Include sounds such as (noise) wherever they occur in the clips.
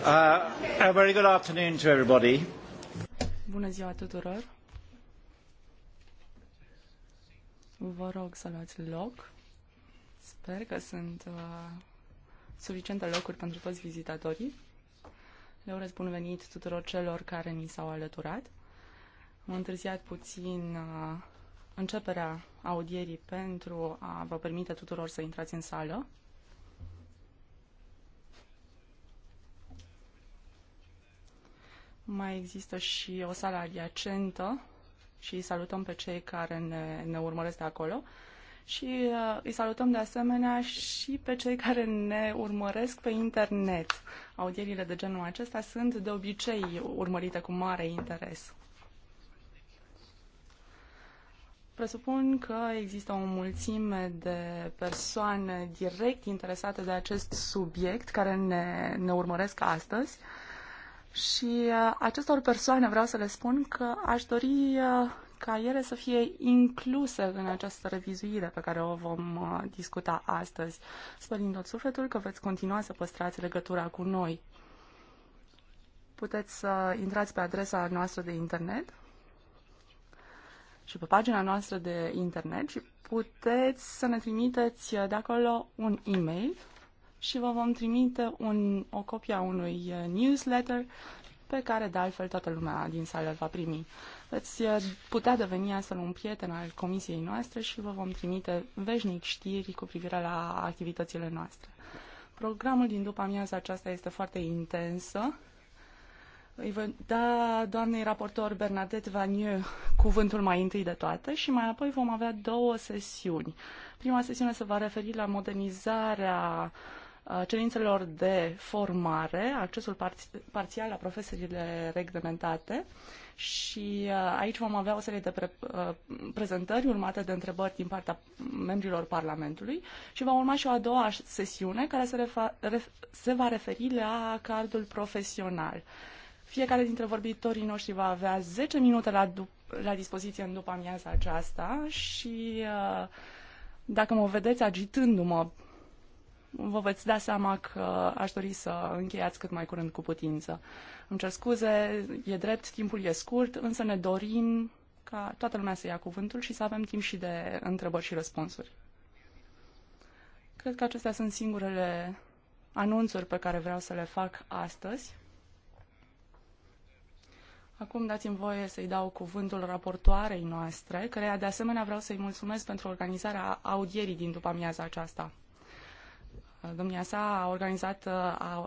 Uh, a very good afternoon to everybody. Bună ziua tuturor. Vă rog să luați loc. Sper că sunt uh, suficiente locuri pentru toți vizitatorii. Le urez bun venit tuturor celor care ni s-au alăturat. Am întârziat puțin uh, începerea audierii pentru a vă permite tuturor să intrați în sală. Mai există și o sală adiacentă și salutăm pe cei care ne, ne urmăresc de acolo și uh, îi salutăm de asemenea și pe cei care ne urmăresc pe internet. Audierile de genul acesta sunt de obicei urmărite cu mare interes. Presupun că există o mulțime de persoane direct interesate de acest subiect care ne, ne urmăresc astăzi. Uh, și uh, acestor persoane vreau să le spun că aș dori uh, ca ele să fie incluse în această revizuire pe care o vom uh, discuta astăzi. Sper din tot sufletul că veți continua să păstrați legătura cu noi. Puteți să intrați pe adresa noastră de internet și pe pagina noastră de internet și puteți să ne trimiteți de acolo un e-mail și vă vom trimite un, o copie a unui uh, newsletter pe care, de altfel, toată lumea din sală va primi. Veți uh, putea deveni astfel un prieten al comisiei noastre și vă vom trimite veșnic știri cu privire la activitățile noastre. Programul din după amiaza aceasta este foarte intensă. Îi voi da doamnei raportor Bernadette Vanieu cuvântul mai întâi de toate și mai apoi vom avea două sesiuni. Prima sesiune se va referi la modernizarea uh, cerințelor de formare, accesul parțial la profesiile reglementate și aici vom avea o serie de pre- prezentări urmate de întrebări din partea membrilor Parlamentului și va urma și o a doua sesiune care se, se va referi la cardul profesional. Fiecare dintre vorbitorii noștri va avea 10 minute la, la dispoziție în după amiaza aceasta și dacă mă vedeți agitându-mă vă veți da seama că aș dori să încheiați cât mai curând cu putință. Îmi cer scuze, e drept, timpul e scurt, însă ne dorim ca toată lumea să ia cuvântul și să avem timp și de întrebări și răspunsuri. Cred că acestea sunt singurele anunțuri pe care vreau să le fac astăzi. Acum dați-mi voie să-i dau cuvântul raportoarei noastre, care de asemenea vreau să-i mulțumesc pentru organizarea audierii din după amiaza aceasta. Domnia sa a organizat uh, uh,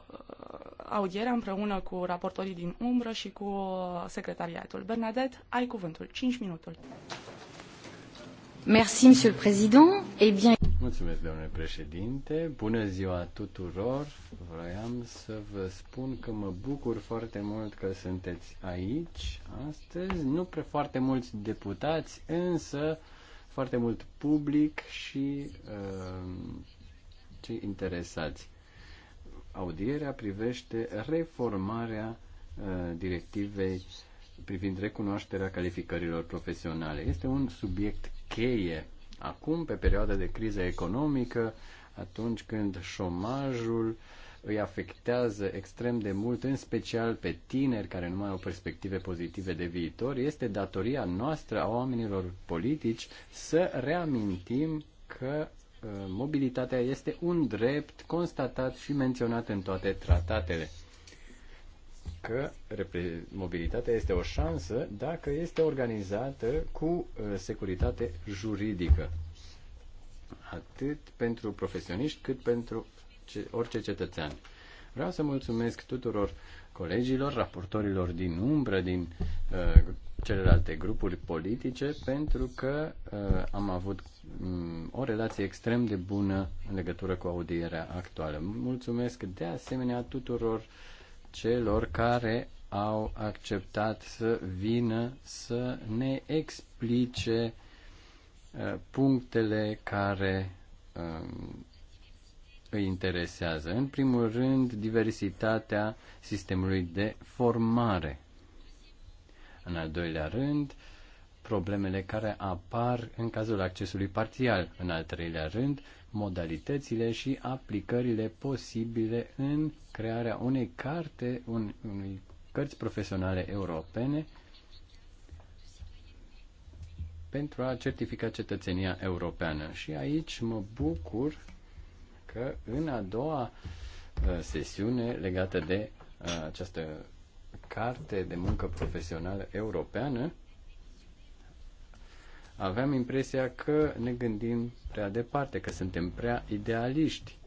audierea împreună cu raportorii din umbră și cu uh, secretariatul. Bernadette, ai cuvântul. 5 minutul. Merci, monsieur le président. Eh bien... Mulțumesc, domnule președinte. Bună ziua tuturor. Vroiam să vă spun că mă bucur foarte mult că sunteți aici astăzi. Nu prea foarte mulți deputați, însă foarte mult public și uh, cei interesați. Audierea privește reformarea uh, directivei privind recunoașterea calificărilor profesionale. Este un subiect cheie. Acum, pe perioada de criză economică, atunci când șomajul îi afectează extrem de mult, în special pe tineri care nu mai au perspective pozitive de viitor, este datoria noastră a oamenilor politici să reamintim că Uh, mobilitatea este un drept constatat și menționat în toate tratatele. Că mobilitatea este o șansă dacă este organizată cu uh, securitate juridică. Atât pentru profesioniști cât pentru orice cetățean. Vreau să mulțumesc tuturor colegilor, raportorilor din umbră, din uh, celelalte grupuri politice pentru că uh, am avut um, o relație extrem de bună în legătură cu audierea actuală. Mulțumesc de asemenea tuturor celor care au acceptat să vină să ne explice uh, punctele care uh, îi interesează. În primul rând, diversitatea sistemului de formare în al doilea rând, problemele care apar în cazul accesului parțial. În al treilea rând, modalitățile și aplicările posibile în crearea unei carte, un, unui cărți profesionale europene pentru a certifica cetățenia europeană. Și aici mă bucur că în a doua uh, sesiune legată de uh, această carte de muncă profesională europeană, aveam impresia că ne gândim prea departe, că suntem prea idealiști.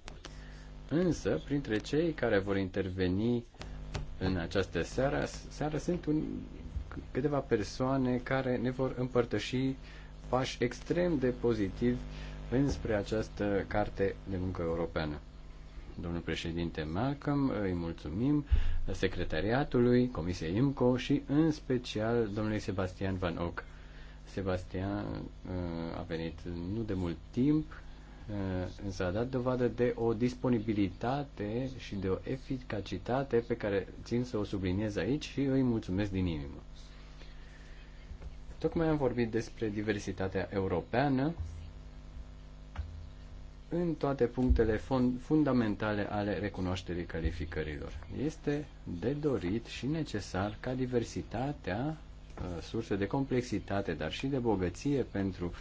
Însă, printre cei care vor interveni în această seară, seară sunt un, câteva persoane care ne vor împărtăși pași extrem de pozitivi înspre această carte de muncă europeană. Domnul președinte Malcolm, îi mulțumim secretariatului Comisiei IMCO și în special domnului Sebastian Van Ock. Sebastian uh, a venit nu de mult timp, uh, însă a dat dovadă de o disponibilitate și de o eficacitate pe care țin să o subliniez aici și îi mulțumesc din inimă. Tocmai am vorbit despre diversitatea europeană în toate punctele fundamentale ale recunoașterii calificărilor. Este de dorit și necesar ca diversitatea, uh, surse de complexitate, dar și de bogăție pentru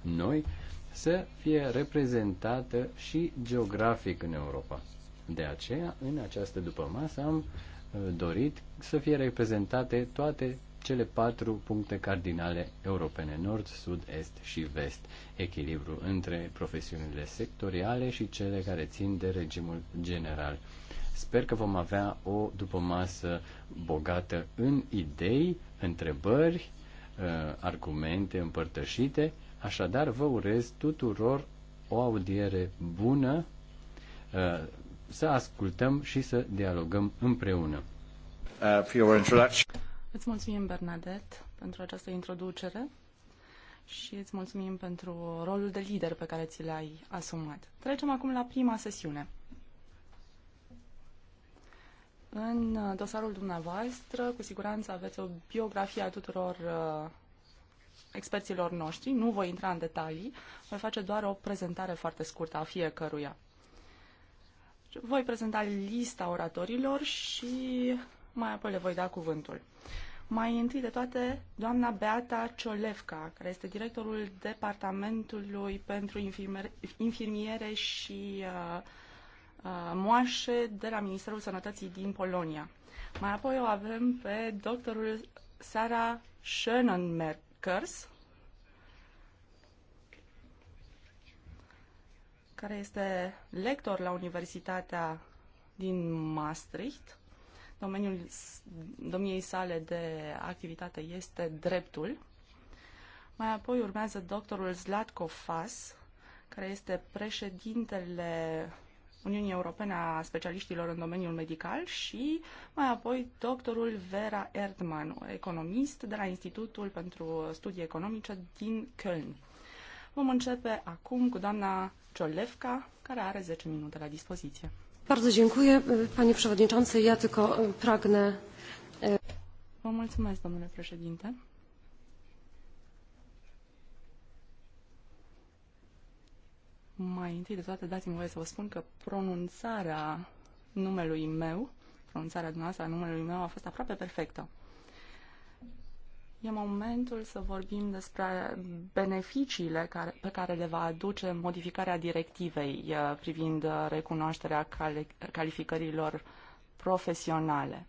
noi, să fie reprezentată și geografic în Europa. De aceea, în această dupămasă, am uh, dorit să fie reprezentate toate cele patru puncte cardinale europene, nord, sud, est și vest, echilibru între profesiunile sectoriale și cele care țin de regimul general. Sper că vom avea o dupămasă bogată în idei, întrebări, uh, argumente împărtășite, așadar vă urez tuturor o audiere bună, uh, să ascultăm și să dialogăm împreună. Uh, for your introduction. Îți mulțumim, Bernadette, pentru această introducere și îți mulțumim pentru rolul de lider pe care ți l-ai asumat. Trecem acum la prima sesiune. În uh, dosarul dumneavoastră, cu siguranță aveți o biografie a tuturor uh, experților noștri. Nu voi intra în detalii, voi face doar o prezentare foarte scurtă a fiecăruia. Voi prezenta lista oratorilor și mai apoi le voi da cuvântul. Mai întâi de toate, doamna Beata Ciolevca, care este directorul Departamentului pentru Infirmiere și uh, uh, Moașe de la Ministerul Sănătății din Polonia. Mai apoi o avem pe doctorul Sara Schönenmerkers, care este lector la Universitatea din Maastricht domeniul domniei sale de activitate este dreptul. Mai apoi urmează doctorul Zlatko Fas, care este președintele Uniunii Europene a specialiștilor în domeniul medical și mai apoi doctorul Vera Erdman, economist de la Institutul pentru Studii Economice din Köln. Vom începe acum cu doamna Ciolevca, care are 10 minute la dispoziție. Bardzo dziękuję, panie przewodniczący. Ja tylko pragnę... mulțumesc, domnule președinte. Mai întâi de toate dați-mi voie să vă spun că pronunțarea numelui meu, pronunțarea dumneavoastră a numelui meu a fost aproape perfectă. E momentul să vorbim despre beneficiile care, pe care le va aduce modificarea directivei uh, privind uh, recunoașterea calificărilor profesionale.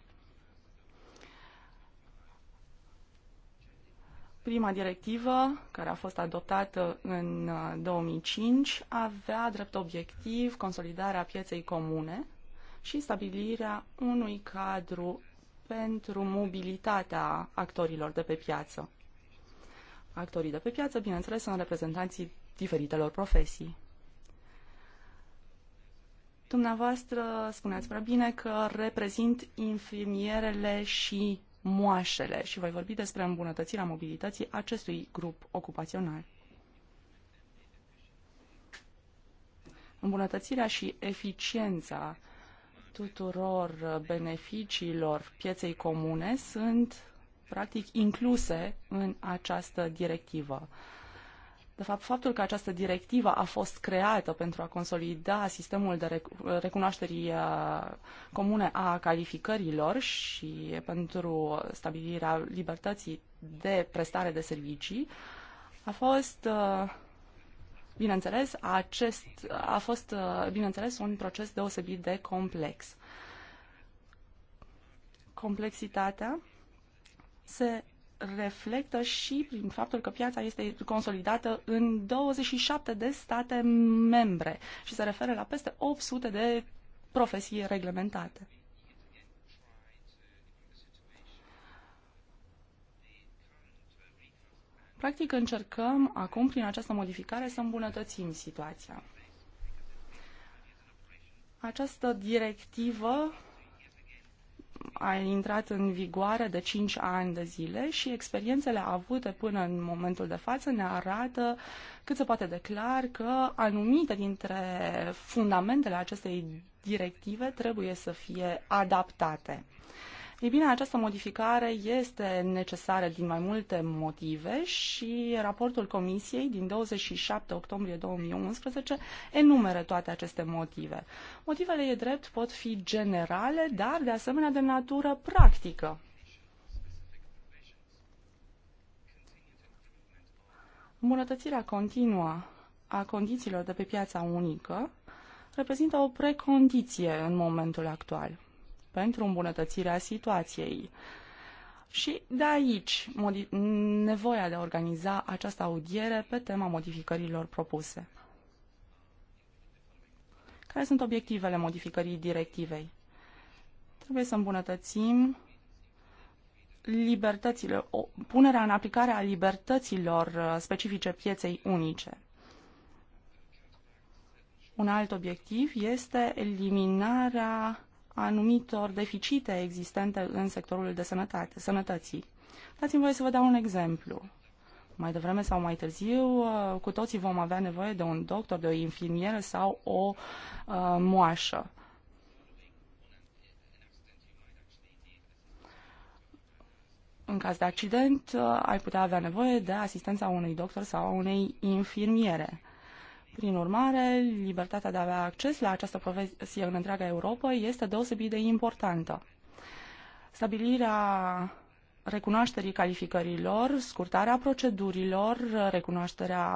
Prima directivă, care a fost adoptată în 2005, uh, avea drept obiectiv consolidarea pieței comune și stabilirea unui cadru pentru mobilitatea actorilor de pe piață. Actorii de pe piață, bineînțeles, sunt reprezentanții diferitelor profesii. Dumneavoastră spuneați prea bine că reprezint infirmierele și moașele și voi vorbi despre îmbunătățirea mobilității acestui grup ocupațional. Îmbunătățirea și eficiența tuturor beneficiilor pieței comune sunt practic incluse în această directivă. De fapt, faptul că această directivă a fost creată pentru a consolida sistemul de recunoașterii uh, comune a calificărilor și pentru stabilirea libertății de prestare de servicii a fost uh, Bineînțeles, acest a fost, uh, bineînțeles, un proces deosebit de complex. Complexitatea se reflectă și prin faptul că piața este consolidată în 27 de state membre și se referă la peste 800 de profesii reglementate. Practic încercăm acum, prin această modificare, să îmbunătățim situația. Această directivă a intrat în vigoare de 5 ani de zile și experiențele avute până în momentul de față ne arată cât se poate declar că anumite dintre fundamentele acestei directive trebuie să fie adaptate. Ei bine, această modificare este necesară din mai multe motive și raportul Comisiei din 27 octombrie 2011 enumeră toate aceste motive. Motivele, e drept, pot fi generale, dar de asemenea de natură practică. Îmbunătățirea continuă a condițiilor de pe piața unică reprezintă o precondiție în momentul actual pentru îmbunătățirea situației. Și de aici nevoia de a organiza această audiere pe tema modificărilor propuse. Care sunt obiectivele modificării directivei? Trebuie să îmbunătățim libertățile, o, punerea în aplicare a libertăților uh, specifice pieței unice. Un alt obiectiv este eliminarea anumitor deficite existente în sectorul de sănătate, sănătății. Dați-mi voie să vă dau un exemplu. Mai devreme sau mai târziu, uh, cu toții vom avea nevoie de un doctor, de o infirmieră sau o uh, moașă. În caz de accident, uh, ai putea avea nevoie de asistența unui doctor sau unei infirmiere. Prin urmare, libertatea de a avea acces la această profesie în întreaga Europa este deosebit de importantă. Stabilirea recunoașterii calificărilor, scurtarea procedurilor, recunoașterea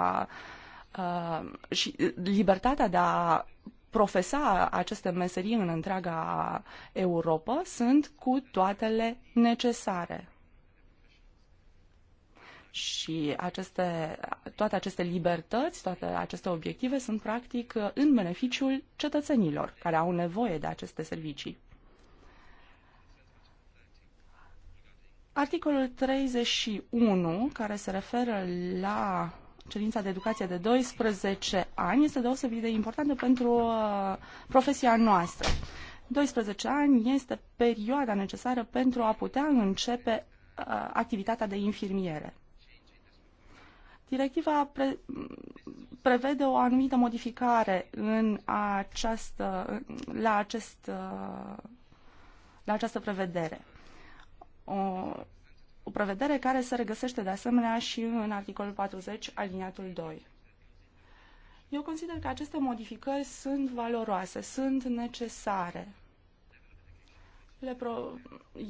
uh, și uh, libertatea de a profesa aceste meserii în întreaga Europa sunt cu toatele necesare. Și aceste, toate aceste libertăți, toate aceste obiective sunt practic în beneficiul cetățenilor care au nevoie de aceste servicii. Articolul 31, care se referă la cerința de educație de 12 ani, este deosebit de importantă pentru uh, profesia noastră. 12 ani este perioada necesară pentru a putea începe uh, activitatea de infirmiere. Directiva pre- prevede o anumită modificare în această, la, acest, la această prevedere. O, o prevedere care se regăsește de asemenea și în articolul 40, aliniatul 2. Eu consider că aceste modificări sunt valoroase, sunt necesare le pro,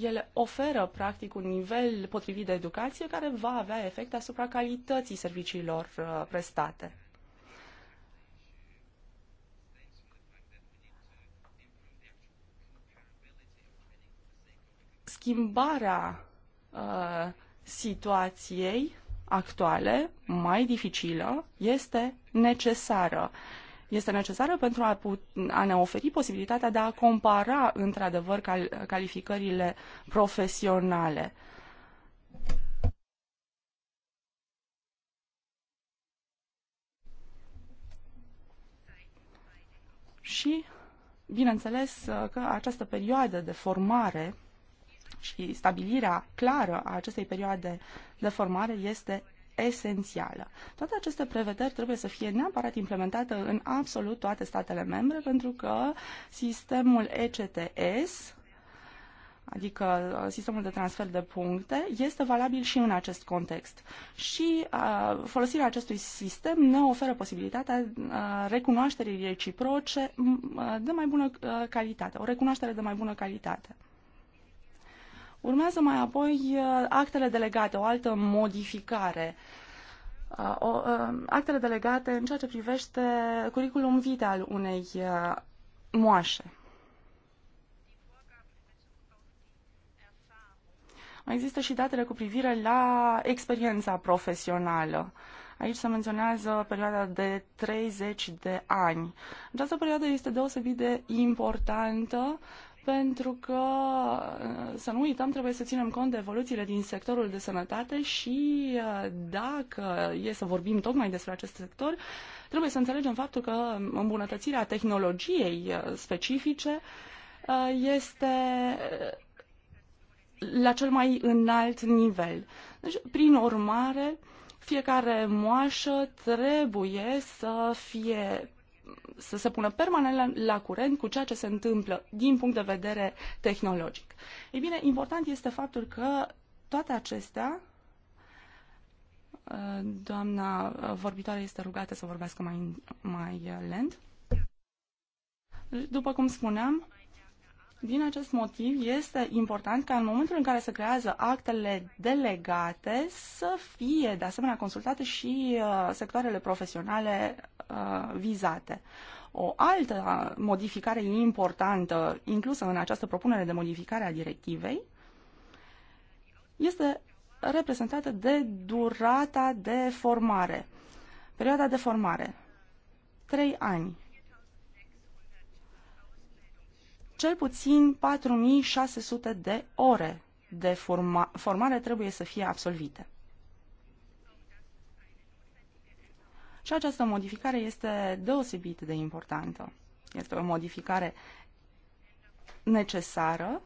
ele oferă practic un nivel potrivit de educație care va avea efect asupra calității serviciilor uh, prestate. Schimbarea uh, situației actuale, mai dificilă, este necesară. Uh, este necesară pentru a, a ne oferi posibilitatea de a compara într-adevăr cal- calificările profesionale. Și, bineînțeles, că această perioadă de formare și stabilirea clară a acestei perioade de formare este esențială. Toate aceste prevederi trebuie să fie neapărat implementate în absolut toate statele membre, pentru că sistemul ECTS, adică uh, sistemul de transfer de puncte, este valabil și în acest context. Și uh, folosirea acestui sistem ne oferă posibilitatea uh, recunoașterii reciproce mm, uh, de mai bună uh, calitate, o recunoaștere de mai bună calitate. Urmează mai apoi uh, actele delegate, o altă modificare. Uh, uh, actele delegate în ceea ce privește curriculum vitae al unei moașe. Mai există și datele cu privire la experiența profesională. Aici se menționează perioada de 30 de ani. Această perioadă este deosebit de importantă pentru că, uh, să nu uităm, trebuie să ținem cont de evoluțiile din sectorul de sănătate și uh, dacă e să vorbim tocmai despre acest sector, trebuie să înțelegem faptul că îmbunătățirea tehnologiei uh, specifice este la cel mai înalt nivel. Deci, prin urmare, fiecare moașă trebuie să fie să se pună permanent la, la curent cu ceea ce se întâmplă din punct de vedere tehnologic. Ei bine, important este faptul că toate acestea uh, Doamna vorbitoare este rugată să vorbească mai, mai lent. După cum spuneam, din acest motiv este important ca în momentul în care se creează actele delegate să fie de asemenea consultate și uh, sectoarele profesionale uh, vizate. O altă modificare importantă inclusă în această propunere de modificare a directivei este reprezentată de durata de formare. Perioada de formare. 3 ani Cel puțin 4600 de ore de forma- formare trebuie să fie absolvite. Și această modificare este deosebit de importantă. Este o modificare necesară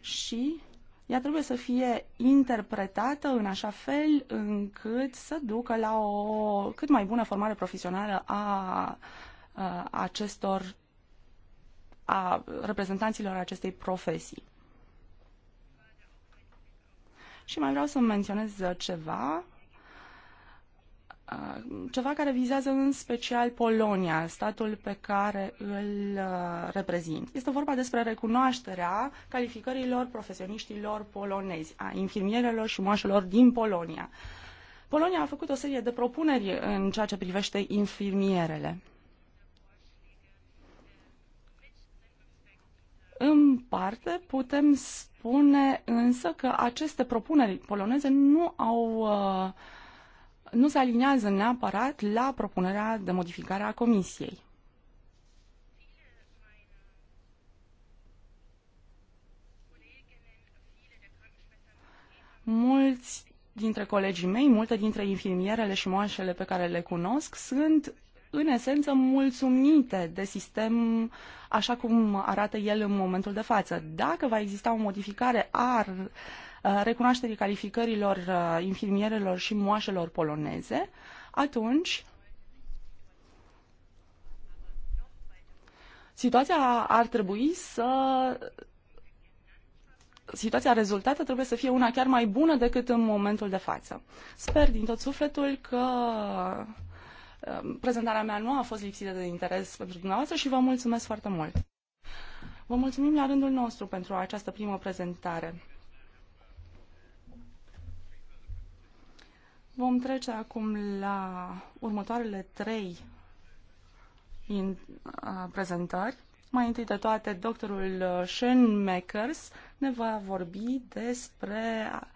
și ea trebuie să fie interpretată în așa fel încât să ducă la o cât mai bună formare profesională a, a acestor a reprezentanților acestei profesii. Și mai vreau să menționez ceva, ceva care vizează în special Polonia, statul pe care îl reprezint. Este vorba despre recunoașterea calificărilor profesioniștilor polonezi, a infirmierelor și moașelor din Polonia. Polonia a făcut o serie de propuneri în ceea ce privește infirmierele. În parte putem spune însă că aceste propuneri poloneze nu au uh, nu se aliniază neapărat la propunerea de modificare a Comisiei. Mulți dintre colegii mei, multe dintre infirmierele și moașele pe care le cunosc, sunt în esență, mulțumite de sistem așa cum arată el în momentul de față. Dacă va exista o modificare a recunoașterii calificărilor infirmierelor și moașelor poloneze, atunci situația ar trebui să situația rezultată trebuie să fie una chiar mai bună decât în momentul de față. Sper din tot sufletul că Ehm, prezentarea mea nu a fost lipsită de interes pentru dumneavoastră și vă mulțumesc foarte mult. Vă mulțumim la rândul nostru pentru această primă prezentare. Vom trece acum la următoarele trei in, a, prezentări. Mai întâi de toate, doctorul uh, Shen Makers ne va vorbi despre a,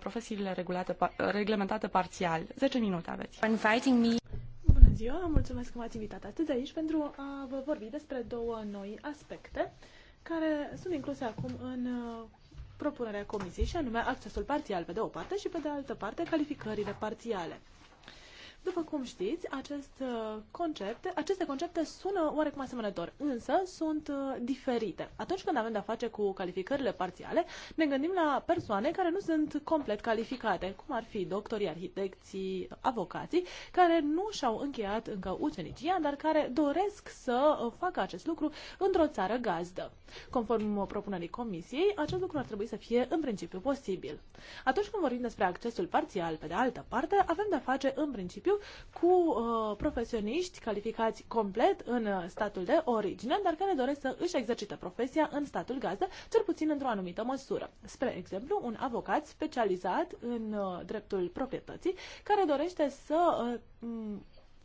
profesiile regulate, reglementate parțial. 10 minute aveți ziua, mulțumesc că m-ați invitat astăzi aici pentru a vă vorbi despre două noi aspecte care sunt incluse acum în uh, propunerea comisiei și anume accesul parțial pe de o parte și pe de altă parte calificările parțiale. După cum știți, acest uh, concepte, aceste concepte sună oarecum asemănător, însă sunt uh, diferite. Atunci când avem de-a face cu calificările parțiale, ne gândim la persoane care nu sunt complet calificate, cum ar fi doctorii, arhitecții, avocații, care nu și-au încheiat încă ucenicia, dar care doresc să uh, facă acest lucru într-o țară gazdă. Conform propunerii comisiei, acest lucru ar trebui să fie în principiu posibil. Atunci când vorbim despre accesul parțial, pe de altă parte, avem de-a face în principiu exemplu, cu uh, profesioniști calificați complet în uh, statul de origine, dar care doresc să își exercite profesia în statul gazdă, cel puțin într-o anumită măsură. Spre exemplu, un avocat specializat în uh, dreptul proprietății, care dorește să uh,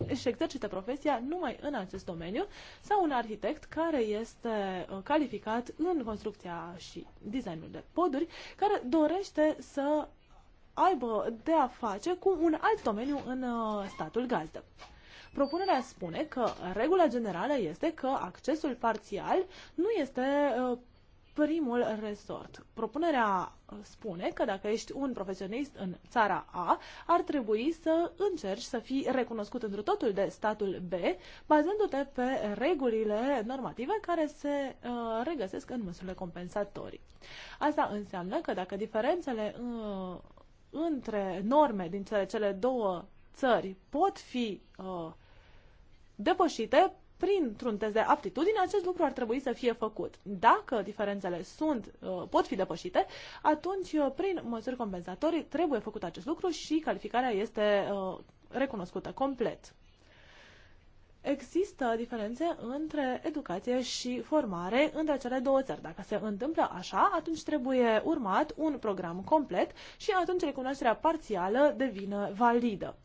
își exercită profesia numai în acest domeniu sau un arhitect care este uh, calificat în construcția și designul de poduri, care dorește să aibă de a face cu un alt domeniu în uh, statul gazdă. Propunerea spune că regula generală este că accesul parțial nu este uh, primul resort. Propunerea uh, spune că dacă ești un profesionist în țara A, ar trebui să încerci să fii recunoscut într totul de statul B, bazându-te pe regulile normative care se uh, regăsesc în măsurile compensatorii. Asta înseamnă că dacă diferențele uh, între norme din cele două țări pot fi uh, depășite printr-un test de aptitudine, acest lucru ar trebui să fie făcut. Dacă diferențele sunt, uh, pot fi depășite, atunci uh, prin măsuri compensatorii trebuie făcut acest lucru și calificarea este uh, recunoscută complet există diferențe între educație și formare între cele două țări. Dacă se întâmplă așa, atunci trebuie urmat un program complet și atunci recunoașterea parțială devine validă.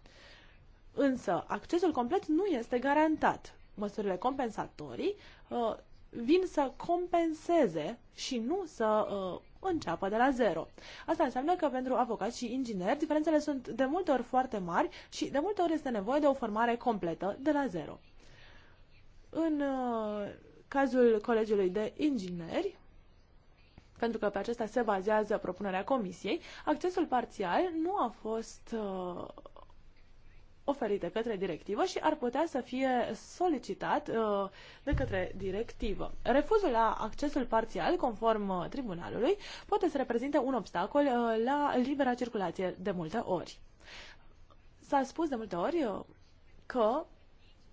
Însă, accesul complet nu este garantat. Măsurile compensatorii uh, vin să compenseze și nu să uh, înceapă de la zero. Asta înseamnă că pentru avocați și ingineri diferențele sunt de multe ori foarte mari și de multe ori este nevoie de o formare completă de la zero. În uh, cazul Colegiului de Ingineri, pentru că pe acesta se bazează propunerea comisiei, accesul parțial nu a fost uh, oferite către directivă și ar putea să fie solicitat uh, de către directivă. Refuzul la accesul parțial, conform uh, tribunalului, poate să reprezinte un obstacol uh, la libera circulație de multe ori. S-a spus de multe ori că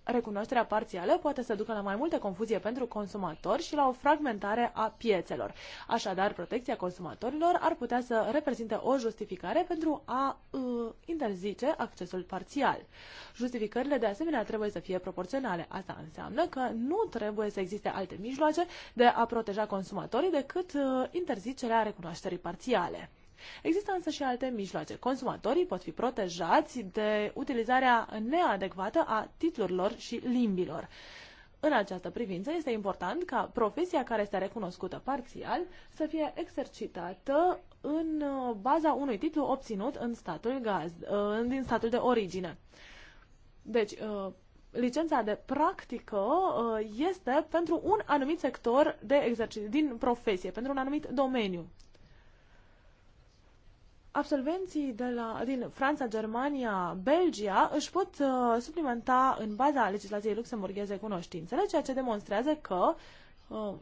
recunoașterea parțială poate să ducă la mai multă confuzie pentru consumatori și la o fragmentare a piețelor. Așadar, protecția consumatorilor ar putea să reprezinte o justificare pentru a uh, interzice accesul parțial. Justificările de asemenea trebuie să fie proporționale. Asta înseamnă că nu trebuie să existe alte mijloace de a proteja consumatorii decât uh, interzicerea recunoașterii parțiale. Există însă și alte mijloace. Consumatorii pot fi protejați de utilizarea neadecvată a titlurilor și limbilor. În această privință este important ca profesia care este recunoscută parțial să fie exercitată în uh, baza unui titlu obținut în statul gaz, uh, din statul de origine. Deci, uh, licența de practică este pentru un anumit sector de exercițiu, din profesie, pentru un anumit domeniu absolvenții de la, din Franța, Germania, Belgia își pot uh, suplimenta în baza legislației luxemburgheze cunoștințele, ceea ce demonstrează că uh,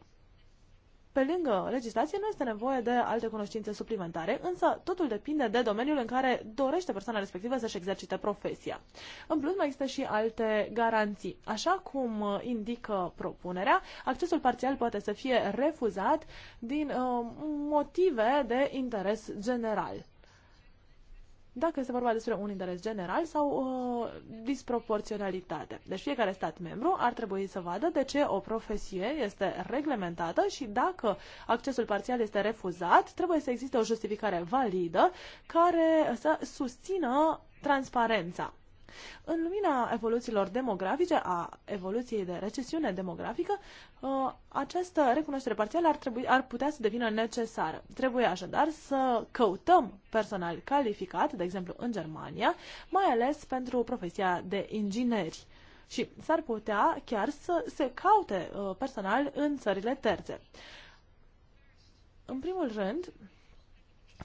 pe lângă legislație nu este nevoie de alte cunoștințe suplimentare, însă totul depinde de domeniul în care dorește persoana respectivă să-și exercite profesia. În plus, mai există și alte garanții. Așa cum uh, indică propunerea, accesul parțial poate să fie refuzat din uh, motive de interes general dacă este vorba despre un interes general sau o uh, disproporționalitate. Deci fiecare stat membru ar trebui să vadă de ce o profesie este reglementată și dacă accesul parțial este refuzat, trebuie să existe o justificare validă care să susțină transparența. În lumina evoluțiilor demografice, a evoluției de recesiune demografică, uh, această recunoaștere parțială ar, trebui, ar putea să devină necesară. Trebuie așadar să căutăm personal calificat, de exemplu în Germania, mai ales pentru profesia de ingineri și s-ar putea chiar să se caute uh, personal în țările terțe. În primul rând,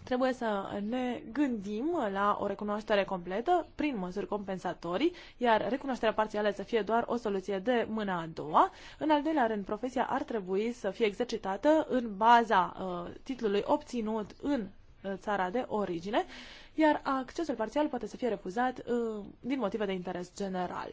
Trebuie să ne gândim la o recunoaștere completă prin măsuri compensatorii, iar recunoașterea parțială să fie doar o soluție de mâna a doua. În al doilea rând, profesia ar trebui să fie exercitată în baza uh, titlului obținut în uh, țara de origine, iar accesul parțial poate să fie refuzat uh, din motive de interes general.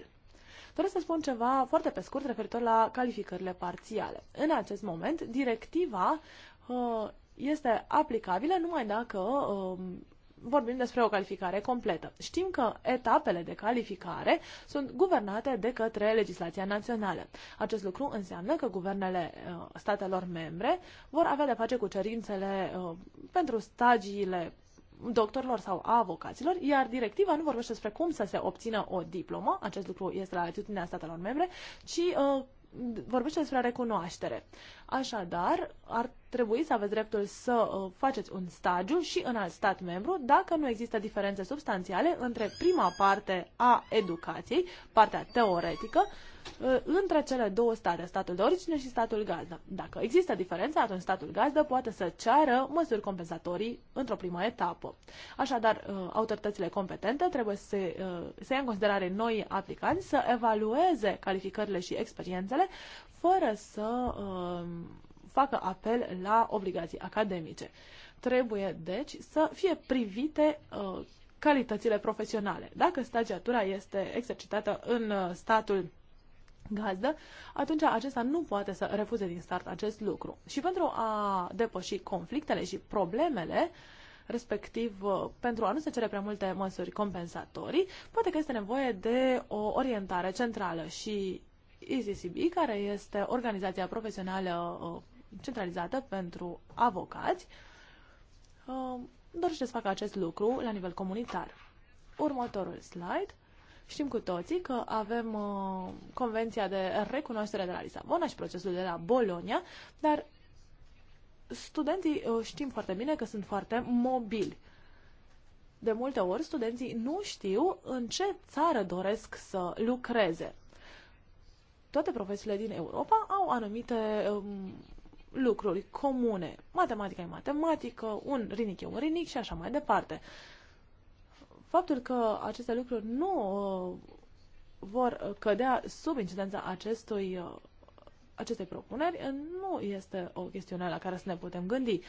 Doresc să spun ceva foarte pe scurt referitor la calificările parțiale. În acest moment, directiva uh, este aplicabilă numai dacă um, vorbim despre o calificare completă. Știm că etapele de calificare sunt guvernate de către legislația națională. Acest lucru înseamnă că guvernele uh, statelor membre vor avea de face cu cerințele uh, pentru stagiile doctorilor sau avocaților, iar directiva nu vorbește despre cum să se obțină o diplomă, acest lucru este la atitudinea statelor membre, ci uh, vorbește despre recunoaștere. Așadar, ar trebui să aveți dreptul să uh, faceți un stagiu și în alt stat membru dacă nu există diferențe substanțiale între prima parte a educației, partea teoretică, uh, între cele două state, statul de origine și statul gazdă. Dacă există diferență, atunci statul gazdă poate să ceară măsuri compensatorii într-o primă etapă. Așadar, uh, autoritățile competente trebuie să, să ia în considerare noi aplicanți, să evalueze calificările și experiențele, fără să um, facă apel la obligații academice. Trebuie, deci, să fie privite uh, calitățile profesionale. Dacă stagiatura este exercitată în uh, statul gazdă, atunci acesta nu poate să refuze din start acest lucru. Și pentru a depăși conflictele și problemele, respectiv uh, pentru a nu se cere prea multe măsuri compensatorii, poate că este nevoie de o orientare centrală și ECCB, care este organizația profesională uh, centralizată pentru avocați, uh, dorește să facă acest lucru la nivel comunitar. Următorul slide. Știm cu toții că avem uh, Convenția de recunoaștere de la Lisabona și procesul de la Bologna, dar studenții știm foarte bine că sunt foarte mobili. De multe ori, studenții nu știu în ce țară doresc să lucreze toate profesiile din Europa au anumite um, lucruri comune. Matematica e matematică, un rinic e un rinic și așa mai departe. Faptul că aceste lucruri nu uh, vor cădea sub incidența acestui, uh, acestei propuneri nu este o chestiune la care să ne putem gândi. Uh,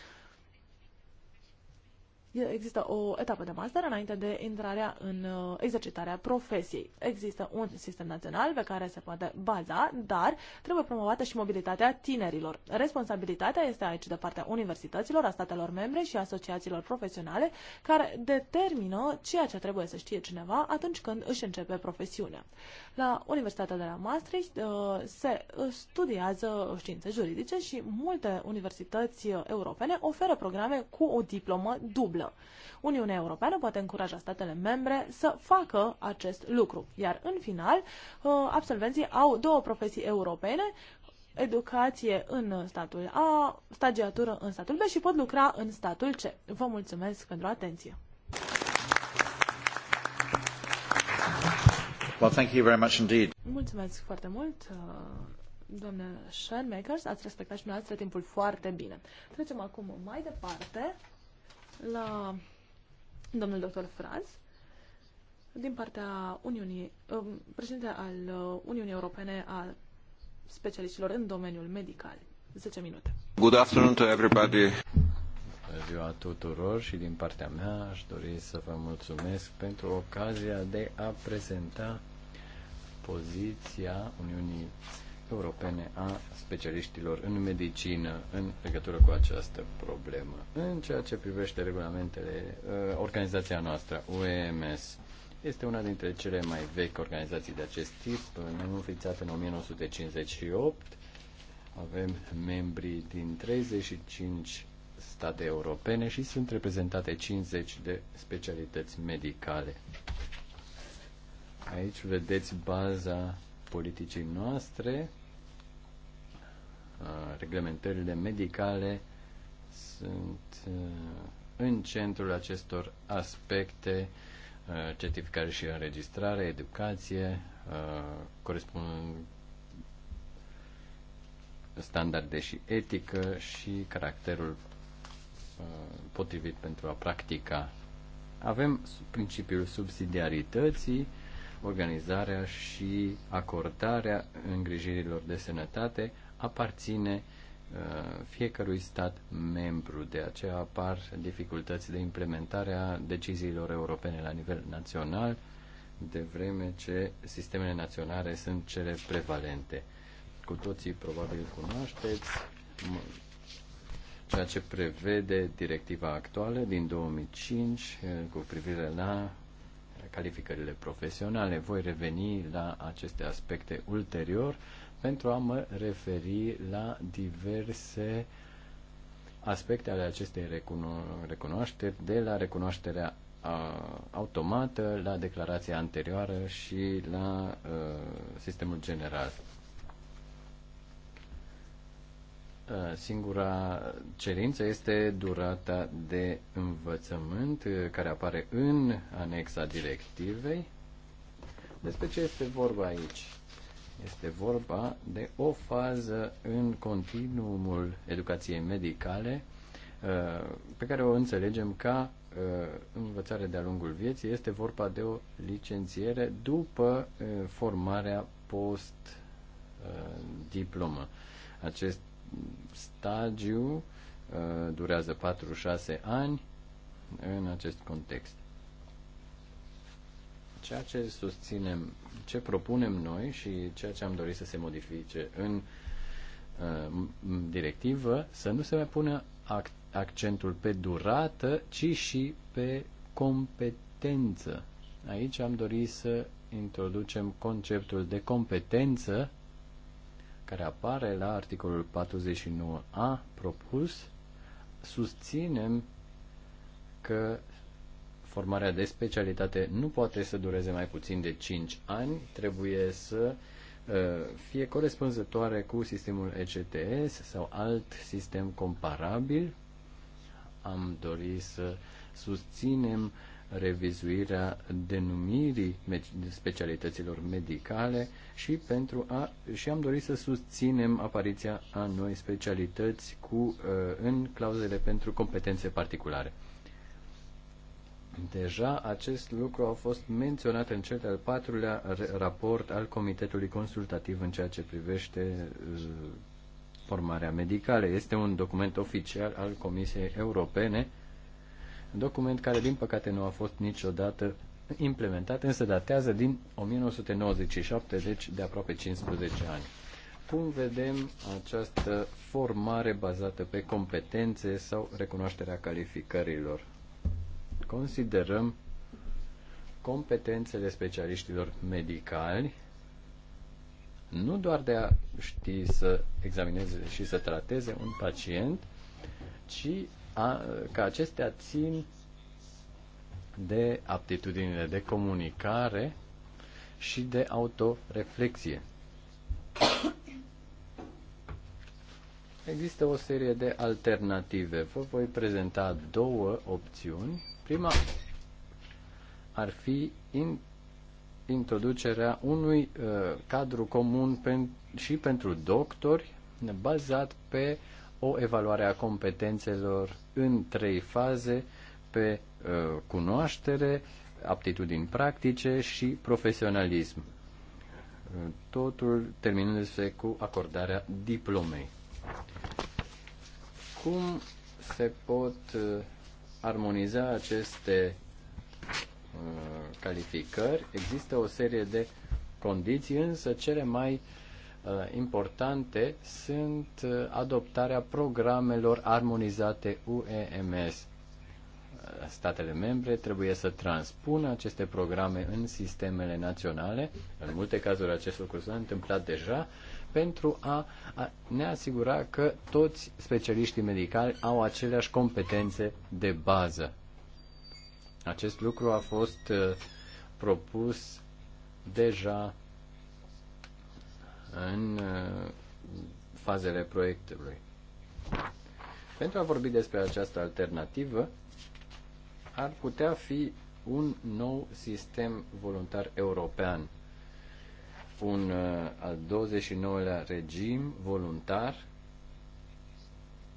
există o etapă de master înainte de intrarea în uh, exercitarea profesiei. Există un sistem național pe care se poate baza, dar trebuie promovată și mobilitatea tinerilor. Responsabilitatea este aici de partea universităților, a statelor membre și asociațiilor profesionale care determină ceea ce trebuie să știe cineva atunci când își începe profesiunea. La Universitatea de la Maastricht uh, se studiază științe juridice și multe universități uh, europene oferă programe cu o diplomă dublă fiscală. Uniunea Europeană poate încuraja statele membre să facă acest lucru. Iar în final, uh, absolvenții au două profesii europene, educație în statul A, stagiatură în statul B și pot lucra în statul C. Vă mulțumesc pentru atenție! Well, thank you very much indeed. Mulțumesc foarte mult, uh, doamne Schoenmakers. Ați respectat și dumneavoastră timpul foarte bine. Trecem acum mai departe la domnul doctor Fraz din partea Uniunii, um, președinte al uh, Uniunii Europene a specialiștilor în domeniul medical. 10 minute. Good afternoon to everybody. Bună ziua tuturor și din partea mea aș dori să vă mulțumesc pentru ocazia de a prezenta poziția Uniunii europene a specialiștilor în medicină în legătură cu această problemă. În ceea ce privește regulamentele, uh, organizația noastră, UEMS, este una dintre cele mai vechi organizații de acest tip, uh, înființată în 1958. Avem membri din 35 state europene și sunt reprezentate 50 de specialități medicale. Aici vedeți baza politicii noastre reglementările medicale sunt în centrul acestor aspecte, certificare și înregistrare, educație, corespund standarde și etică și caracterul potrivit pentru a practica. Avem principiul subsidiarității, organizarea și acordarea îngrijirilor de sănătate aparține uh, fiecărui stat membru. De aceea apar dificultăți de implementare a deciziilor europene la nivel național, de vreme ce sistemele naționale sunt cele prevalente. Cu toții probabil cunoașteți ceea ce prevede directiva actuală din 2005 eh, cu privire la calificările profesionale. Voi reveni la aceste aspecte ulterior pentru a mă referi la diverse aspecte ale acestei recuno- recunoașteri, de la recunoașterea automată la declarația anterioară și la uh, sistemul general. singura cerință este durata de învățământ care apare în anexa directivei. Despre ce este vorba aici? Este vorba de o fază în continuumul educației medicale uh, pe care o înțelegem ca uh, învățare de-a lungul vieții. Este vorba de o licențiere după uh, formarea post-diplomă. Acest stagiu durează 4-6 ani în acest context. Ceea ce susținem, ce propunem noi și ceea ce am dorit să se modifice în uh, directivă, să nu se mai pună accentul pe durată, ci și pe competență. Aici am dorit să introducem conceptul de competență care apare la articolul 49a propus, susținem că formarea de specialitate nu poate să dureze mai puțin de 5 ani, trebuie să uh, fie corespunzătoare cu sistemul ECTS sau alt sistem comparabil. Am dorit să susținem revizuirea denumirii specialităților medicale și, pentru a, și am dorit să susținem apariția a noi specialități cu, uh, în clauzele pentru competențe particulare. Deja acest lucru a fost menționat în cel de-al patrulea raport al Comitetului Consultativ în ceea ce privește uh, formarea medicală. Este un document oficial al Comisiei Europene, document care, din păcate, nu a fost niciodată implementat, însă datează din 1997, deci de aproape 15 ani. Cum vedem această formare bazată pe competențe sau recunoașterea calificărilor? considerăm competențele specialiștilor medicali nu doar de a ști să examineze și să trateze un pacient, ci a, că acestea țin de aptitudinile de comunicare și de autoreflexie. Există o serie de alternative. Vă voi prezenta două opțiuni Prima ar fi in, introducerea unui uh, cadru comun pen, și pentru doctori bazat pe o evaluare a competențelor în trei faze pe uh, cunoaștere, aptitudini practice și profesionalism. Uh, totul terminându-se cu acordarea diplomei. Cum se pot uh, armoniza aceste uh, calificări. Există o serie de condiții, însă cele mai uh, importante sunt uh, adoptarea programelor armonizate UEMS. Statele membre trebuie să transpună aceste programe în sistemele naționale. În multe cazuri acest lucru s-a întâmplat deja pentru a ne asigura că toți specialiștii medicali au aceleași competențe de bază. Acest lucru a fost uh, propus deja în uh, fazele proiectului. Pentru a vorbi despre această alternativă, ar putea fi un nou sistem voluntar european un uh, al 29-lea regim voluntar.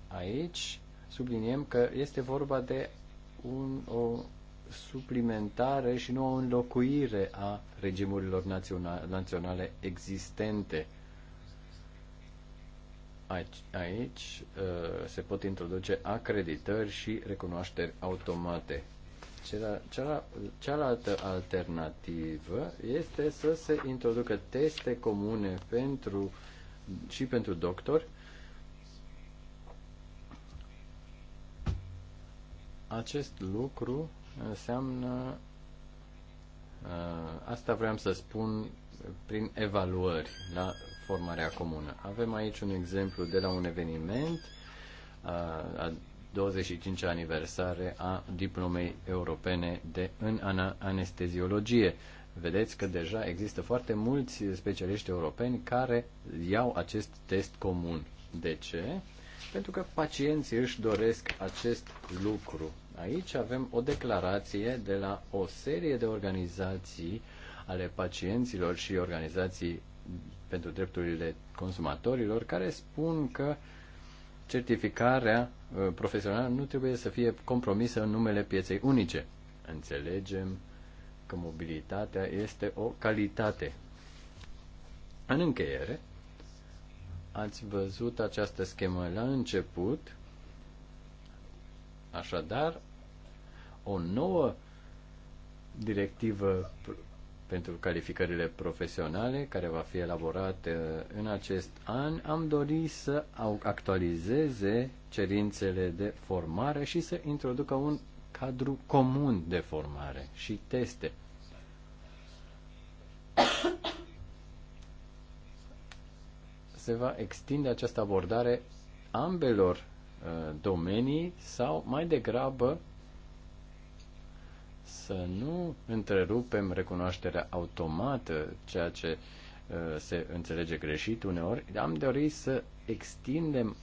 Aici subliniem că este vorba de un, o suplimentare și nu o înlocuire a regimurilor naționale, naționale existente. Aici, aici uh, se pot introduce acreditări și recunoașteri automate. Cealaltă alternativă este să se introducă teste comune pentru, și pentru doctor. Acest lucru înseamnă, uh, asta vreau să spun prin evaluări la formarea comună. Avem aici un exemplu de la un eveniment uh, 25 aniversare a diplomei europene de în anesteziologie. Vedeți că deja există foarte mulți specialiști europeni care iau acest test comun. De ce? Pentru că pacienții își doresc acest lucru. Aici avem o declarație de la o serie de organizații ale pacienților și organizații pentru drepturile consumatorilor care spun că certificarea Uh, profesională nu trebuie să fie compromisă în numele pieței unice. Înțelegem că mobilitatea este o calitate. În încheiere, ați văzut această schemă la început, așadar, o nouă directivă pentru calificările profesionale, care va fi elaborată uh, în acest an, am dorit să actualizeze cerințele de formare și să introducă un cadru comun de formare și teste. Se va extinde această abordare ambelor uh, domenii sau mai degrabă să nu întrerupem recunoașterea automată, ceea ce uh, se înțelege greșit uneori. Am dorit să extindem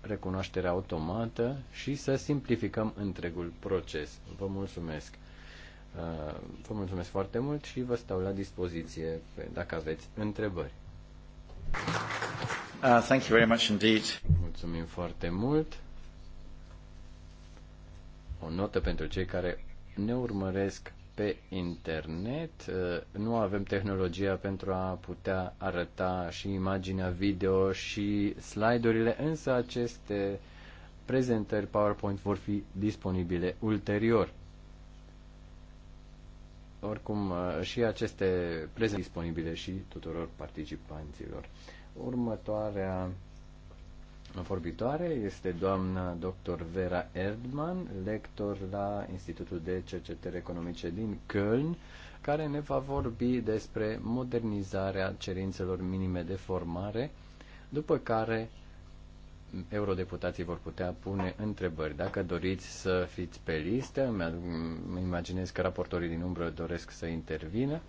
recunoașterea automată și să simplificăm întregul proces. Vă mulțumesc! Uh, vă mulțumesc foarte mult și vă stau la dispoziție dacă aveți întrebări. Uh, thank you very much indeed. Mulțumim foarte mult. O notă pentru cei care ne urmăresc pe internet. Uh, nu avem tehnologia pentru a putea arăta și imaginea video și slide-urile, însă aceste prezentări PowerPoint vor fi disponibile ulterior. Oricum, uh, și aceste prezentări disponibile și tuturor participanților. Următoarea vorbitoare este doamna dr. Vera Erdman, lector la Institutul de Cercetări Economice din Köln, care ne va vorbi despre modernizarea cerințelor minime de formare, după care eurodeputații vor putea pune întrebări. Dacă doriți să fiți pe listă, îmi imaginez că raportorii din umbră doresc să intervină,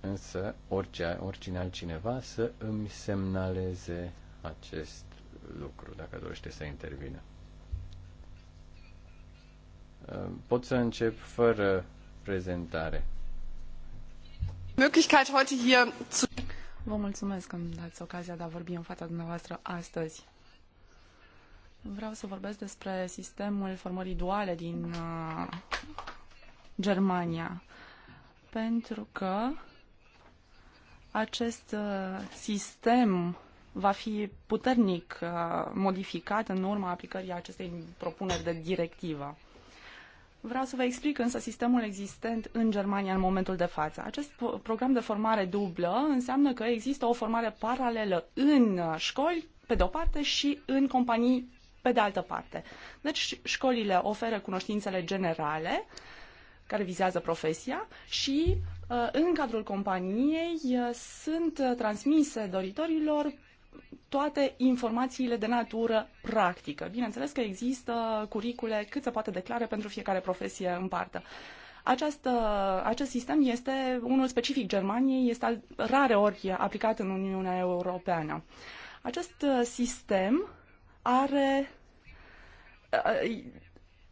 însă orice, oricine altcineva să îmi semnaleze acest lucru, dacă dorește să intervină. Pot să încep fără prezentare. Möglichkeit heute hier zu Vă mulțumesc că îmi dați ocazia de a vorbi în fața dumneavoastră astăzi. Vreau să vorbesc despre sistemul formării duale din uh, Germania, pentru că acest uh, sistem va fi puternic uh, modificat în urma aplicării acestei propuneri de directivă. Vreau să vă explic însă sistemul existent în Germania în momentul de față. Acest program de formare dublă înseamnă că există o formare paralelă în uh, școli, pe de o parte, și în companii, pe de altă parte. Deci școlile oferă cunoștințele generale care vizează profesia și uh, în cadrul companiei sunt transmise doritorilor toate informațiile de natură practică. Bineînțeles că există curicule cât se poate declare pentru fiecare profesie în parte. Acest, acest sistem este unul specific Germaniei, este al, rare ori aplicat în Uniunea Europeană. Acest sistem are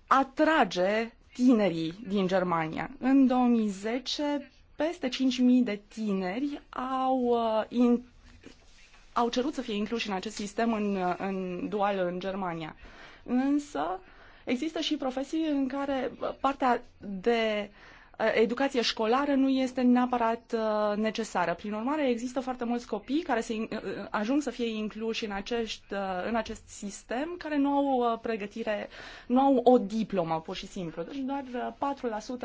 atrage tinerii din Germania. În 2010, peste 5.000 de tineri au uh, au cerut să fie incluși în acest sistem în, în dual în Germania. Însă există și profesii în care partea de uh, Eh, educație școlară nu este neapărat eh, necesară. Prin urmare, există foarte mulți copii care se, eh, ajung să fie incluși în, acești, în acest sistem, care nu au pregătire, nu au o diplomă, pur și simplu. Deci doar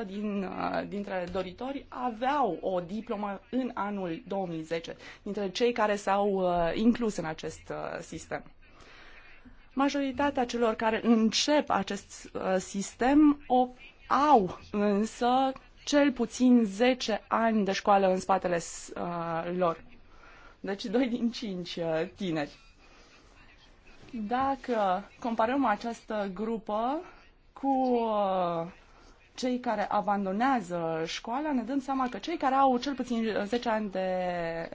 4% din, dintre doritori aveau o diplomă în anul 2010, dintre cei care s-au inclus în acest sistem majoritatea celor care încep acest sistem o au însă cel puțin 10 ani de școală în spatele uh, lor. Deci 2 din 5 uh, tineri. Dacă comparăm această grupă cu uh, cei care abandonează școala, ne dăm seama că cei care au cel puțin 10 ani de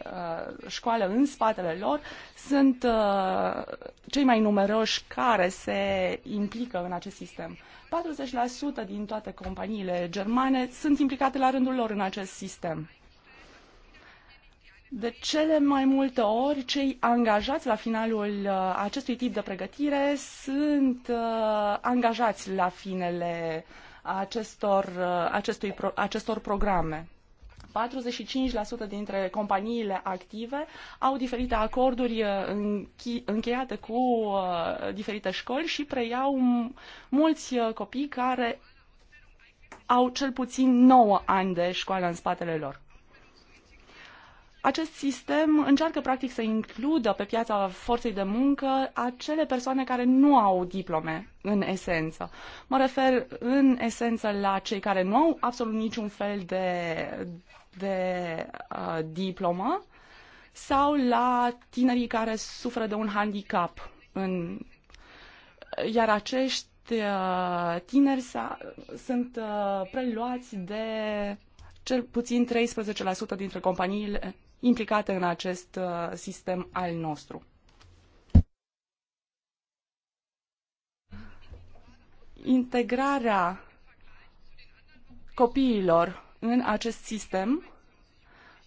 uh, școală în spatele lor sunt uh, cei mai numeroși care se implică în acest sistem. 40% din toate companiile germane sunt implicate la rândul lor în acest sistem. De cele mai multe ori, cei angajați la finalul uh, acestui tip de pregătire sunt uh, angajați la finele uh, acestor, uh, acestui, acestor programe. 45% dintre companiile active au diferite acorduri uh, încheiate cu uh, diferite școli și preiau mulți copii care au cel puțin 9 ani de școală în spatele lor. Acest sistem încearcă practic să includă pe piața forței de muncă acele persoane care nu au diplome, în esență. Mă refer în esență la cei care nu au absolut niciun fel de, de uh, diplomă sau la tinerii care suferă de un handicap. În... Iar acești uh, tineri sunt uh, preluați de cel puțin 13% dintre companiile implicate în acest uh, sistem al nostru. Integrarea copiilor în acest sistem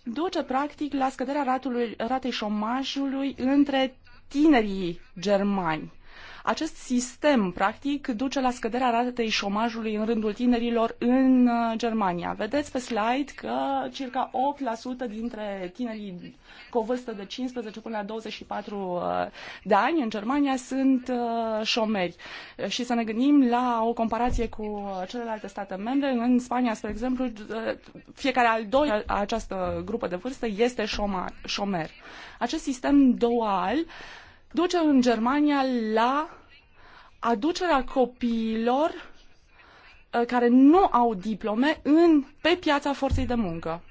duce practic la scăderea ratului, ratei șomajului între tinerii germani. Acest sistem, practic, duce la scăderea ratei șomajului în rândul tinerilor în uh, Germania. Vedeți pe slide că circa 8% dintre tinerii cu o vârstă de 15 până la 24 uh, de ani în Germania sunt uh, șomeri. Și să ne gândim la o comparație cu celelalte state membre. În Spania, spre exemplu, fiecare al doilea această grupă de vârstă este șomer. Acest sistem dual duce în Germania la aducerea copiilor uh, care nu au diplome în, pe piața forței de muncă.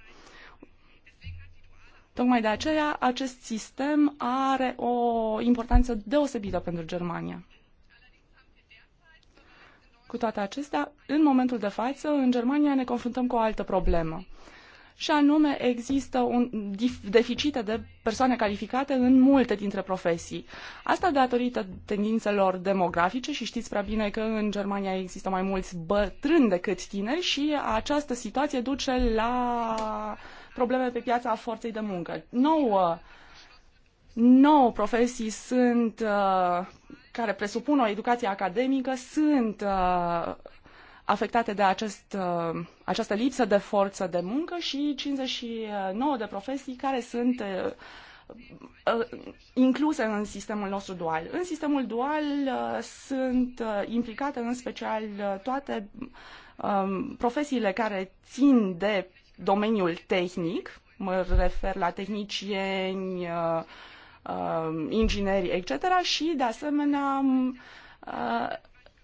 Tocmai de aceea acest sistem are o importanță deosebită pentru Germania. Cu toate acestea, în momentul de față, în Germania ne confruntăm cu o altă problemă și anume există un deficite de persoane calificate în multe dintre profesii. Asta datorită tendințelor demografice și știți prea bine că în Germania există mai mulți bătrâni decât tineri și această situație duce la probleme pe piața forței de muncă. Nouă, nouă profesii sunt uh, care presupun o educație academică sunt uh, afectate de acest, uh, această lipsă de forță de muncă și 59 de profesii care sunt uh, uh, incluse în sistemul nostru dual. În sistemul dual sunt implicate în special toate um, profesiile care țin de domeniul tehnic, mă refer la tehnicieni, um, ingineri, etc. și de asemenea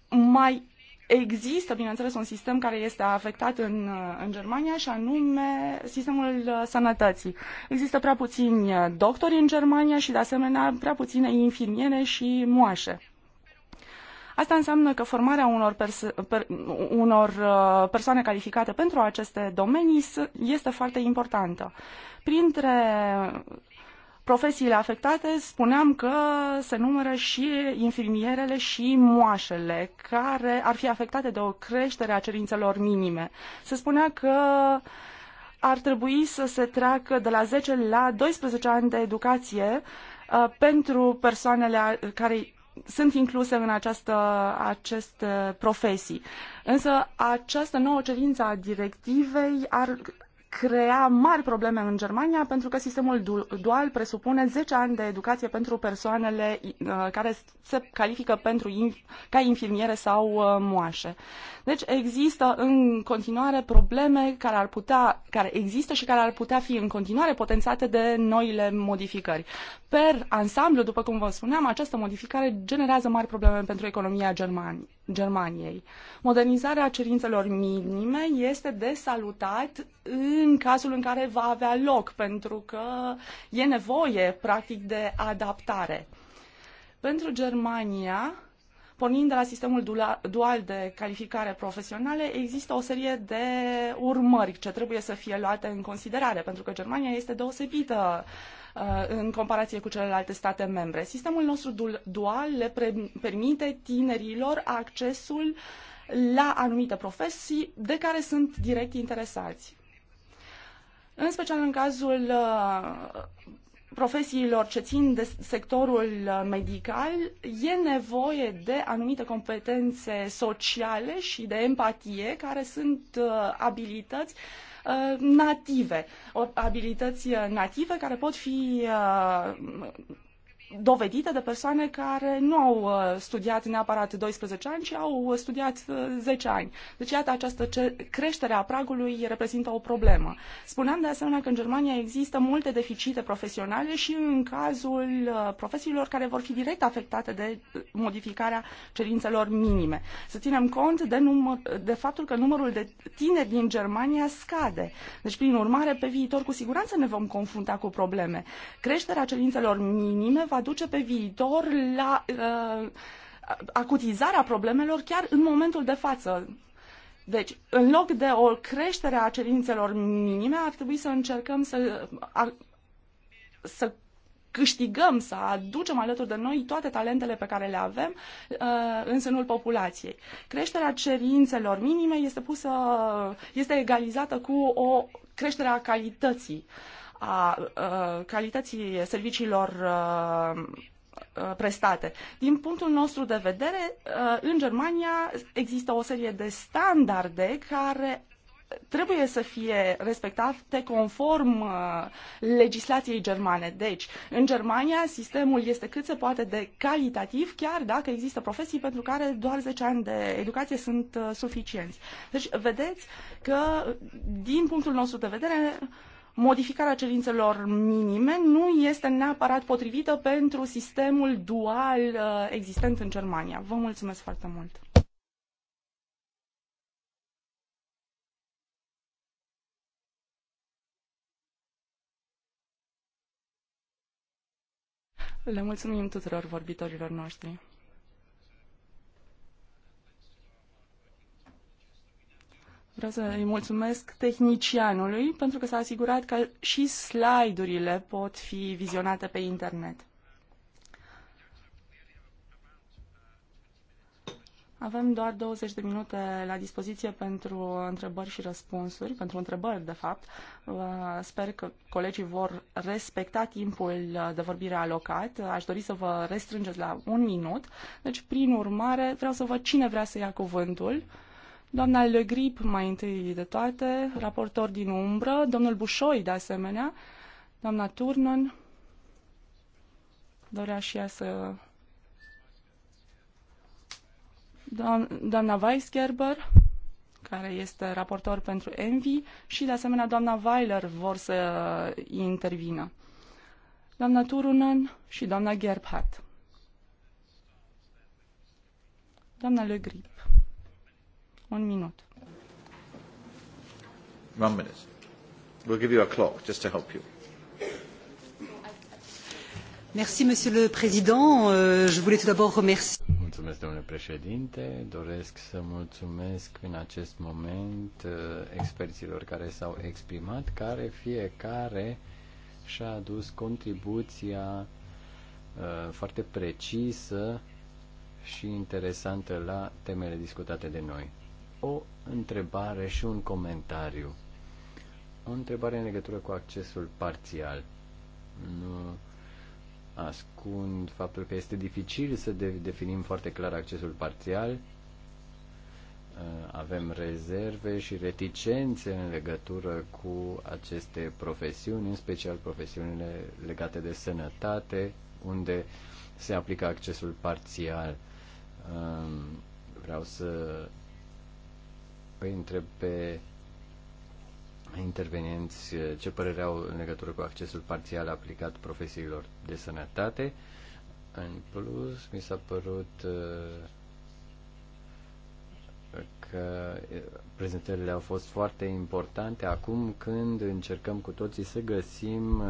mai Există, bineînțeles, un sistem care este afectat în, în Germania și anume sistemul uh, sănătății. Există prea puțini uh, doctori în Germania și, de asemenea, prea puține infirmiere și moașe. Asta înseamnă că formarea unor, perso per unor uh, persoane calificate pentru aceste domenii este foarte importantă. Printre profesiile afectate spuneam că se numără și infirmierele și moașele care ar fi afectate de o creștere a cerințelor minime. Se spunea că ar trebui să se treacă de la 10 la 12 ani de educație uh, pentru persoanele care sunt incluse în această, aceste profesii. Însă această nouă cerință a directivei ar crea mari probleme în Germania pentru că sistemul dual presupune 10 ani de educație pentru persoanele uh, care se califică pentru, ca infirmiere sau uh, moașe. Deci există în continuare probleme care ar putea, care există și care ar putea fi în continuare potențate de noile modificări per ansamblu, după cum vă spuneam, această modificare generează mari probleme pentru economia Germani- Germaniei. Modernizarea cerințelor minime este de salutat în cazul în care va avea loc, pentru că e nevoie, practic, de adaptare. Pentru Germania, pornind de la sistemul dual de calificare profesionale, există o serie de urmări ce trebuie să fie luate în considerare, pentru că Germania este deosebită uh, Uh, în comparație cu celelalte state membre. Sistemul nostru dual le permite tinerilor accesul la anumite profesii de care sunt direct interesați. În special în cazul uh, profesiilor ce țin de sectorul uh, medical, e nevoie de anumite competențe sociale și de empatie care sunt abilități uh, Uh, native, abilități uh, native care pot fi uh, dovedite de persoane care nu au uh, studiat neapărat 12 ani, ci au uh, studiat 10 uh, ani. Deci, iată, această creștere a pragului reprezintă o problemă. Spuneam de asemenea că în Germania există multe deficite profesionale și în cazul profesiilor care vor fi direct afectate de modificarea cerințelor minime. Să ținem cont de, număr, de faptul că numărul de tineri din Germania scade. Deci, prin urmare, pe viitor, cu siguranță ne vom confrunta cu probleme. Creșterea cerințelor minime va duce pe viitor la uh, acutizarea problemelor chiar în momentul de față. Deci, în loc de o creștere a cerințelor minime, ar trebui să încercăm să, a, să câștigăm, să aducem alături de noi toate talentele pe care le avem uh, în sânul populației. Creșterea cerințelor minime este pusă, este egalizată cu o creștere a calității. Uh, a calității serviciilor prestate. Din punctul nostru de vedere, în Germania există o serie de standarde care trebuie să fie respectate conform legislației germane. Deci, în Germania, sistemul este cât se poate de calitativ, chiar dacă există profesii pentru care doar 10 ani de educație sunt suficienți. Deci, vedeți că, din punctul nostru de vedere, modificarea cerințelor minime nu este neapărat potrivită pentru sistemul dual uh, existent în Germania. Vă mulțumesc foarte mult! Le mulțumim tuturor vorbitorilor noștri. Vreau să îi mulțumesc tehnicianului pentru că s-a asigurat că și slide-urile pot fi vizionate pe internet. Avem doar 20 de minute la dispoziție pentru întrebări și răspunsuri, pentru întrebări, de fapt. Uh, sper că colegii vor respecta timpul de vorbire alocat. Aș dori să vă restrângeți la un minut. Deci, prin urmare, vreau să văd cine vrea să ia cuvântul doamna Le Grip mai întâi de toate, raportor din umbră, domnul Bușoi de asemenea, doamna Turnon, dorea și ea să... Doamna Weisgerber, care este raportor pentru Envi, și de asemenea doamna Weiler vor să intervină. Doamna Turunen și doamna Gerbhardt. Doamna Le Grip. Un minut. One minute. We'll give you a clock just to help you. Merci, Monsieur le Président. Euh, je voulais tout d'abord remercier. Mulțumesc, domnule președinte. Doresc să mulțumesc în acest moment uh, experților care s-au exprimat, care fiecare și-a adus contribuția uh, foarte precisă și interesantă la temele discutate de noi o întrebare și un comentariu. O întrebare în legătură cu accesul parțial. Nu ascund faptul că este dificil să de- definim foarte clar accesul parțial. Uh, avem rezerve și reticențe în legătură cu aceste profesiuni, în special profesiunile legate de sănătate, unde se aplică accesul parțial. Um, vreau să îi întreb pe intervenienți eh, ce părere au în legătură cu accesul parțial aplicat profesiilor de sănătate. În plus, mi s-a părut eh, că eh, prezentările au fost foarte importante acum când încercăm cu toții să găsim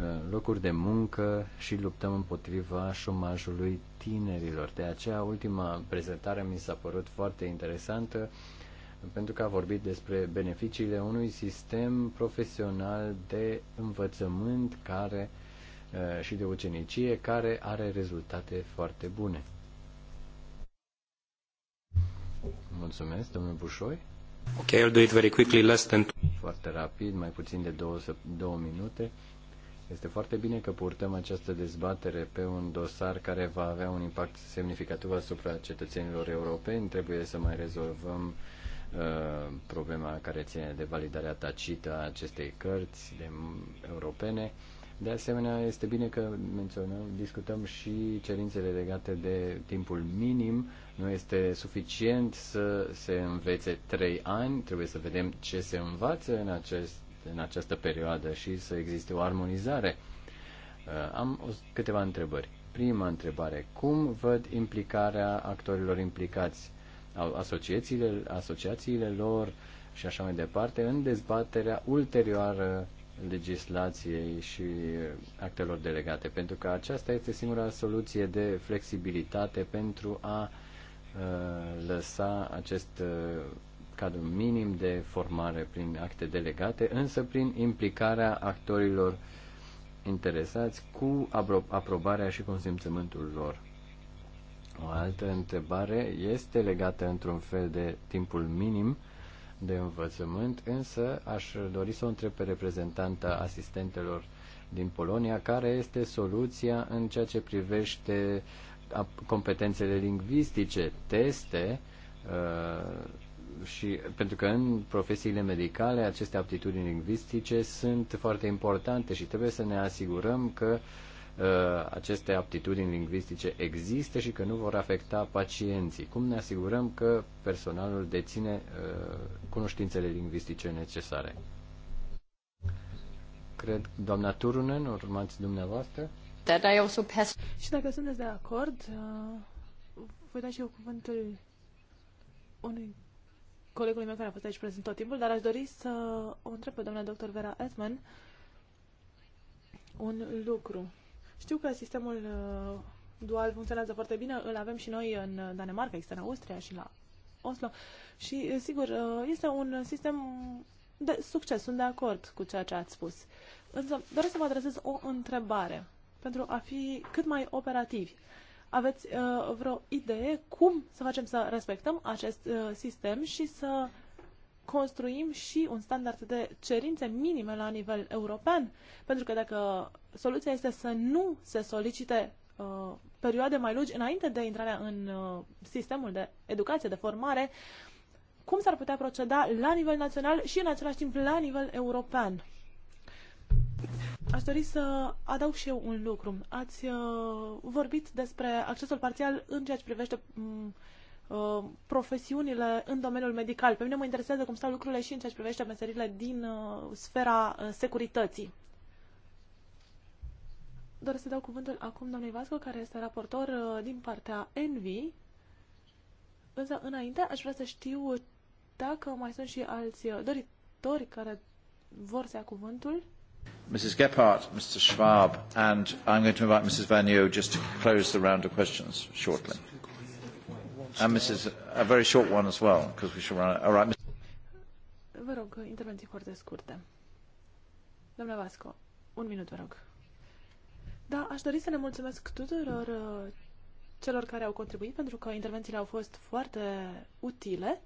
Uh, locuri de muncă și luptăm împotriva șomajului tinerilor. De aceea, ultima prezentare mi s-a părut foarte interesantă pentru că a vorbit despre beneficiile unui sistem profesional de învățământ care uh, și de ucenicie care are rezultate foarte bune. Mulțumesc, domnule Bușoi. Ok, I'll do it very quickly, less than... Foarte rapid, mai puțin de două, două minute. Este foarte bine că purtăm această dezbatere pe un dosar care va avea un impact semnificativ asupra cetățenilor europeni. Trebuie să mai rezolvăm uh, problema care ține de validarea tacită a acestei cărți de mm, europene. De asemenea, este bine că menționăm, discutăm și cerințele legate de timpul minim. Nu este suficient să se învețe trei ani, trebuie să vedem ce se învață în acest în această perioadă și să existe o armonizare. Uh, am o, câteva întrebări. Prima întrebare. Cum văd implicarea actorilor implicați, asociațiile, asociațiile lor și așa mai departe, în dezbaterea ulterioară legislației și actelor delegate, pentru că aceasta este singura soluție de flexibilitate pentru a uh, lăsa acest uh, cadru minim de formare prin acte delegate, însă prin implicarea actorilor interesați cu apro- aprobarea și consimțământul lor. O altă întrebare este legată într-un fel de timpul minim de învățământ, însă aș dori să o întreb pe reprezentanta asistentelor din Polonia care este soluția în ceea ce privește competențele lingvistice, teste, uh, și pentru că în profesiile medicale aceste aptitudini lingvistice sunt foarte importante și trebuie să ne asigurăm că uh, aceste aptitudini lingvistice există și că nu vor afecta pacienții. Cum ne asigurăm că personalul deține uh, cunoștințele lingvistice necesare? Cred, doamna Turunen, urmați dumneavoastră. That I also pass. Și dacă sunteți de acord, uh, voi da și eu cuvântul unui colegului meu care a fost aici prezent tot timpul, dar aș dori să o întreb pe doamna doctor Vera Edman un lucru. Știu că sistemul uh, dual funcționează foarte bine, îl avem și noi în Danemarca, există în Austria și la Oslo și, uh, sigur, uh, este un sistem de succes, sunt de acord cu ceea ce ați spus. Însă doresc să vă adresez o întrebare pentru a fi cât mai operativi. Uh, aveți uh, vreo idee cum să facem să respectăm acest uh, sistem și să construim și un standard de cerințe minime la nivel european? Pentru că dacă soluția este să nu se solicite uh, perioade mai lungi înainte de intrarea în uh, sistemul de educație, de formare, cum s-ar putea proceda la nivel național și în același timp la nivel european? Aș dori să adaug și eu un lucru. Ați uh, vorbit despre accesul parțial în ceea ce privește um, uh, profesiunile în domeniul medical. Pe mine mă interesează cum stau lucrurile și în ceea ce privește meserile din uh, sfera uh, securității. Doresc să dau cuvântul acum doamnei Vasco, care este raportor uh, din partea Envy. Însă, înainte, aș vrea să știu dacă mai sunt și alți uh, doritori care vor să ia cuvântul. Mrs. Gephardt, Mr. Schwab, and I'm going to invite Mrs. Vanier just to close the round of questions shortly. And Mrs. a very short one as well, because we should run. All right. Vă rog, intervenții foarte scurte. Doamna Vasco, un minut, vă rog. Da, aș dori să ne mulțumesc tuturor uh, celor care au contribuit, pentru că intervențiile au fost foarte utile.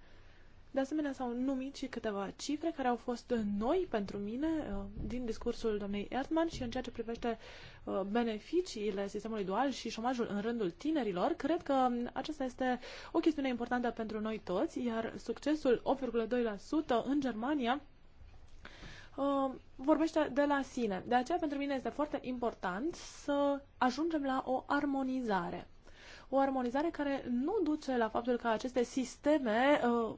De asemenea, s-au numit și câteva cifre care au fost noi pentru mine uh, din discursul doamnei Erdman și în ceea ce privește uh, beneficiile sistemului dual și șomajul în rândul tinerilor. Cred că um, aceasta este o chestiune importantă pentru noi toți, iar succesul 8,2% în Germania uh, vorbește de la sine. De aceea, pentru mine este foarte important să ajungem la o armonizare. O armonizare care nu duce la faptul că aceste sisteme uh,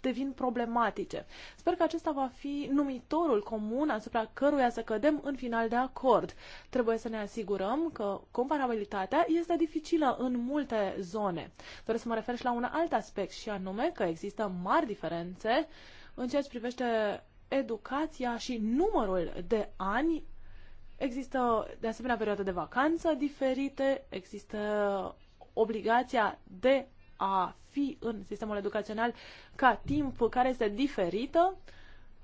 devin problematice. Sper că acesta va fi numitorul comun asupra căruia să cădem în final de acord. Trebuie să ne asigurăm că comparabilitatea este dificilă în multe zone. Doresc să mă refer și la un alt aspect și anume că există mari diferențe în ceea ce privește educația și numărul de ani. Există de asemenea perioade de vacanță diferite, există obligația de a fi în sistemul educațional ca timp care este diferită.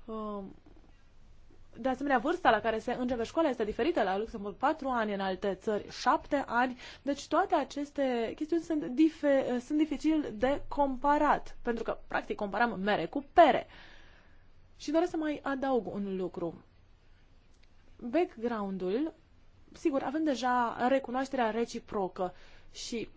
Um, de asemenea, vârsta la care se începe școala este diferită. La Luxemburg 4 ani, în alte țări 7 ani. Deci toate aceste chestiuni sunt, dife- sunt dificil de comparat, pentru că practic comparăm mere cu pere. Și doresc să mai adaug un lucru. Background-ul, sigur, avem deja recunoașterea reciprocă și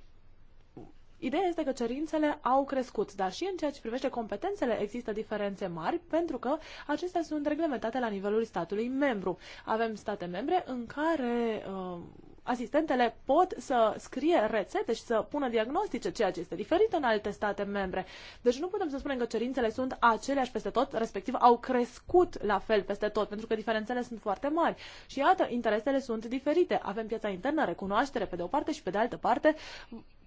Ideea este că cerințele au crescut, dar și în ceea ce privește competențele există diferențe mari pentru că acestea sunt reglementate la nivelul statului membru. Avem state membre în care uh, asistentele pot să scrie rețete și să pună diagnostice, ceea ce este diferit în alte state membre. Deci nu putem să spunem că cerințele sunt aceleași peste tot, respectiv au crescut la fel peste tot, pentru că diferențele sunt foarte mari. Și iată, interesele sunt diferite. Avem piața internă, recunoaștere pe de o parte și pe de altă parte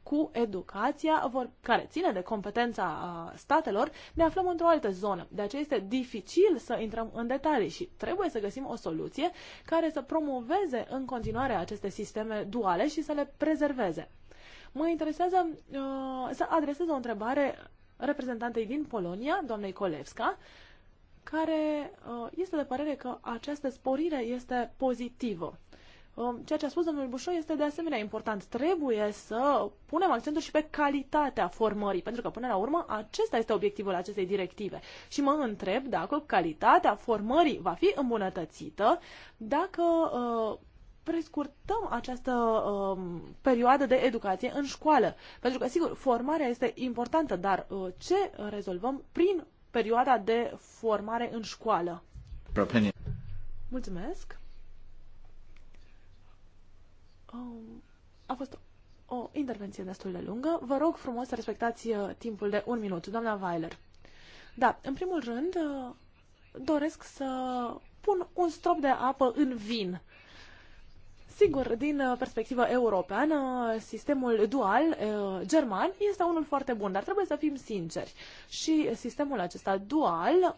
cu educația, vor, care ține de competența statelor, ne aflăm într-o altă zonă. De aceea este dificil să intrăm în detalii și trebuie să găsim o soluție care să promoveze în continuare aceste sisteme duale și să le prezerveze. Mă interesează uh, să adresez o întrebare reprezentantei din Polonia, doamnei Kolevska, care uh, este de părere că această sporire este pozitivă. Um, ceea ce a spus domnul Bușo este de asemenea important. Trebuie să punem accentul și pe calitatea formării, pentru că până la urmă acesta este obiectivul acestei directive. Și mă întreb dacă calitatea formării va fi îmbunătățită, dacă uh, prescurtăm această uh, perioadă de educație în școală. Pentru că, sigur, formarea este importantă, dar uh, ce rezolvăm prin perioada de formare în școală? Mulțumesc! Um, a fost o intervenție destul de lungă. Vă rog frumos să respectați uh, timpul de un minut, doamna Weiler. Da, în primul rând, uh, doresc să pun un strop de apă în vin. Sigur, din uh, perspectivă europeană, sistemul dual german este unul foarte bun, dar trebuie să fim sinceri. Și sistemul acesta dual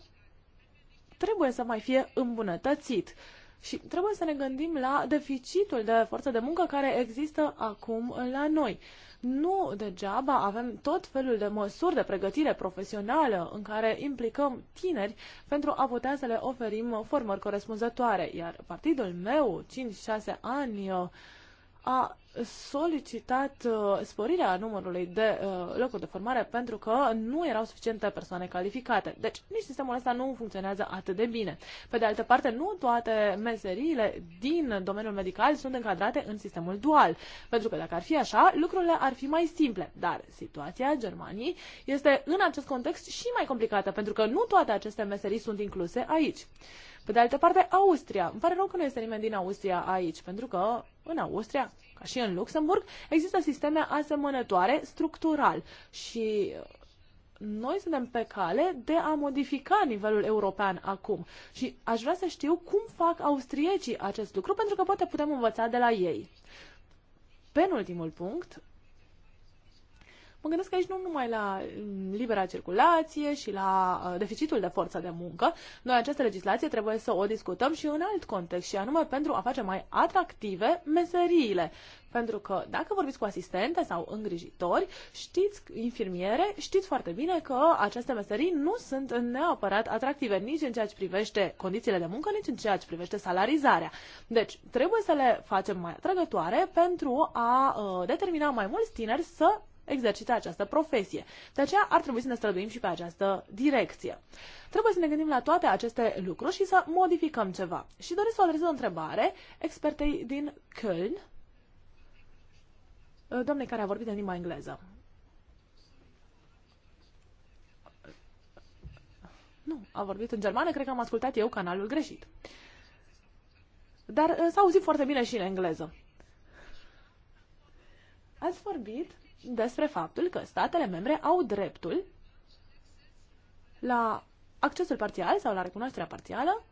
trebuie să mai fie îmbunătățit. Și trebuie să ne gândim la deficitul de forță de muncă care există acum la noi. Nu degeaba avem tot felul de măsuri de pregătire profesională în care implicăm tineri pentru a putea să le oferim formări corespunzătoare. Iar partidul meu, 5-6 ani, a solicitat uh, sporirea numărului de uh, locuri de formare pentru că nu erau suficiente persoane calificate. Deci nici sistemul ăsta nu funcționează atât de bine. Pe de altă parte, nu toate meseriile din domeniul medical sunt încadrate în sistemul dual. Pentru că dacă ar fi așa, lucrurile ar fi mai simple. Dar situația Germaniei este în acest context și mai complicată, pentru că nu toate aceste meserii sunt incluse aici. Pe de altă parte, Austria. Îmi pare rău că nu este nimeni din Austria aici, pentru că în Austria ca și în Luxemburg, există sisteme asemănătoare structural și uh, noi suntem pe cale de a modifica nivelul european acum și aș vrea să știu cum fac austriecii acest lucru pentru că poate putem învăța de la ei. Penultimul punct Mă gândesc aici nu numai la mm, libera circulație și la uh, deficitul de forță de muncă. Noi această legislație trebuie să o discutăm și în alt context, și anume pentru a face mai atractive meseriile. Pentru că dacă vorbiți cu asistente sau îngrijitori, știți, infirmiere, știți foarte bine că aceste meserii nu sunt neapărat atractive nici în ceea ce privește condițiile de muncă, nici în ceea ce privește salarizarea. Deci trebuie să le facem mai atrăgătoare pentru a uh, determina mai mulți tineri să exercita această profesie. De aceea ar trebui să ne străduim și pe această direcție. Trebuie să ne gândim la toate aceste lucruri și să modificăm ceva. Și doresc să adresez o întrebare expertei din Köln, doamne care a vorbit în limba engleză. Nu, a vorbit în germană, cred că am ascultat eu canalul greșit. Dar uh, s-a auzit foarte bine și în engleză. Ați vorbit despre faptul că statele membre au dreptul la accesul parțial sau la recunoașterea parțială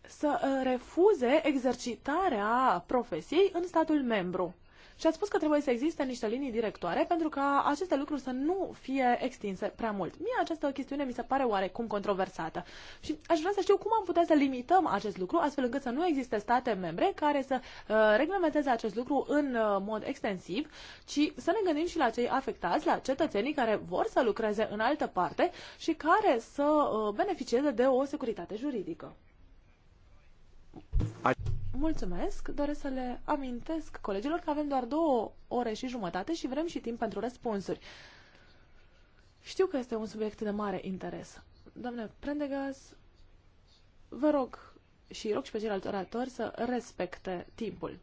să uh, refuze exercitarea profesiei în statul membru. Și a spus că trebuie să existe niște linii directoare pentru ca aceste lucruri să nu fie extinse prea mult. Mie această chestiune mi se pare oarecum controversată și aș vrea să știu cum am putea să limităm acest lucru astfel încât să nu existe state membre care să uh, reglementeze acest lucru în uh, mod extensiv, ci să ne gândim și la cei afectați, la cetățenii care vor să lucreze în altă parte și care să uh, beneficieze de o securitate juridică. I Mulțumesc! Doresc să le amintesc colegilor că avem doar două ore și jumătate și vrem și timp pentru răspunsuri. Știu că este un subiect de mare interes. Doamne gaz. vă rog și rog și pe ceilalți oratori să respecte timpul.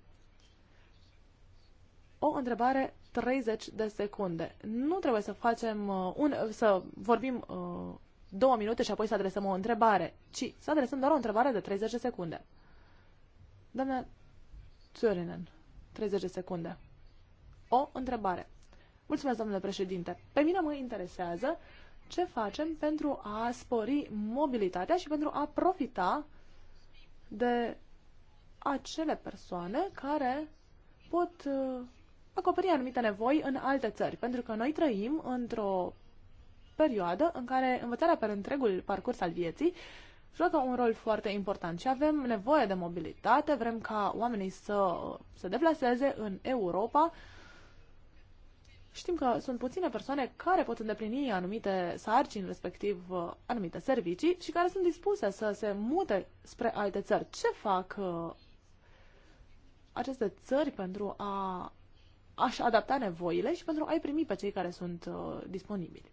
O întrebare 30 de secunde. Nu trebuie să facem uh, un, să vorbim uh, două minute și apoi să adresăm o întrebare, ci să adresăm doar o întrebare de 30 de secunde. Doamna Țurinen, 30 de secunde. O întrebare. Mulțumesc, domnule președinte. Pe mine mă interesează ce facem pentru a spori mobilitatea și pentru a profita de acele persoane care pot uh, acoperi anumite nevoi în alte țări. Pentru că noi trăim într-o perioadă în care învățarea pe întregul parcurs al vieții joacă un rol foarte important și avem nevoie de mobilitate, vrem ca oamenii să se deplaseze în Europa. Știm că sunt puține persoane care pot îndeplini anumite sarcini, respectiv uh, anumite servicii și care sunt dispuse să se mute spre alte țări. Ce fac uh, aceste țări pentru a și adapta nevoile și pentru a-i primi pe cei care sunt uh, disponibili?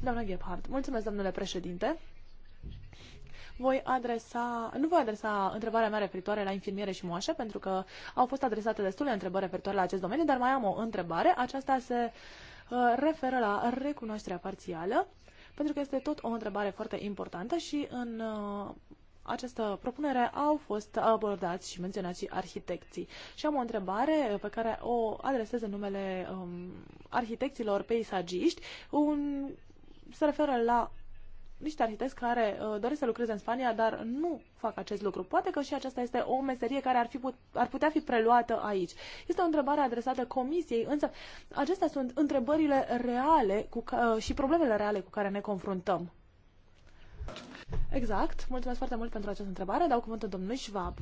Doamna Gebhardt, mulțumesc, domnule președinte. Voi adresa, nu voi adresa întrebarea mea referitoare la infirmiere și moașe, pentru că au fost adresate destule întrebări referitoare la acest domeniu, dar mai am o întrebare. Aceasta se uh, referă la recunoașterea parțială, pentru că este tot o întrebare foarte importantă și în uh, această propunere au fost abordați și menționați și arhitecții. Și am o întrebare pe care o adresez în numele um, arhitecților peisagiști. Un, se referă la niște arhitecți care uh, doresc să lucreze în Spania, dar nu fac acest lucru. Poate că și aceasta este o meserie care ar, fi put- ar putea fi preluată aici. Este o întrebare adresată comisiei, însă acestea sunt întrebările reale cu ca- uh, și problemele reale cu care ne confruntăm. Exact. Mulțumesc foarte mult pentru această întrebare. Dau cuvântul domnului Schwab.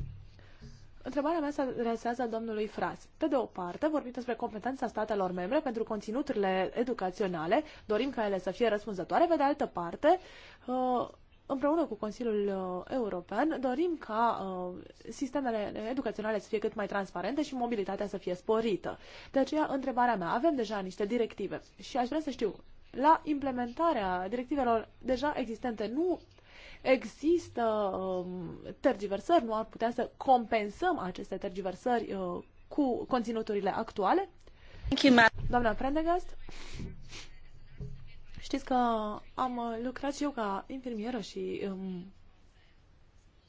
Întrebarea mea se adresează domnului Fras. Pe de o parte, vorbim despre competența statelor membre pentru conținuturile educaționale, dorim ca ele să fie răspunzătoare, pe de altă parte, uh, împreună cu Consiliul uh, European, dorim ca uh, sistemele educaționale să fie cât mai transparente și mobilitatea să fie sporită. De aceea, întrebarea mea, avem deja niște directive și aș vrea să știu la implementarea directivelor deja existente. Nu există um, tergiversări, nu ar putea să compensăm aceste tergiversări uh, cu conținuturile actuale. Doamna Prendegast, știți că am lucrat și eu ca infirmieră și um,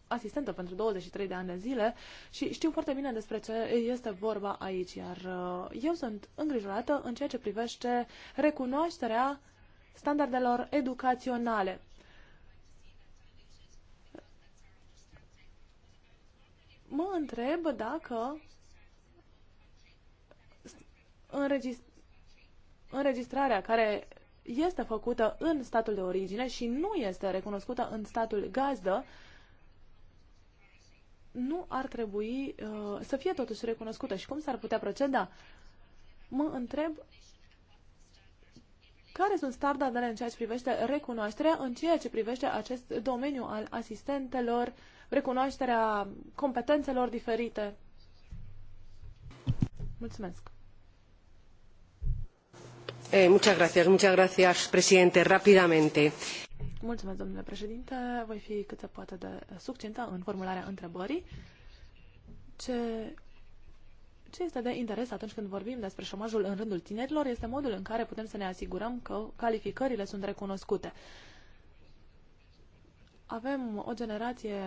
asistentă pentru 23 de ani de zile și știu foarte bine despre ce este vorba aici, iar uh, eu sunt îngrijorată în ceea ce privește recunoașterea standardelor educaționale. Mă întreb dacă înregistrarea care este făcută în statul de origine și nu este recunoscută în statul gazdă, uh, nu ar trebui uh, să fie totuși recunoscută și cum s-ar putea proceda? Mă întreb care sunt standardele în ceea ce privește recunoașterea, în ceea ce privește acest domeniu al asistentelor, recunoașterea competențelor diferite. Mulțumesc. Eh, muchas gracias, muchas gracias, presidente. Rápidamente. Eh, Mulțumesc, domnule președinte. Voi fi cât se poate de succintă în formularea întrebării. Ce, ce este de interes atunci când vorbim despre șomajul în rândul tinerilor este modul în care putem să ne asigurăm că calificările sunt recunoscute. Avem o generație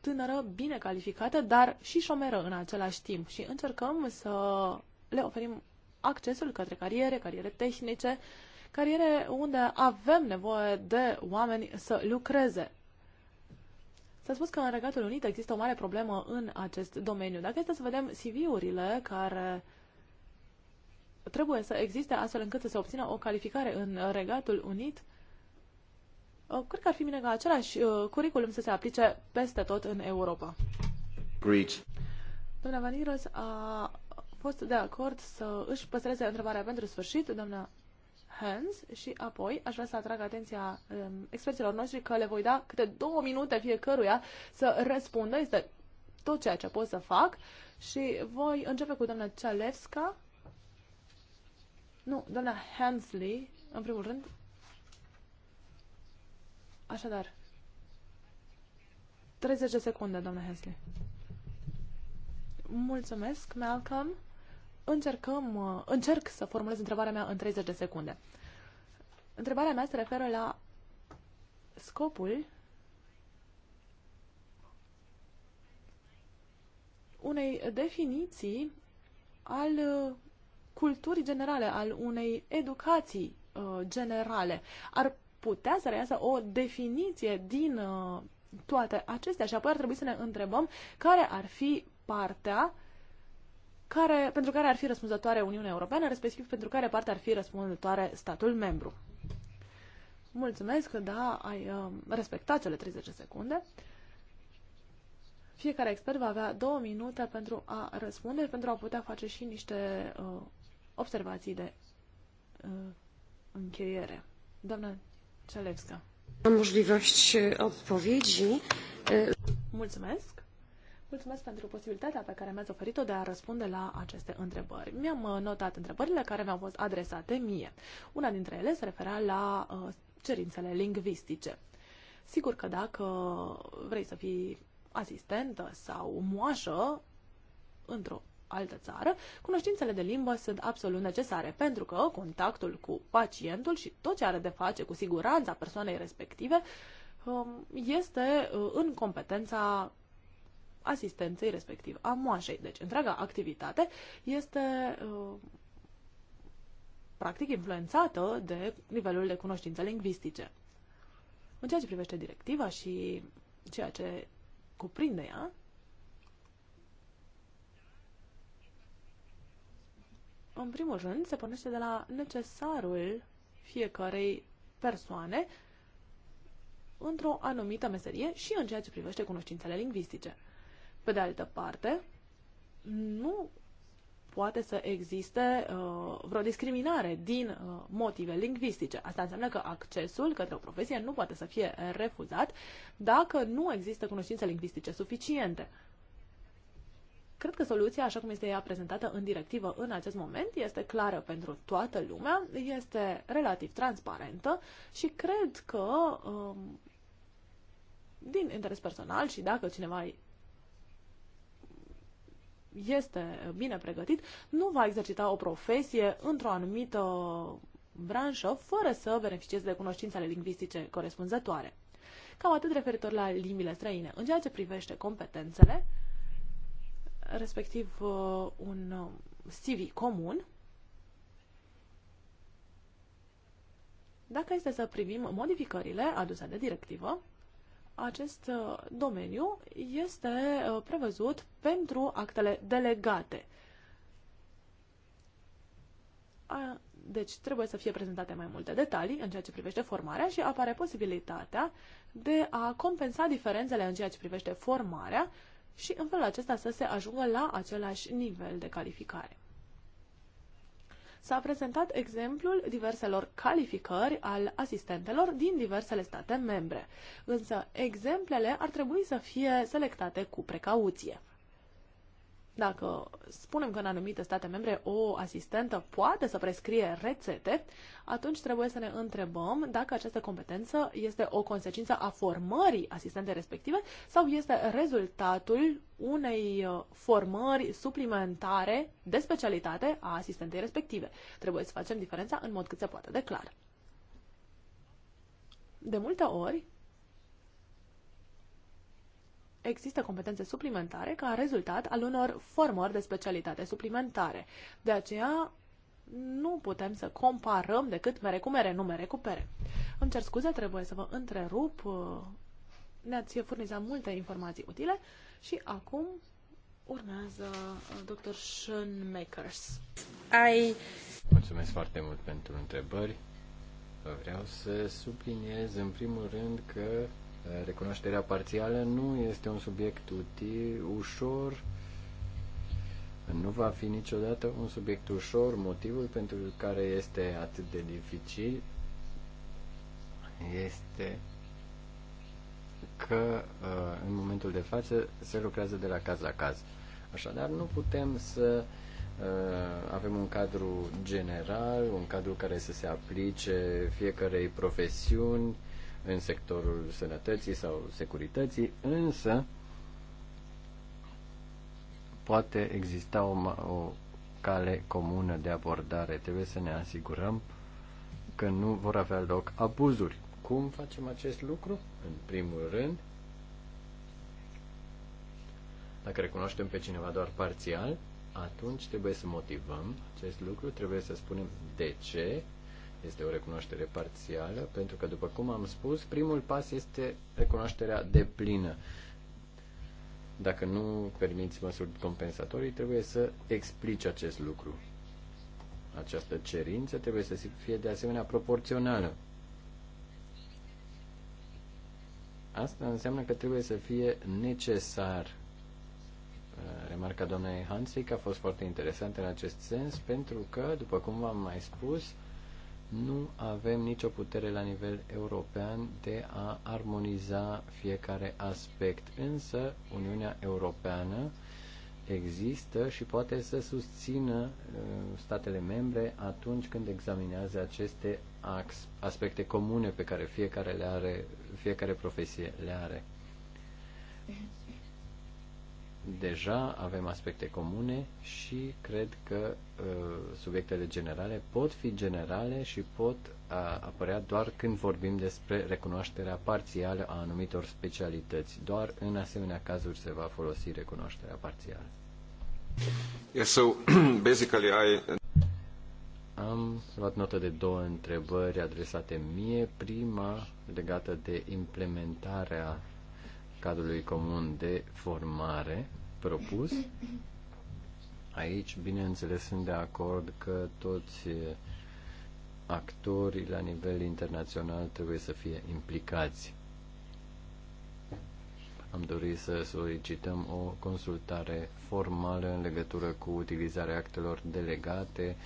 tânără, bine calificată, dar și șomeră în același timp și încercăm să le oferim accesul către cariere, cariere tehnice, uh, cariere unde avem nevoie de oameni să lucreze. S-a spus că în Regatul Unit există o mare problemă în acest domeniu. Dacă este să vedem CV-urile care trebuie să existe astfel încât să se obțină o calificare în Regatul Unit, uh, cred că ar fi bine ca același uh, curriculum să se aplice peste tot în Europa. Breach. Doamna Vaniros a fost de acord să își păstreze întrebarea pentru sfârșit. Doamna Hans și apoi aș vrea să atrag atenția um, experților noștri că le voi da câte două minute fiecăruia să răspundă. Este tot ceea ce pot să fac și voi începe cu doamna Cealevska. Nu, doamna Hensley, în primul rând. Așadar, 30 de secunde, doamna Hensley. Mulțumesc, Malcolm încercăm, uh, încerc să formulez întrebarea mea în 30 de secunde. Întrebarea mea se referă la scopul unei definiții al uh, culturii generale, al unei educații uh, generale. Ar putea să reiasă o definiție din uh, toate acestea și apoi ar trebui să ne întrebăm care ar fi partea uh, care, pentru care ar fi răspunzătoare Uniunea Europeană, respectiv pentru care parte ar fi răspunzătoare statul membru. Mulțumesc că da, ai uh, respectat cele 30 secunde. Fiecare expert va avea două minute pentru a răspunde, pentru a putea face și niște uh, observații de uh, încheiere. Doamna Celevska. Am posibilitatea odpowiedzi. Mulțumesc. Mulțumesc pentru posibilitatea pe care mi-ați oferit-o de a răspunde la aceste întrebări. Mi-am uh, notat întrebările care mi-au fost adresate mie. Una dintre ele se refera la uh, cerințele lingvistice. Sigur că dacă vrei să fii asistentă sau moașă într-o altă țară, cunoștințele de limbă sunt absolut necesare, pentru că contactul cu pacientul și tot ce are de face cu siguranța persoanei respective um, este uh, în competența asistenței, respectiv a moașei. Deci, întreaga activitate este uh, practic influențată de nivelul de cunoștințe lingvistice. În ceea ce privește directiva și ceea ce cuprinde ea, în primul rând, se pornește de la necesarul fiecarei persoane într-o anumită meserie și în ceea ce privește cunoștințele lingvistice. Pe de altă parte, nu poate să existe uh, vreo discriminare din uh, motive lingvistice. Asta înseamnă că accesul către o profesie nu poate să fie refuzat dacă nu există cunoștințe lingvistice suficiente. Cred că soluția, așa cum este ea prezentată în directivă în acest moment, este clară pentru toată lumea, este relativ transparentă și cred că, um, din interes personal și dacă cineva este bine pregătit, nu va exercita o profesie într-o anumită branșă fără să beneficieze de cunoștințele lingvistice corespunzătoare. Cam atât referitor la limbile străine. În ceea ce privește competențele, respectiv uh, un uh, CV comun, dacă este să privim modificările aduse de directivă, acest uh, domeniu este uh, prevăzut pentru actele delegate. Deci trebuie să fie prezentate mai multe detalii în ceea ce privește formarea și apare posibilitatea de a compensa diferențele în ceea ce privește formarea și în felul acesta să se ajungă la același nivel de calificare. S-a prezentat exemplul diverselor calificări al asistentelor din diversele state membre, însă exemplele ar trebui să fie selectate cu precauție. Dacă spunem că în anumite state membre o asistentă poate să prescrie rețete, atunci trebuie să ne întrebăm dacă această competență este o consecință a formării asistentei respective sau este rezultatul unei uh, formări suplimentare de specialitate a asistentei respective. Trebuie să facem diferența în mod cât se poate de clar. De multe ori, există competențe suplimentare ca rezultat al unor formări de specialitate suplimentare. De aceea nu putem să comparăm decât mere cu mere, nu mere cu pere. Îmi cer scuze, trebuie să vă întrerup. Ne-ați furnizat multe informații utile și acum urmează uh, Dr. Makers. Ai... Mulțumesc foarte mult pentru întrebări. Vreau să subliniez în primul rând că Recunoașterea parțială nu este un subiect util, ușor, nu va fi niciodată un subiect ușor, motivul pentru care este atât de dificil este că uh, în momentul de față se lucrează de la caz la caz. Așadar, nu putem să uh, avem un cadru general, un cadru care să se aplice fiecarei profesiuni, în sectorul sănătății sau securității, însă poate exista o, o cale comună de abordare. Trebuie să ne asigurăm că nu vor avea loc abuzuri. Cum facem acest lucru? În primul rând, dacă recunoaștem pe cineva doar parțial, atunci trebuie să motivăm acest lucru, trebuie să spunem de ce este o recunoaștere parțială, pentru că, după cum am spus, primul pas este recunoașterea deplină. Dacă nu permiți măsuri compensatorii, trebuie să explici acest lucru. Această cerință trebuie să fie de asemenea proporțională. Asta înseamnă că trebuie să fie necesar uh, remarca doamnei Hansic a fost foarte interesantă în acest sens pentru că, după cum v-am mai spus, nu avem nicio putere la nivel european de a armoniza fiecare aspect, însă Uniunea Europeană există și poate să susțină uh, statele membre atunci când examinează aceste aspecte comune pe care fiecare le are, fiecare profesie le are deja avem aspecte comune și cred că uh, subiectele generale pot fi generale și pot uh, apărea doar când vorbim despre recunoașterea parțială a anumitor specialități. Doar în asemenea cazuri se va folosi recunoașterea parțială. Yeah, so, (clears throat) basically I... Am luat notă de două întrebări adresate mie. Prima legată de implementarea cadrului comun de formare propus. Aici, bineînțeles, sunt de acord că toți eh, actorii la nivel internațional trebuie să fie implicați. Am dorit să solicităm o consultare formală în legătură cu utilizarea actelor delegate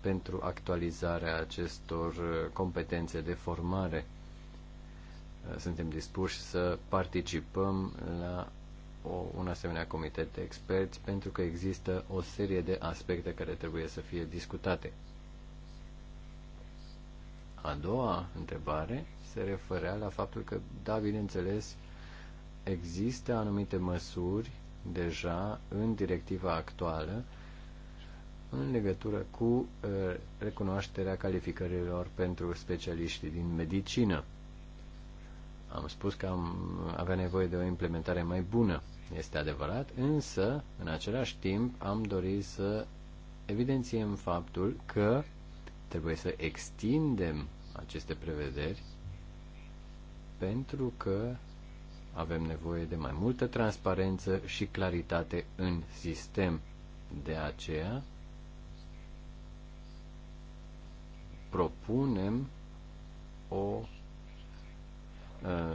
pentru actualizarea acestor eh, competențe de formare suntem dispuși să participăm la o, un asemenea comitet de experți pentru că există o serie de aspecte care trebuie să fie discutate. A doua întrebare se referea la faptul că, da, bineînțeles, există anumite măsuri deja în directiva actuală în legătură cu uh, recunoașterea calificărilor pentru specialiștii din medicină. Am spus că am avea nevoie de o implementare mai bună, este adevărat, însă, în același timp, am dorit să evidențiem faptul că trebuie să extindem aceste prevederi pentru că avem nevoie de mai multă transparență și claritate în sistem. De aceea propunem o Uh,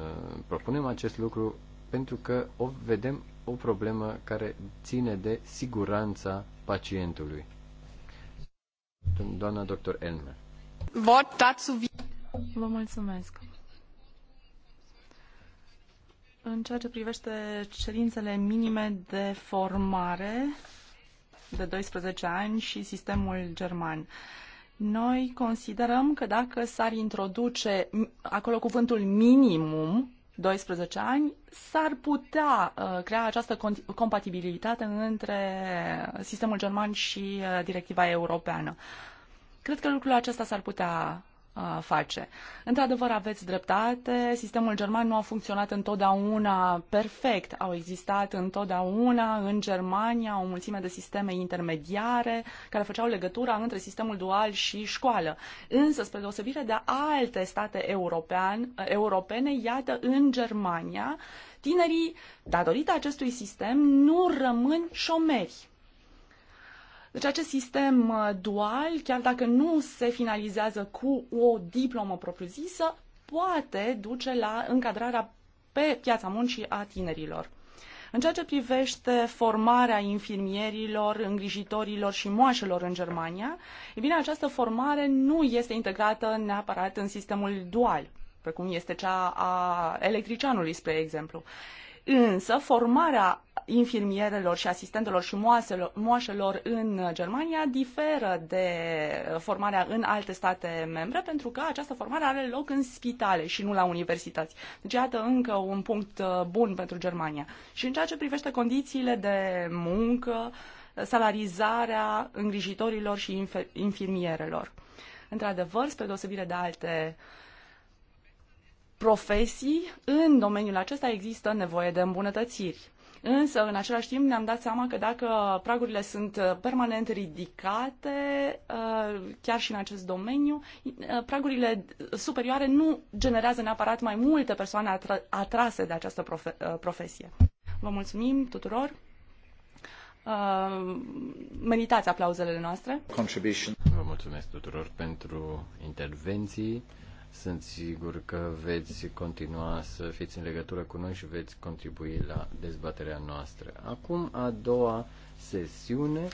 propunem acest lucru pentru că o vedem o problemă care ține de siguranța pacientului. Doamna doctor Elmer. Vă mulțumesc. În ceea ce privește cerințele minime de formare de 12 ani și sistemul german. Uh, noi considerăm că dacă s-ar introduce acolo cuvântul minimum, 12 ani, s-ar putea uh, crea această compatibilitate între sistemul german și uh, directiva europeană. Cred că lucrul acesta s-ar putea face. Într-adevăr, aveți dreptate, sistemul german nu a funcționat întotdeauna perfect. Au existat întotdeauna în Germania o mulțime de sisteme intermediare care făceau legătura între sistemul dual și școală. Însă, spre deosebire de alte state european, europene, iată, în Germania, tinerii, datorită acestui sistem, nu rămân șomeri deci acest sistem uh, dual, chiar dacă nu se finalizează cu o diplomă propriu-zisă, poate duce la încadrarea pe piața muncii a tinerilor. În ceea ce privește formarea infirmierilor, îngrijitorilor și moașelor în Germania, e bine, această formare nu este integrată neapărat în sistemul dual, precum este cea a electricianului, spre exemplu. Însă, formarea infirmierelor și asistentelor și moaselor, moașelor în Germania diferă de formarea în alte state membre, pentru că această formare are loc în spitale și nu la universități. Deci, iată încă un punct uh, bun pentru Germania. Și în ceea ce privește condițiile de muncă, salarizarea îngrijitorilor și infirmierelor. Într-adevăr, spre deosebire de alte uh, profesii, în domeniul acesta există nevoie de îmbunătățiri. Însă, în același timp, ne-am dat seama că dacă pragurile sunt uh, permanent ridicate, uh, chiar și în acest domeniu, uh, pragurile superioare nu generează neapărat mai multe persoane atrase de această profe profesie. Vă mulțumim tuturor! Meritați aplauzele noastre. Vă mulțumesc tuturor pentru intervenții. Sunt sigur că veți continua să fiți în legătură cu noi și veți contribui la dezbaterea noastră. Acum a doua sesiune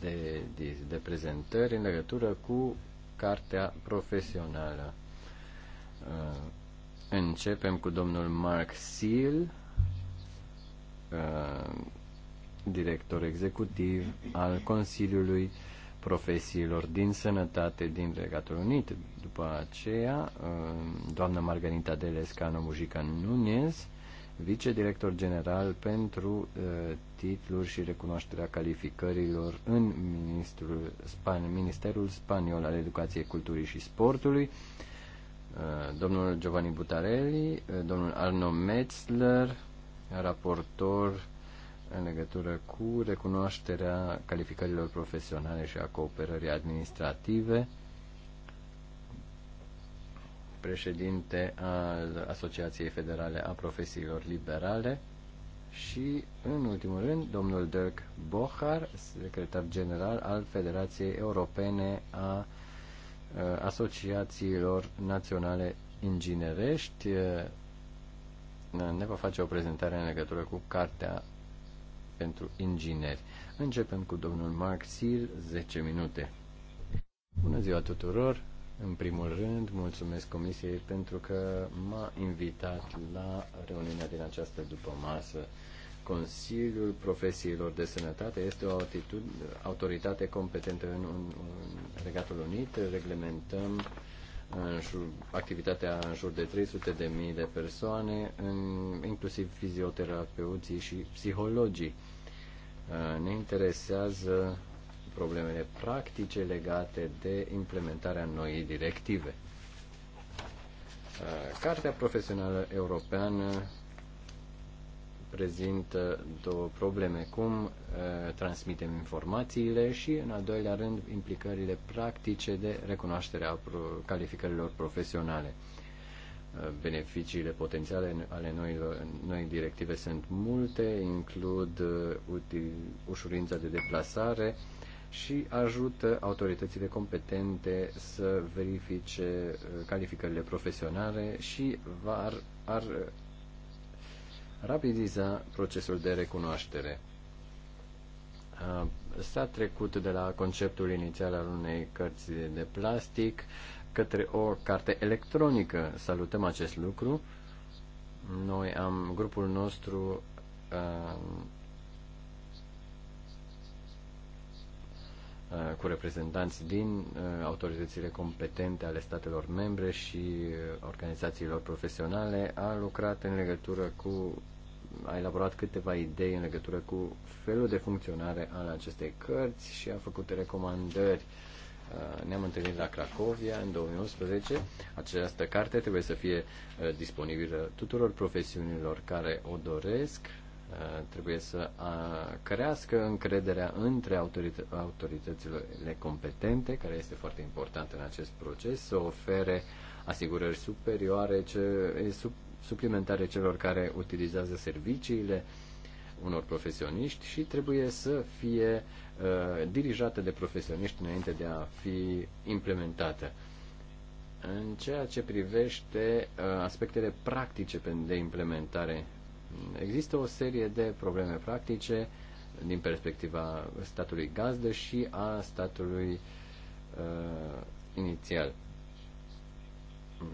de, de, de prezentări în legătură cu cartea profesională. Uh, începem cu domnul Mark Seal, uh, director executiv al Consiliului profesiilor din sănătate din Regatul Unit. După aceea, um, doamna Margarita delescano Mujica Nunez, vicedirector general pentru uh, titluri și recunoașterea calificărilor în Ministerul, Span- Ministerul Spaniol al Educației, Culturii și Sportului, uh, domnul Giovanni Butarelli, uh, domnul Arno Metzler, raportor în legătură cu recunoașterea calificărilor profesionale și a cooperării administrative, președinte al Asociației Federale a Profesiilor Liberale și, în ultimul rând, domnul Dirk Bochar, secretar general al Federației Europene a uh, Asociațiilor Naționale Inginerești, uh, ne va face o prezentare în legătură cu cartea pentru ingineri. Începem cu domnul Mark Sir, 10 minute. Bună ziua tuturor! În primul rând, mulțumesc Comisiei pentru că m-a invitat la reuniunea din această după masă. Consiliul Profesiilor de Sănătate este o autoritate competentă în, în, în Regatul Unit. Reglementăm uh, în jur, activitatea în jur de 300 de mii de persoane, în, inclusiv fizioterapeuții și psihologii. Uh, ne interesează problemele practice legate de implementarea noii directive. Uh, Cartea profesională europeană prezintă două probleme. Cum uh, transmitem informațiile și, în al doilea rând, implicările practice de recunoaștere a calificărilor profesionale. Uh, beneficiile potențiale ale noilor, noi directive sunt multe, includ uh, util, ușurința de deplasare și ajută autoritățile competente să verifice calificările profesionale și var, ar rapidiza procesul de recunoaștere. S-a trecut de la conceptul inițial al unei cărți de plastic către o carte electronică. Salutăm acest lucru. Noi am, grupul nostru cu reprezentanți din autoritățile competente ale statelor membre și organizațiilor profesionale, a lucrat în legătură cu a elaborat câteva idei în legătură cu felul de funcționare al acestei cărți și a făcut recomandări. Uh, ne-am întâlnit la Cracovia în 2011. Această carte trebuie să fie uh, disponibilă tuturor profesiunilor care o doresc. Uh, trebuie să crească încrederea între autoritățile competente, care este foarte important în acest proces, să ofere asigurări superioare, ce, sub, suplimentare celor care utilizează serviciile unor profesioniști și trebuie să fie uh, dirijată de profesioniști înainte de a fi implementată. În ceea ce privește uh, aspectele practice de implementare, există o serie de probleme practice din perspectiva statului gazdă și a statului uh, inițial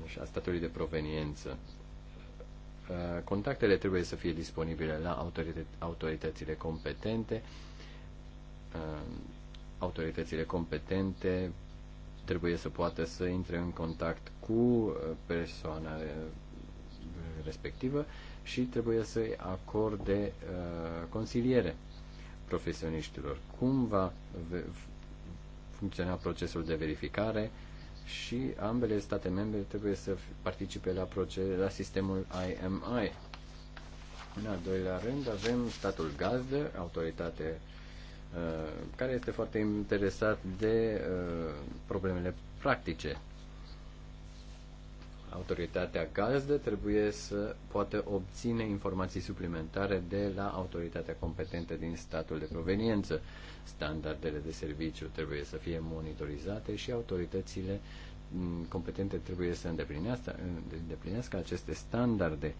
și a statului de proveniență. Uh, contactele trebuie să fie disponibile la autoritățile competente. Uh, autoritățile competente trebuie să poată să intre în contact cu uh, persoana respectivă și trebuie să-i acorde consiliere profesioniștilor. Cum va funcționa procesul de verificare? și ambele state membre trebuie să participe la, proces, la sistemul IMI. În al doilea rând avem statul gazdă, autoritate uh, care este foarte interesat de uh, problemele practice Autoritatea gazdă trebuie să poată obține informații suplimentare de la autoritatea competentă din statul de proveniență. Standardele de serviciu trebuie să fie monitorizate și autoritățile mm, competente trebuie să îndeplinească, îndeplinească aceste standarde.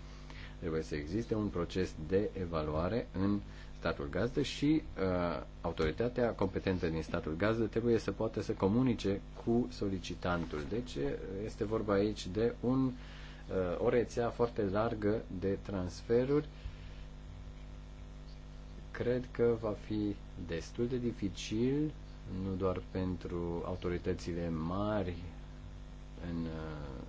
Trebuie să existe un proces de evaluare în statul gazdă și uh, autoritatea competentă din statul gazdă trebuie să poată să comunice cu solicitantul. Deci uh, este vorba aici de un, uh, o rețea foarte largă de transferuri. Cred că va fi destul de dificil, nu doar pentru autoritățile mari în uh,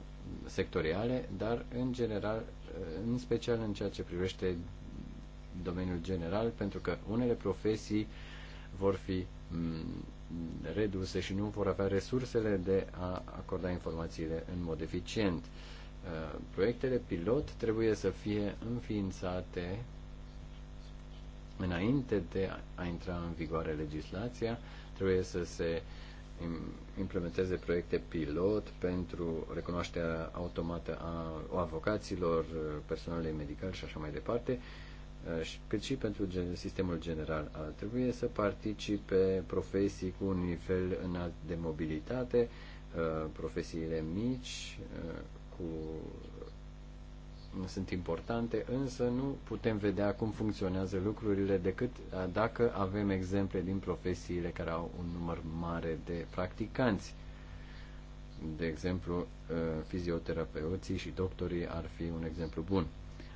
sectoriale, dar în general, uh, în special în ceea ce privește domeniul general, pentru că unele profesii vor fi mm, reduse și nu vor avea resursele de a acorda informațiile în mod eficient. Uh, proiectele pilot trebuie să fie înființate înainte de a intra în vigoare legislația, trebuie să se implementeze proiecte pilot pentru recunoașterea automată a avocaților, uh, personalului medical și așa mai departe Uh, cât și pentru sistemul general. Uh, trebuie să participe profesii cu un nivel înalt de mobilitate, uh, profesiile mici cu sunt importante, însă nu putem vedea cum funcționează lucrurile decât dacă avem exemple din profesiile care au un număr mare de practicanți. De exemplu, fizioterapeuții și doctorii ar fi un exemplu bun.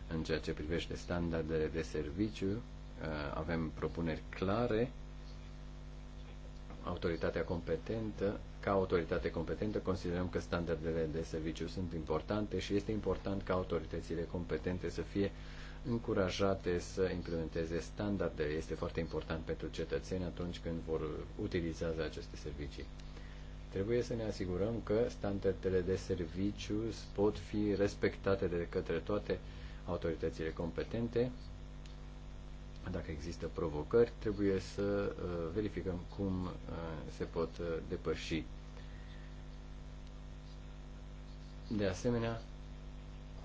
În ceea ce privește standardele de serviciu, uh, avem propuneri clare. Autoritatea competentă, ca autoritate competentă, considerăm că standardele de serviciu sunt importante și este important ca autoritățile competente să fie încurajate să implementeze standarde. Este foarte important pentru cetățeni atunci când vor utiliza aceste servicii. Trebuie să ne asigurăm că standardele de serviciu pot fi respectate de către toate autoritățile competente. Dacă există provocări, trebuie să uh, verificăm cum uh, se pot uh, depăși. De asemenea,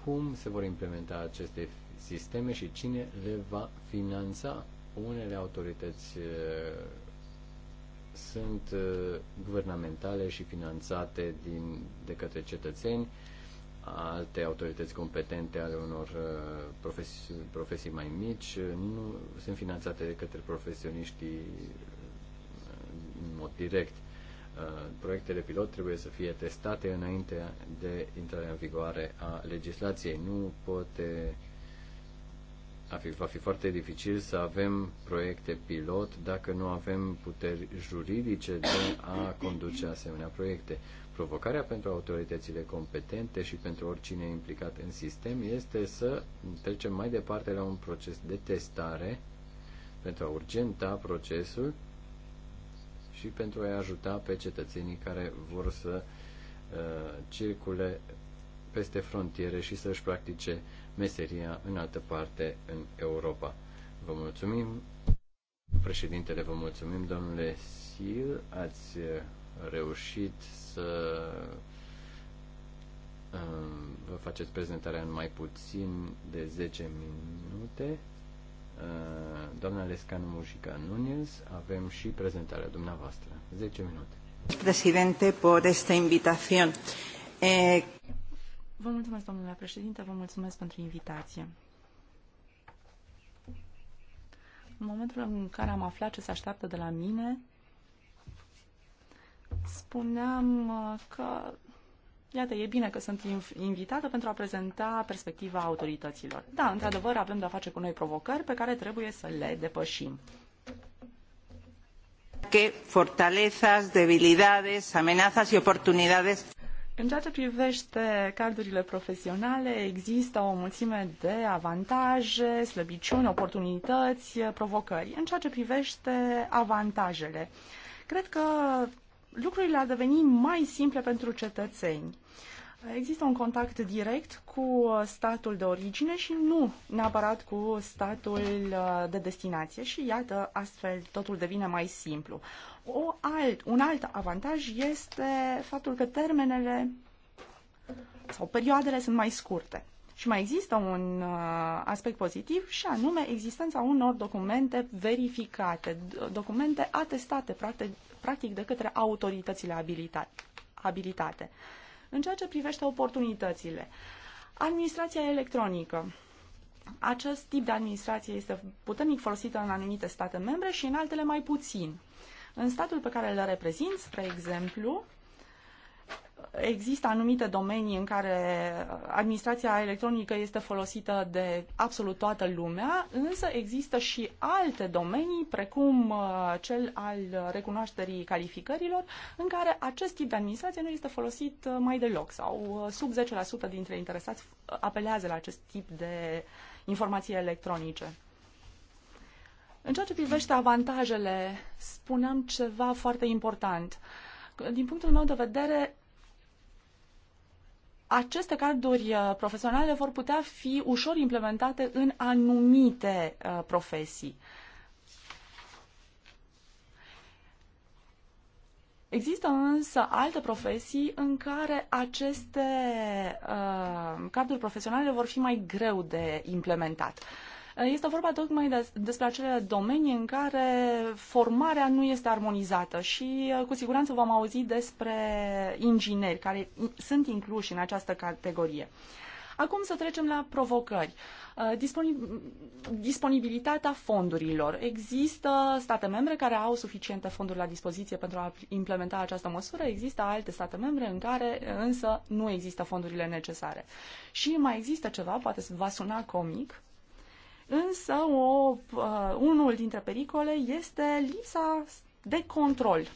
cum se vor implementa aceste sisteme și cine le va finanța. Unele autorități sunt guvernamentale și finanțate din, de către cetățeni, alte autorități competente ale unor uh, profesii, profesii mai mici uh, nu sunt finanțate de către profesioniștii uh, în mod direct. Proiectele pilot trebuie să fie testate înainte de intrarea în vigoare a legislației. Nu poate fi, va fi foarte dificil să avem proiecte pilot dacă nu avem puteri juridice de a conduce asemenea proiecte. Provocarea pentru autoritățile competente și pentru oricine implicat în sistem este să trecem mai departe la un proces de testare pentru a urgenta procesul și pentru a-i ajuta pe cetățenii care vor să uh, circule peste frontiere și să-și practice meseria în altă parte în Europa. Vă mulțumim, președintele, vă mulțumim, domnule Sil, ați uh, reușit să vă um, faceți prezentarea în mai puțin de 10 minute. Uh, doamna Lescanu Mujica Nunez, avem și prezentarea dumneavoastră. 10 minute. Presidente, por esta invitación. Eh, vă mulțumesc, domnule președinte, vă mulțumesc pentru invitație. În momentul în care am aflat ce se așteaptă de la mine, Spuneam uh, că, iată, e bine că sunt invitată pentru a prezenta perspectiva autorităților. Da, într-adevăr, avem de-a face cu noi provocări pe care trebuie să le depășim. Que fortalezas, debilidades, amenazas y oportunidades. În ceea ce privește cardurile profesionale, există o mulțime de avantaje, slăbiciuni, oportunități, provocări. În ceea ce privește avantajele, cred că lucrurile ar deveni mai simple pentru cetățeni. Există un contact direct cu statul de origine și nu neapărat cu statul uh, de destinație și iată, astfel totul devine mai simplu. O alt, un alt avantaj este faptul că termenele sau perioadele sunt mai scurte. Și mai există un uh, aspect pozitiv și anume existența unor documente verificate, documente atestate, practic, practic de către autoritățile abilitate. În ceea ce privește oportunitățile, administrația electronică. Acest tip de administrație este puternic folosită în anumite state membre și în altele mai puțin. În statul pe care îl reprezint, spre exemplu, există anumite domenii în care administrația electronică este folosită de absolut toată lumea, însă există și alte domenii, precum uh, cel al recunoașterii calificărilor, în care acest tip de administrație nu este folosit uh, mai deloc sau uh, sub 10% dintre interesați apelează la acest tip de informații electronice. În ceea ce privește avantajele, spuneam ceva foarte important. Din punctul meu de vedere, aceste carduri uh, profesionale vor putea fi ușor implementate în anumite uh, profesii. Există însă alte profesii în care aceste uh, carduri profesionale vor fi mai greu de implementat. Uh, este vorba tocmai de, despre acele domenii în care formarea nu este armonizată și uh, cu siguranță vom auzi despre ingineri care sunt incluși în această categorie. Acum să trecem la provocări. Uh, disponibilitatea fondurilor. Există state membre care au suficiente fonduri la dispoziție pentru a implementa această măsură, există alte state membre în care uh, însă nu există fondurile necesare. Și mai există ceva, poate va suna comic, Însă, o, uh, unul dintre pericole este lipsa de control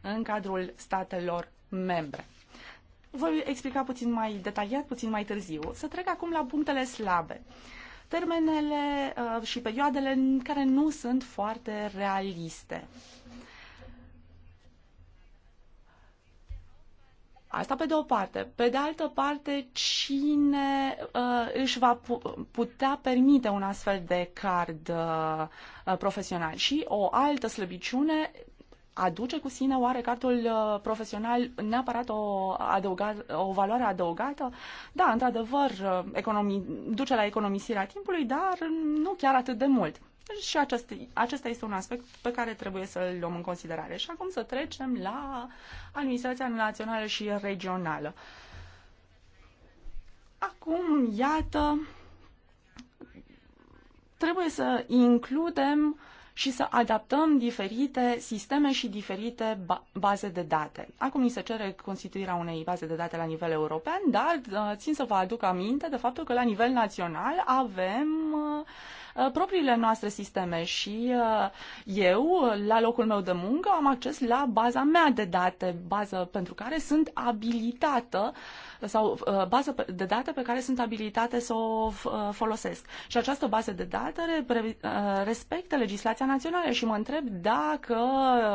în cadrul statelor membre. Voi explica puțin mai detaliat, puțin mai târziu. Să trec acum la punctele slabe. Termenele uh, și perioadele care nu sunt foarte realiste. Asta pe de o parte. Pe de altă parte, cine uh, își va pu- putea permite un astfel de card uh, uh profesional? Și o altă slăbiciune aduce cu sine oare cardul uh, profesional neapărat o, adăugat, o valoare adăugată? Da, într-adevăr, uh, economi- duce la economisirea timpului, dar nu chiar atât de mult. Și acest, acesta este un aspect pe care trebuie să-l luăm în considerare. Și acum să trecem la administrația națională și regională. Acum, iată, trebuie să includem și să adaptăm diferite sisteme și diferite ba baze de date. Acum ni se cere constituirea unei baze de date la nivel european, dar uh, țin să vă aduc aminte de faptul că la nivel național avem uh, Uh, propriile noastre sisteme și uh, eu, la locul meu de muncă, am acces la baza mea de date, bază pentru care sunt abilitată sau uh, bază de date pe care sunt abilitate să o folosesc. Și această bază de date respectă legislația națională și mă întreb dacă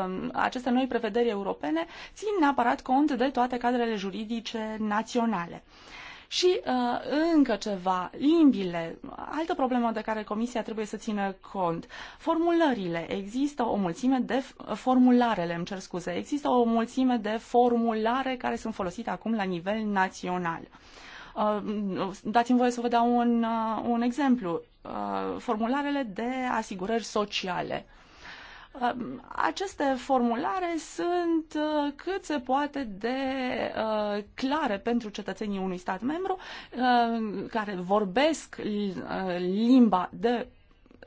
um, aceste noi prevederi europene țin neapărat cont de toate cadrele juridice naționale. Uh, și uh, încă ceva, limbile, altă problemă de care Comisia trebuie să țină cont. Formulările. Există o mulțime de formularele, îmi cer scuze, există o mulțime de formulare care sunt folosite acum la nivel național. Uh, dați-mi voie să vă dau un, uh, un exemplu. Uh, formularele de asigurări sociale. Uh, aceste formulare sunt uh, cât se poate de uh, clare pentru cetățenii unui stat membru uh, care vorbesc limba de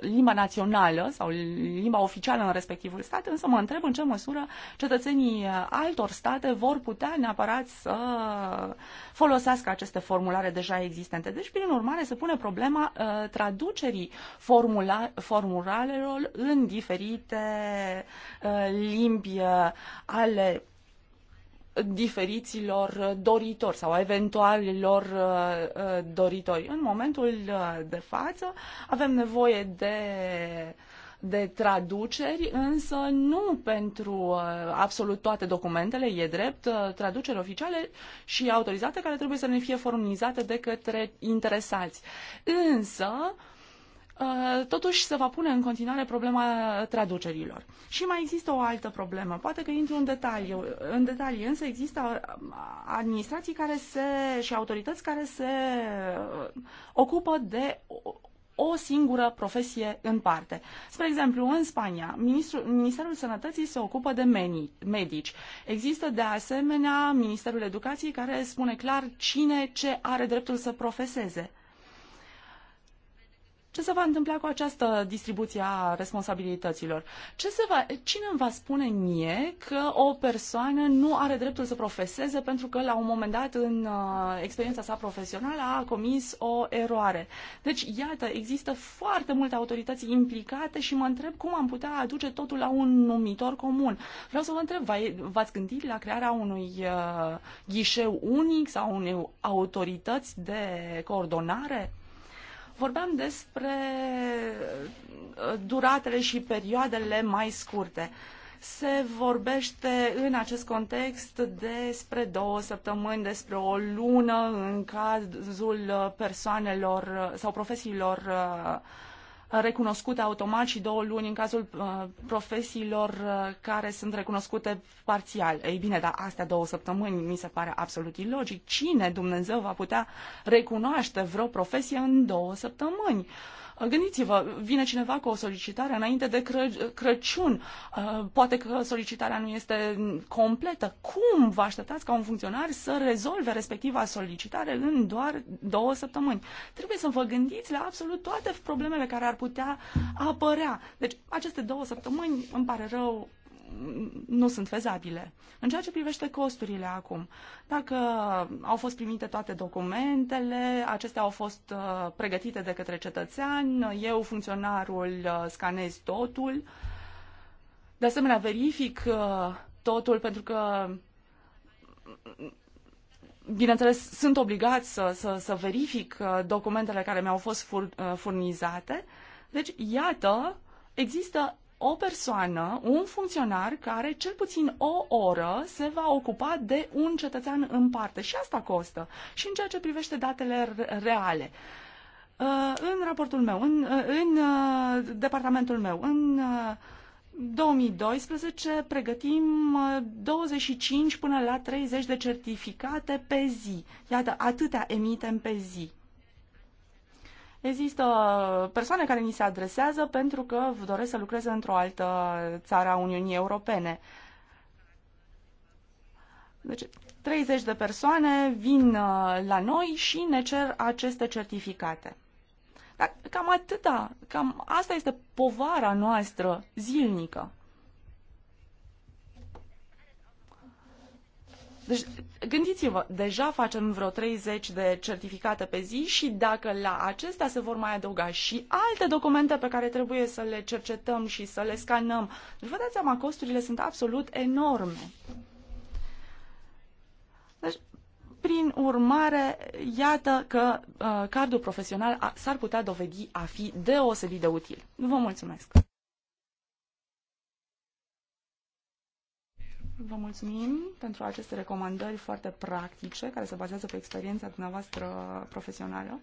limba națională sau limba oficială în respectivul stat, însă mă întreb în ce măsură cetățenii uh, altor state vor putea neapărat să folosească aceste formulare deja existente. Deci, prin urmare, se pune problema uh, traducerii formula- formularelor în diferite uh, limbi ale diferiților doritori sau eventualilor uh, uh, doritori. În momentul uh, de față avem nevoie de de traduceri, însă nu pentru absolut toate documentele, e drept, traduceri oficiale și autorizate care trebuie să ne fie furnizate de către interesați. Însă, uh, Uh, totuși se va pune în continuare problema traducerilor. Și mai există o altă problemă, poate că intru în detaliu, în detalii, însă există uh, administrații care se, și autorități care se uh, ocupă de o singură profesie în parte. Spre exemplu, în Spania, Ministrul, Ministerul Sănătății se ocupă de meni, medici. Există de asemenea Ministerul Educației care spune clar cine ce are dreptul să profeseze. Ce se va întâmpla cu această distribuție a responsabilităților? Ce se va, cine îmi va spune mie că o persoană nu are dreptul să profeseze pentru că la un moment dat în uh, experiența sa profesională a comis o eroare? Deci, iată, există foarte multe autorități implicate și mă întreb cum am putea aduce totul la un numitor comun. Vreau să vă întreb, v-ați gândit la crearea unui uh, ghișeu unic sau unei autorități de coordonare? Vorbeam despre uh, duratele și perioadele mai scurte. Se vorbește în acest context despre două săptămâni, despre o lună în cazul uh, persoanelor uh, sau profesiilor uh, recunoscute automat și două luni în cazul uh, profesiilor uh, care sunt recunoscute parțial. Ei bine, dar astea două săptămâni mi se pare absolut ilogic. Cine Dumnezeu va putea recunoaște vreo profesie în două săptămâni? Uh, Gândiți-vă, vine cineva cu o solicitare înainte de Cră- Crăciun, uh, poate că solicitarea nu este completă. Cum vă așteptați ca un funcționar să rezolve respectiva solicitare în doar două săptămâni? Trebuie să vă gândiți la absolut toate problemele care ar putea apărea. Deci, aceste două săptămâni, îmi pare rău, nu sunt fezabile. În ceea ce privește costurile acum, dacă au fost primite toate documentele, acestea au fost uh, pregătite de către cetățean, eu, funcționarul, uh, scanez totul, de asemenea verific uh, totul pentru că bineînțeles, sunt obligat să, să, să verific documentele care mi-au fost furnizate. Deci, iată, există o persoană, un funcționar care cel puțin o oră se va ocupa de un cetățean în parte și asta costă. Și în ceea ce privește datele reale. Uh, în raportul meu, în, uh, în uh, departamentul meu, în 2012 pregătim 25 până la 30 de certificate pe zi. Iată, atâtea emitem pe zi. Există persoane care ni se adresează pentru că doresc să lucreze într-o altă țară a Uniunii Europene. Deci, 30 de persoane vin uh, la noi și ne cer aceste certificate. Dar cam atâta, cam asta este povara noastră zilnică. Deci, gândiți-vă, deja facem vreo 30 de certificate pe zi și dacă la acestea se vor mai adăuga și alte documente pe care trebuie să le cercetăm și să le scanăm, deci vă dați seama, costurile sunt absolut enorme. Deci, prin urmare, iată că uh, cardul profesional s-ar putea dovedi a fi deosebit de util. Vă mulțumesc! Vă mulțumim pentru aceste recomandări foarte practice, care se bazează pe experiența dumneavoastră profesională.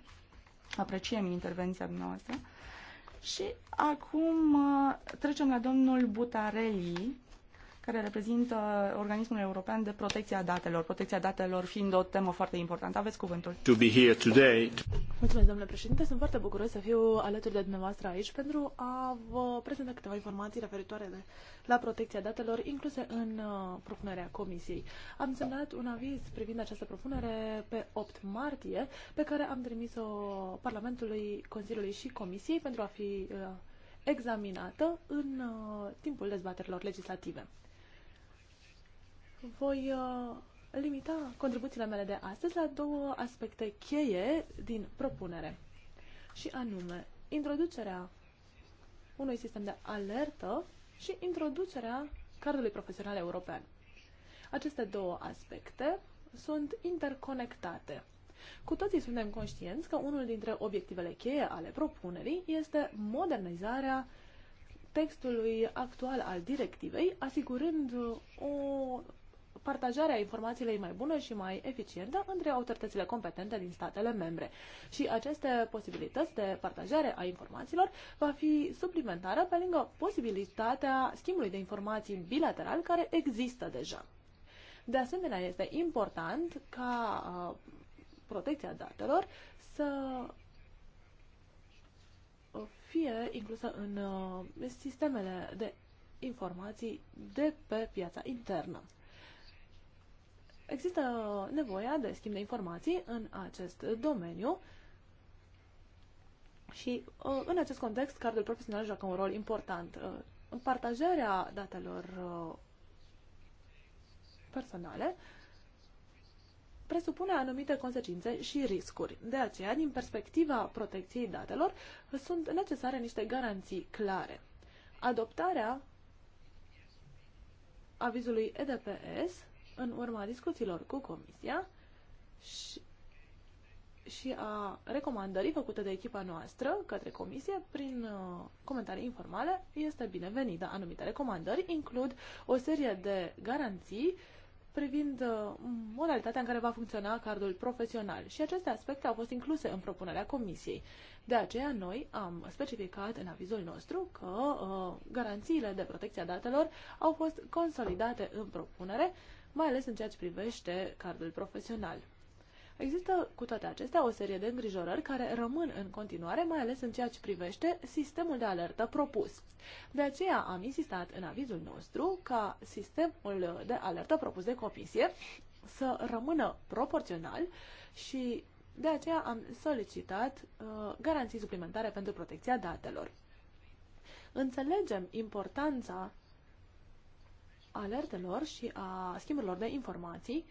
Apreciem intervenția dumneavoastră. Și acum uh, trecem la domnul Butarelli, care reprezintă Organismul European de Protecție a Datelor, protecția datelor fiind o temă foarte importantă. Aveți cuvântul. To be here today. Mulțumesc, domnule președinte. Sunt foarte bucuros să fiu alături de dumneavoastră aici pentru a vă prezenta câteva informații referitoare de la protecția datelor incluse în uh, propunerea Comisiei. Am semnat un aviz privind această propunere pe 8 martie, pe care am trimis-o Parlamentului, Consiliului și Comisiei pentru a fi uh, examinată în uh, timpul dezbaterilor legislative. Voi limita contribuțiile mele de astăzi la două aspecte cheie din propunere, și anume introducerea unui sistem de alertă și introducerea cardului profesional european. Aceste două aspecte sunt interconectate. Cu toții suntem conștienți că unul dintre obiectivele cheie ale propunerii este modernizarea textului actual al directivei, asigurând o partajarea informațiilor mai bună și mai eficientă între autoritățile competente din statele membre. Și aceste posibilități de partajare a informațiilor va fi suplimentară pe lângă posibilitatea schimbului de informații bilateral care există deja. De asemenea, este important ca uh, protecția datelor să uh, fie inclusă în uh, sistemele de informații de pe piața internă. Există nevoia de schimb de informații în acest domeniu și uh, în acest context cardul profesional joacă un rol important. Uh, partajarea datelor uh, personale presupune anumite consecințe și riscuri. De aceea, din perspectiva protecției datelor, sunt necesare niște garanții clare. Adoptarea avizului EDPS în urma discuțiilor cu Comisia și, și a recomandării făcute de echipa noastră către Comisie prin uh, comentarii informale este binevenită. Anumite recomandări includ o serie de garanții privind uh, modalitatea în care va funcționa cardul profesional și aceste aspecte au fost incluse în propunerea Comisiei. De aceea, noi am specificat în avizul nostru că uh, garanțiile de protecție a datelor au fost consolidate în propunere mai ales în ceea ce privește cardul profesional. Există cu toate acestea o serie de îngrijorări care rămân în continuare, mai ales în ceea ce privește sistemul de alertă propus. De aceea am insistat în avizul nostru ca sistemul de alertă propus de comisie să rămână proporțional și de aceea am solicitat uh, garanții suplimentare pentru protecția datelor. Înțelegem importanța alertelor și a schimburilor de informații,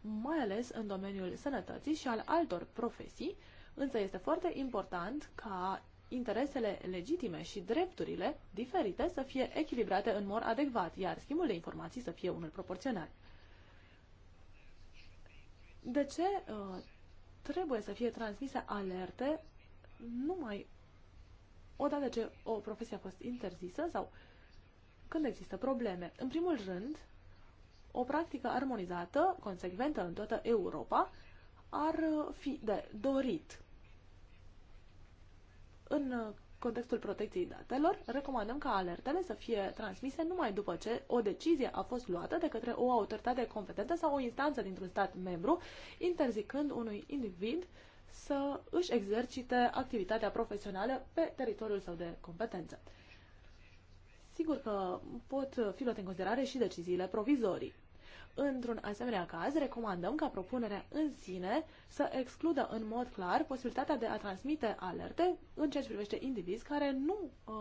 mai ales în domeniul sănătății și al altor profesii, însă este foarte important ca interesele legitime și drepturile diferite să fie echilibrate în mod adecvat, iar schimbul de informații să fie unul proporțional. De ce uh, trebuie să fie transmise alerte numai odată ce o profesie a fost interzisă sau când există probleme. În primul rând, o practică armonizată, consecventă în toată Europa, ar fi de dorit. În contextul protecției datelor, recomandăm ca alertele să fie transmise numai după ce o decizie a fost luată de către o autoritate competentă sau o instanță dintr-un stat membru, interzicând unui individ să își exercite activitatea profesională pe teritoriul său de competență sigur că pot fi luate în considerare și deciziile provizorii. Într-un asemenea caz, recomandăm ca propunerea în sine să excludă în mod clar posibilitatea de a transmite alerte în ceea ce privește indivizi care nu, uh,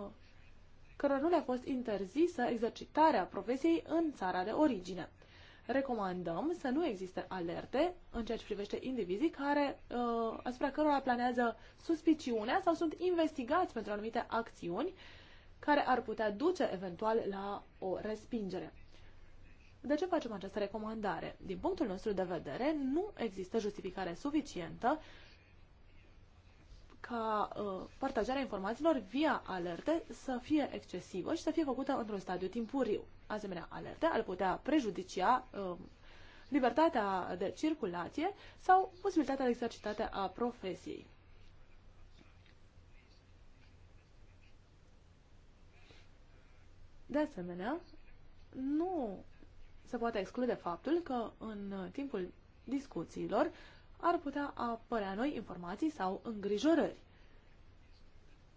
cărora nu le-a fost interzisă exercitarea profesiei în țara de origine. Recomandăm să nu existe alerte în ceea ce privește indivizii care, uh, asupra cărora planează suspiciunea sau sunt investigați pentru anumite acțiuni care ar putea duce eventual la o respingere. De ce facem această recomandare? Din punctul nostru de vedere, nu există justificare suficientă ca uh, partajarea informațiilor via alerte să fie excesivă și să fie făcută într-un stadiu timpuriu. Asemenea, alerte ar putea prejudicia uh, libertatea de circulație sau posibilitatea de exercitate a profesiei. De asemenea, nu se poate exclude faptul că în timpul discuțiilor ar putea apărea noi informații sau îngrijorări.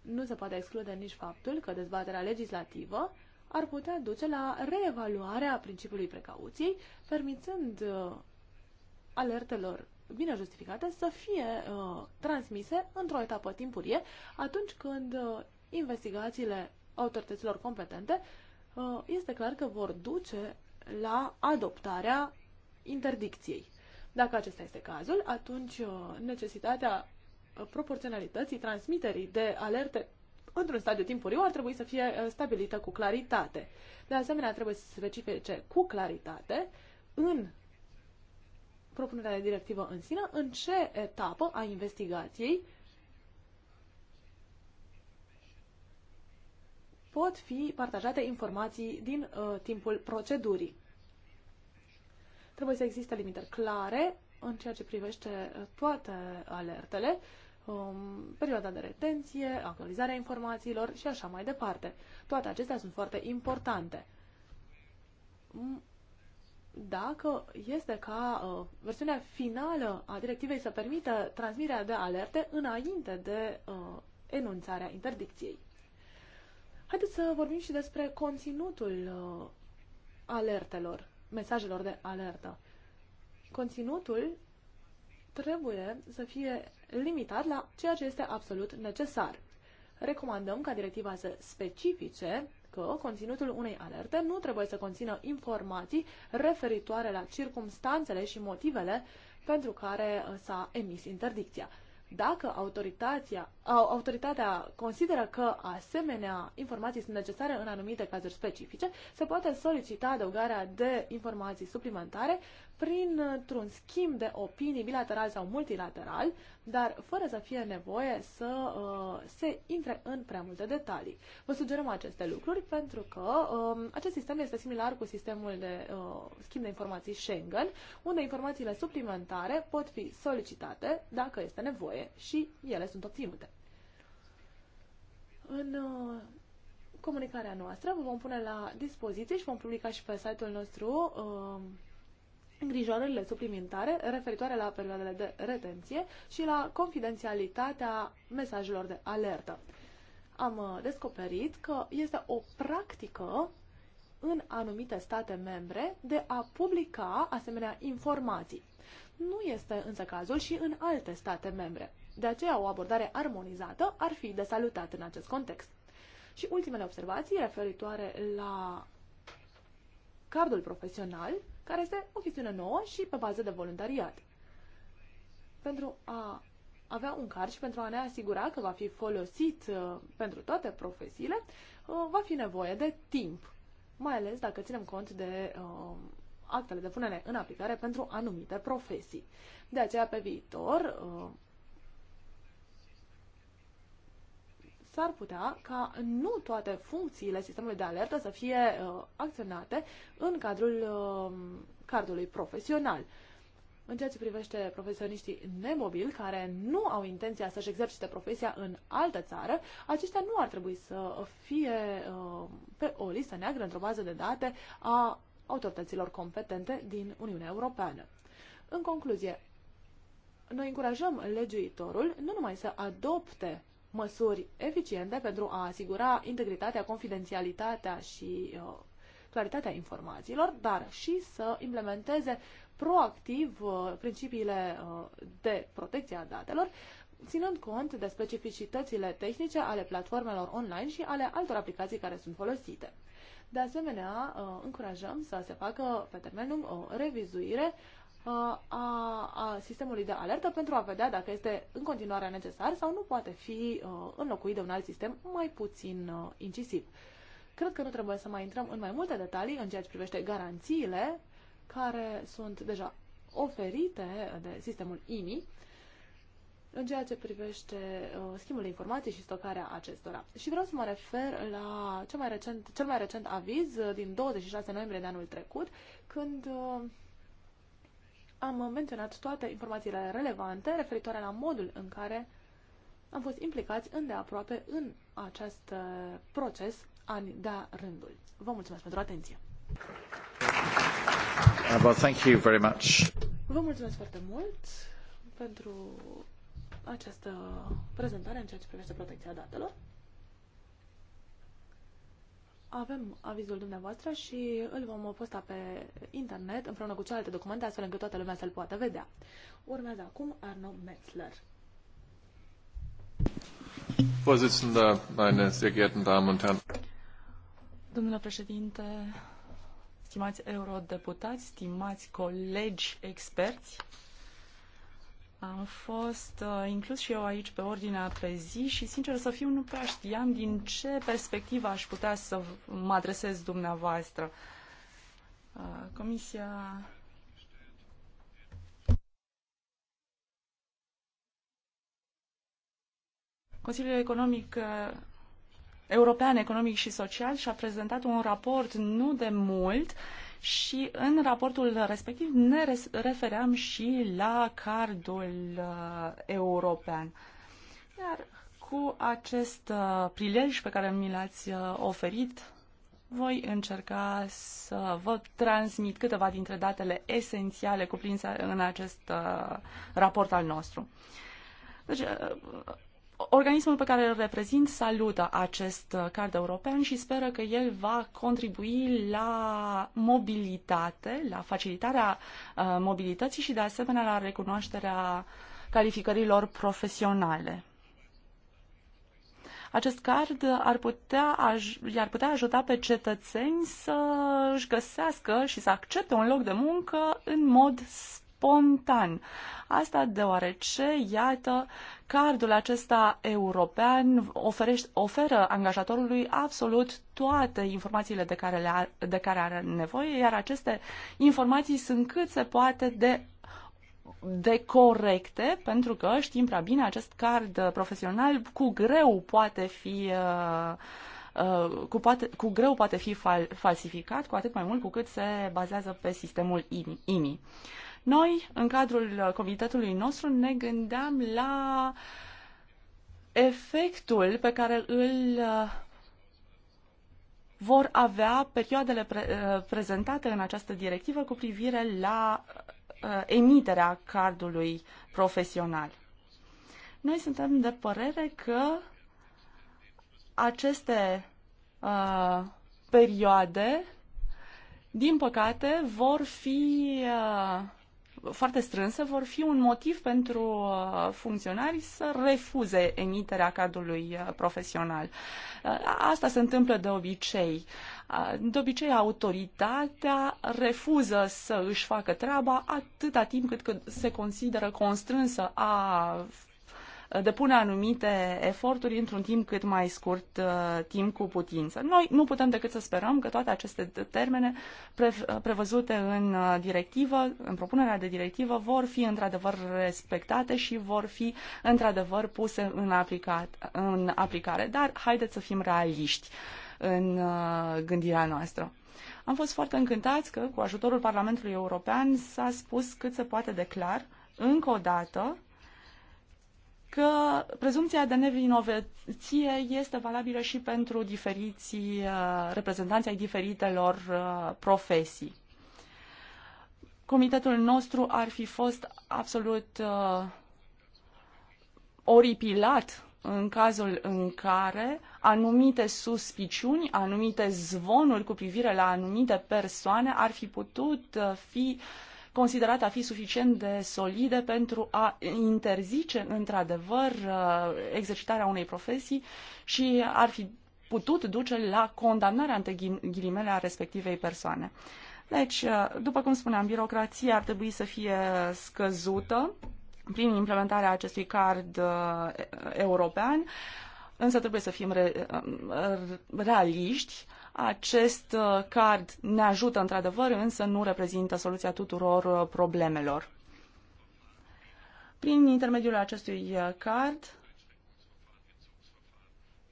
Nu se poate exclude nici faptul că dezbaterea legislativă ar putea duce la reevaluarea principiului precauției, permițând uh, alertelor bine justificate să fie uh, transmise într-o etapă timpurie atunci când uh, investigațiile autorităților competente, uh, este clar că vor duce la adoptarea interdicției. Dacă acesta este cazul, atunci uh, necesitatea proporționalității transmiterii de alerte într-un stadiu timpuriu ar trebui să fie uh, stabilită cu claritate. De asemenea, trebuie să se specifice cu claritate în propunerea de directivă în sine, în ce etapă a investigației pot fi partajate informații din uh, timpul procedurii. Trebuie să existe limitări clare în ceea ce privește uh, toate alertele, um, perioada de retenție, actualizarea informațiilor și așa mai departe. Toate acestea sunt foarte importante. Dacă este ca uh, versiunea finală a directivei să permită transmirea de alerte înainte de uh, enunțarea interdicției. Haideți să vorbim și despre conținutul uh, alertelor, mesajelor de alertă. Conținutul trebuie să fie limitat la ceea ce este absolut necesar. Recomandăm ca directiva să specifice că conținutul unei alerte nu trebuie să conțină informații referitoare la circumstanțele și motivele pentru care uh, s-a emis interdicția. Dacă autoritatea, autoritatea consideră că asemenea informații sunt necesare în anumite cazuri specifice, se poate solicita adăugarea de informații suplimentare printr-un schimb de opinii bilateral sau multilateral, dar fără să fie nevoie să uh, se intre în prea multe detalii. Vă sugerăm aceste lucruri pentru că uh, acest sistem este similar cu sistemul de uh, schimb de informații Schengen, unde informațiile suplimentare pot fi solicitate dacă este nevoie și ele sunt obținute. În uh, comunicarea noastră vă vom pune la dispoziție și vom publica și pe site-ul nostru uh, îngrijorările suplimentare referitoare la perioadele de retenție și la confidențialitatea mesajelor de alertă. Am uh, descoperit că este o practică în anumite state membre de a publica asemenea informații. Nu este însă cazul și în alte state membre. De aceea, o abordare armonizată ar fi de salutat în acest context. Și ultimele observații referitoare la cardul profesional, care este o chestiune nouă și pe bază de voluntariat. Pentru a avea un card și pentru a ne asigura că va fi folosit uh, pentru toate profesiile, uh, va fi nevoie de timp, mai ales dacă ținem cont de uh, actele de punere în aplicare pentru anumite profesii. De aceea, pe viitor, uh, s-ar putea ca nu toate funcțiile sistemului de alertă să fie uh, acționate în cadrul uh, cardului profesional. În ceea ce privește profesioniștii nemobili care nu au intenția să-și exercite profesia în altă țară, aceștia nu ar trebui să fie uh, pe o listă neagră într-o bază de date a autorităților competente din Uniunea Europeană. În concluzie, noi încurajăm legiuitorul nu numai să adopte măsuri eficiente pentru a asigura integritatea, confidențialitatea și uh, claritatea informațiilor, dar și să implementeze proactiv uh, principiile uh, de protecție a datelor, ținând cont de specificitățile tehnice ale platformelor online și ale altor aplicații care sunt folosite. De asemenea, încurajăm să se facă pe termen lung o revizuire Uh, a, a sistemului de alertă pentru a vedea dacă este în continuare necesar sau nu poate fi uh, înlocuit de un alt sistem mai puțin uh, incisiv. Cred că nu trebuie să mai intrăm în mai multe detalii în ceea ce privește garanțiile care sunt deja oferite de sistemul IMI în ceea ce privește uh, schimbul de informații și stocarea acestora. Și vreau să mă refer la cel mai recent, cel mai recent aviz uh, din 26 noiembrie de anul trecut, când uh, am menționat toate informațiile relevante referitoare la modul în care am fost implicați îndeaproape în acest uh, proces ani de rândul. Vă mulțumesc pentru atenție! Uh, well, thank you very much. Vă mulțumesc foarte mult pentru această prezentare în ceea ce privește protecția datelor. Avem avizul dumneavoastră și îl vom posta pe internet împreună cu celelalte documente, astfel încât toată lumea să-l poată vedea. Urmează acum Arno Metzler. Vorsitzender, meine sehr geehrten Damen und Herren. Domnule președinte, stimați eurodeputați, stimați colegi experți, am fost uh, inclus și eu aici pe ordinea pe zi și, sincer să fiu, nu prea știam din ce perspectivă aș putea să mă adresez dumneavoastră. Uh, comisia Consiliul Economic uh, European Economic și Social și-a prezentat un raport nu de mult și în raportul respectiv ne refeream și la cardul uh, european. Iar cu acest uh, prilej pe care mi l-ați uh, oferit, voi încerca să vă transmit câteva dintre datele esențiale cuprinse în acest raport al nostru. Deci, Organismul pe care îl reprezint salută acest card european și speră că el va contribui la mobilitate, la facilitarea uh, mobilității și de asemenea la recunoașterea calificărilor profesionale. Acest card ar putea, i-ar putea ajuta pe cetățeni să își găsească și să accepte un loc de muncă în mod spontan. Asta deoarece, iată, cardul acesta european oferește, oferă angajatorului absolut toate informațiile de care, le are, de care are nevoie, iar aceste informații sunt cât se poate de de corecte, pentru că știm prea bine, acest card profesional cu greu poate fi uh, uh, cu, poate, cu greu poate fi fal, falsificat, cu atât mai mult cu cât se bazează pe sistemul IMI. IMI. Noi, în cadrul comitetului nostru, ne gândeam la efectul pe care îl uh, vor avea perioadele pre- uh, prezentate în această directivă cu privire la uh, emiterea cardului profesional. Noi suntem de părere că aceste uh, perioade, din păcate, vor fi uh, foarte strânsă vor fi un motiv pentru uh, funcționari să refuze emiterea cadrului uh, profesional. Uh, asta se întâmplă de obicei. De obicei, autoritatea refuză să își facă treaba atâta timp cât se consideră constrânsă a depune anumite eforturi într-un timp cât mai scurt uh, timp cu putință. Noi nu putem decât să sperăm că toate aceste termene uh, prevăzute în uh, directivă, în propunerea de directivă, vor fi într-adevăr respectate și vor fi într-adevăr puse în, aplicat, în aplicare. Dar haideți să fim realiști în gândirea noastră. Am fost foarte încântați că, cu ajutorul Parlamentului European, s-a spus cât se poate de clar, încă o dată, că prezumția de nevinovăție este valabilă și pentru diferiții uh, reprezentanți ai diferitelor uh, profesii. Comitetul nostru ar fi fost absolut uh, oripilat în cazul în care anumite suspiciuni, anumite zvonuri cu privire la anumite persoane ar fi putut uh, fi uh, considerate a fi suficient de solide pentru a interzice, într-adevăr, uh, exercitarea unei profesii și ar fi putut duce la condamnarea, între ghilimele, a respectivei persoane. Deci, uh, după cum spuneam, birocrația ar trebui să fie scăzută prin implementarea acestui card uh, european, însă trebuie să fim re, realiști. Acest uh, card ne ajută într-adevăr, însă nu reprezintă soluția tuturor uh, problemelor. Prin intermediul acestui uh, card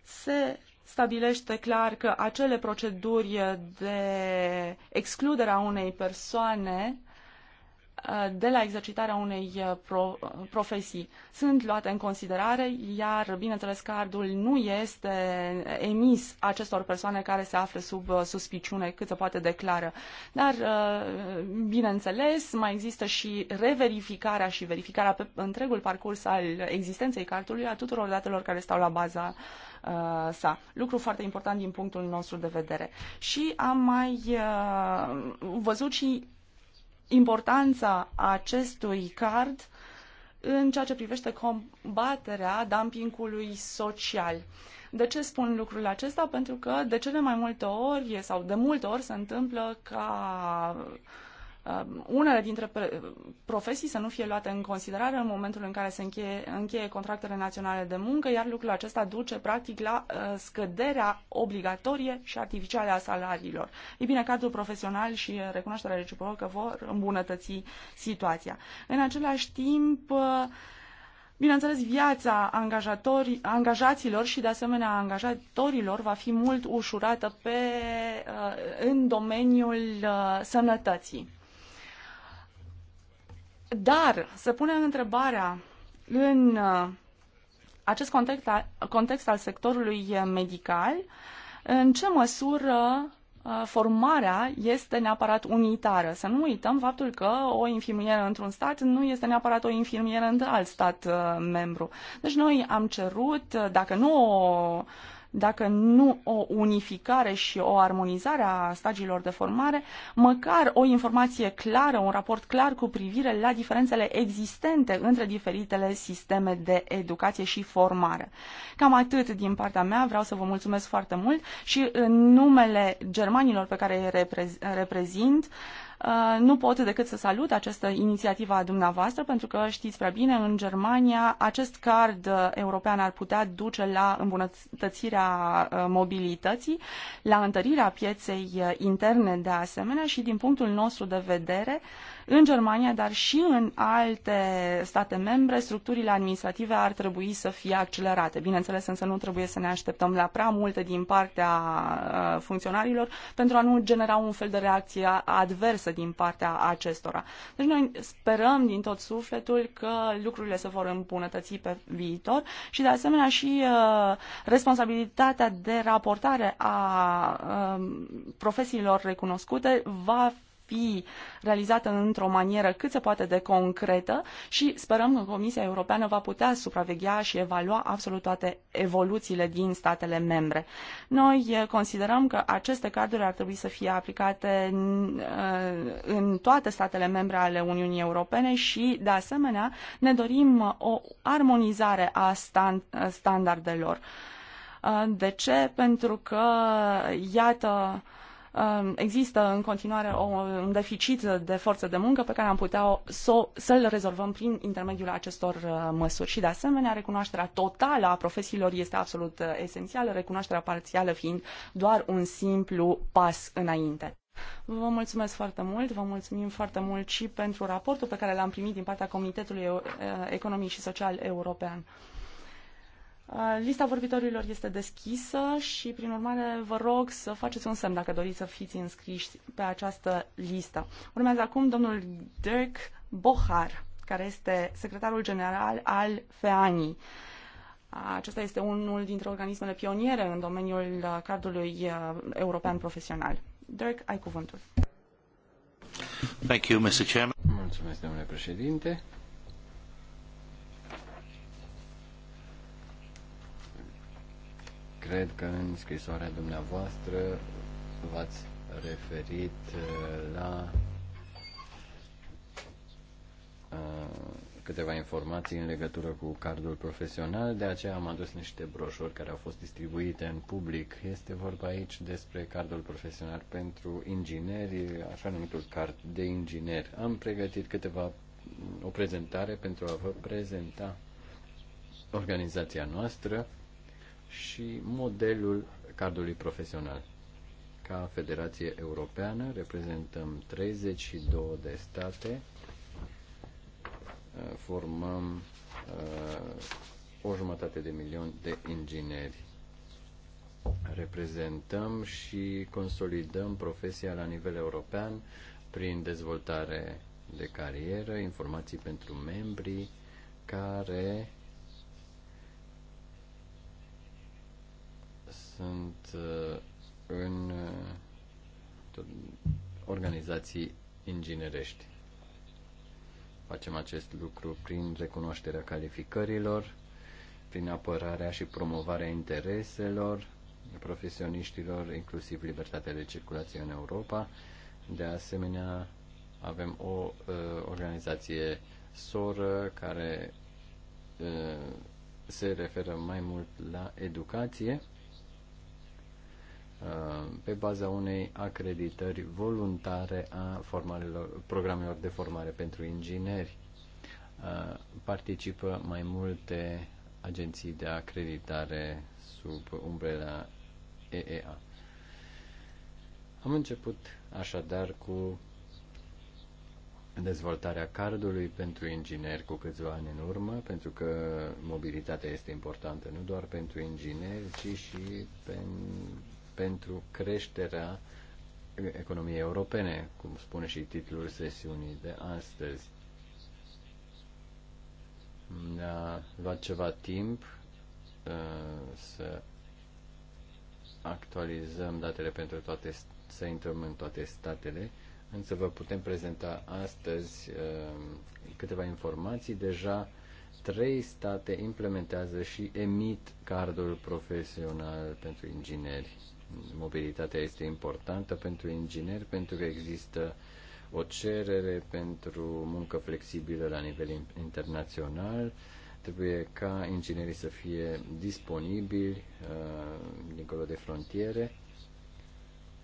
se stabilește clar că acele proceduri de excludere a unei persoane de la exercitarea unei uh, pro, uh, profesii sunt luate în considerare, iar, bineînțeles, cardul nu este emis acestor persoane care se află sub uh, suspiciune cât se poate declară. Dar, bineînțeles, mai există și reverificarea și verificarea pe întregul parcurs al existenței cardului a tuturor datelor care stau la baza sa. Lucru foarte important din punctul nostru de vedere. Și am mai văzut și importanța acestui card în ceea ce privește combaterea dumpingului social. De ce spun lucrul acesta? Pentru că de cele mai multe ori sau de multe ori se întâmplă ca Um, unele dintre profesii să nu fie luate în considerare în momentul în care se încheie, încheie contractele naționale de muncă, iar lucrul acesta duce practic la uh, scăderea obligatorie și artificială a salariilor. Ei bine, cadrul profesional și recunoașterea reciprocă vor îmbunătăți situația. În același timp, uh, Bineînțeles, viața angajaților și de asemenea angajatorilor va fi mult ușurată pe, uh, în domeniul sănătății. Dar se pune întrebarea în uh, acest context, context al sectorului medical, în ce măsură uh, formarea este neapărat unitară. Să nu uităm faptul că o infirmieră într-un stat nu este neapărat o infirmieră într-alt stat uh, membru. Deci noi am cerut, dacă nu o dacă nu o unificare și o armonizare a stagiilor de formare, măcar o informație clară, un raport clar cu privire la diferențele existente între diferitele sisteme de educație și formare. Cam atât din partea mea, vreau să vă mulțumesc foarte mult și în numele germanilor pe care îi reprezint, Uh, nu pot decât să salut această inițiativă a dumneavoastră, pentru că știți prea bine, în Germania acest card uh, european ar putea duce la îmbunătățirea uh, mobilității, la întărirea pieței interne de asemenea și din punctul nostru de vedere, în Germania, dar și în alte state membre, structurile administrative ar trebui să fie accelerate. Bineînțeles, însă nu trebuie să ne așteptăm la prea multe din partea uh, funcționarilor pentru a nu genera un fel de reacție adversă din partea acestora. Deci noi sperăm din tot sufletul că lucrurile se vor îmbunătăți pe viitor și de asemenea și uh, responsabilitatea de raportare a uh, profesiilor recunoscute va fi realizată într-o manieră cât se poate de concretă și sperăm că Comisia Europeană va putea supraveghea și evalua absolut toate evoluțiile din statele membre. Noi eh, considerăm că aceste carduri ar trebui să fie aplicate eh, în, toate statele membre ale Uniunii Europene și, de asemenea, ne dorim o armonizare a stand standardelor. Eh, de ce? Pentru că, iată, Um, există în continuare o, un deficit de forță de muncă pe care am putea să, să-l rezolvăm prin intermediul acestor uh, măsuri. Și de asemenea, recunoașterea totală a profesiilor este absolut uh, esențială, recunoașterea parțială fiind doar un simplu pas înainte. Vă mulțumesc foarte mult, vă mulțumim foarte mult și pentru raportul pe care l-am primit din partea Comitetului uh, Economic și Social European. Uh, lista vorbitorilor este deschisă și, prin urmare, vă rog să faceți un semn dacă doriți să fiți înscriși pe această listă. Urmează acum domnul Dirk Bohar, care este secretarul general al FEANI. Uh, acesta este unul dintre organismele pioniere în domeniul uh, cadrului european profesional. Dirk, ai cuvântul. Thank you, Mr. Chairman. Mulțumesc, domnule președinte. Cred că în scrisoarea dumneavoastră v-ați referit uh, la uh, câteva informații în legătură cu cardul profesional, de aceea am adus niște broșuri care au fost distribuite în public. Este vorba aici despre cardul profesional pentru ingineri, așa numitul card de inginer. Am pregătit câteva o prezentare pentru a vă prezenta organizația noastră și modelul cardului profesional. Ca Federație Europeană reprezentăm 32 de state, eh, formăm eh, o jumătate de milion de ingineri. Reprezentăm și consolidăm profesia la nivel european prin dezvoltare de carieră, informații pentru membrii care sunt uh, în uh, organizații inginerești. Facem acest lucru prin recunoașterea calificărilor, prin apărarea și promovarea intereselor profesioniștilor, inclusiv libertatea de circulație în Europa. De asemenea, avem o uh, organizație soră care uh, se referă mai mult la educație Uh, pe baza unei acreditări voluntare a programelor de formare pentru ingineri. Uh, participă mai multe agenții de acreditare sub umbrela EEA. Am început așadar cu dezvoltarea cardului pentru ingineri cu câțiva ani în urmă, pentru că mobilitatea este importantă nu doar pentru ingineri, ci și pentru pentru creșterea economiei europene, cum spune și titlul sesiunii de astăzi. Ne-a da, luat ceva timp uh, să actualizăm datele pentru toate, să intrăm în toate statele, însă vă putem prezenta astăzi uh, câteva informații. Deja trei state implementează și emit cardul profesional pentru ingineri mobilitatea este importantă pentru ingineri pentru că există o cerere pentru muncă flexibilă la nivel internațional. Trebuie ca inginerii să fie disponibili uh, dincolo de frontiere.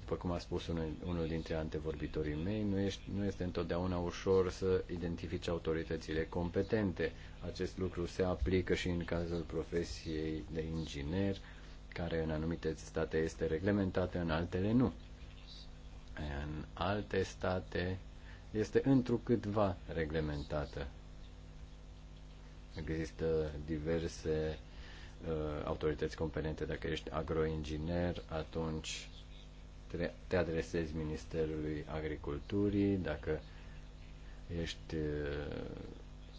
După cum a spus unul, unul dintre antevorbitorii mei, nu, ești, nu este întotdeauna ușor să identifici autoritățile competente. Acest lucru se aplică și în cazul profesiei de inginer, care în anumite state este reglementată, în altele nu. În alte state este întrucâtva reglementată. Există diverse uh, autorități competente. Dacă ești agroinginer, atunci te adresezi Ministerului Agriculturii. Dacă ești uh,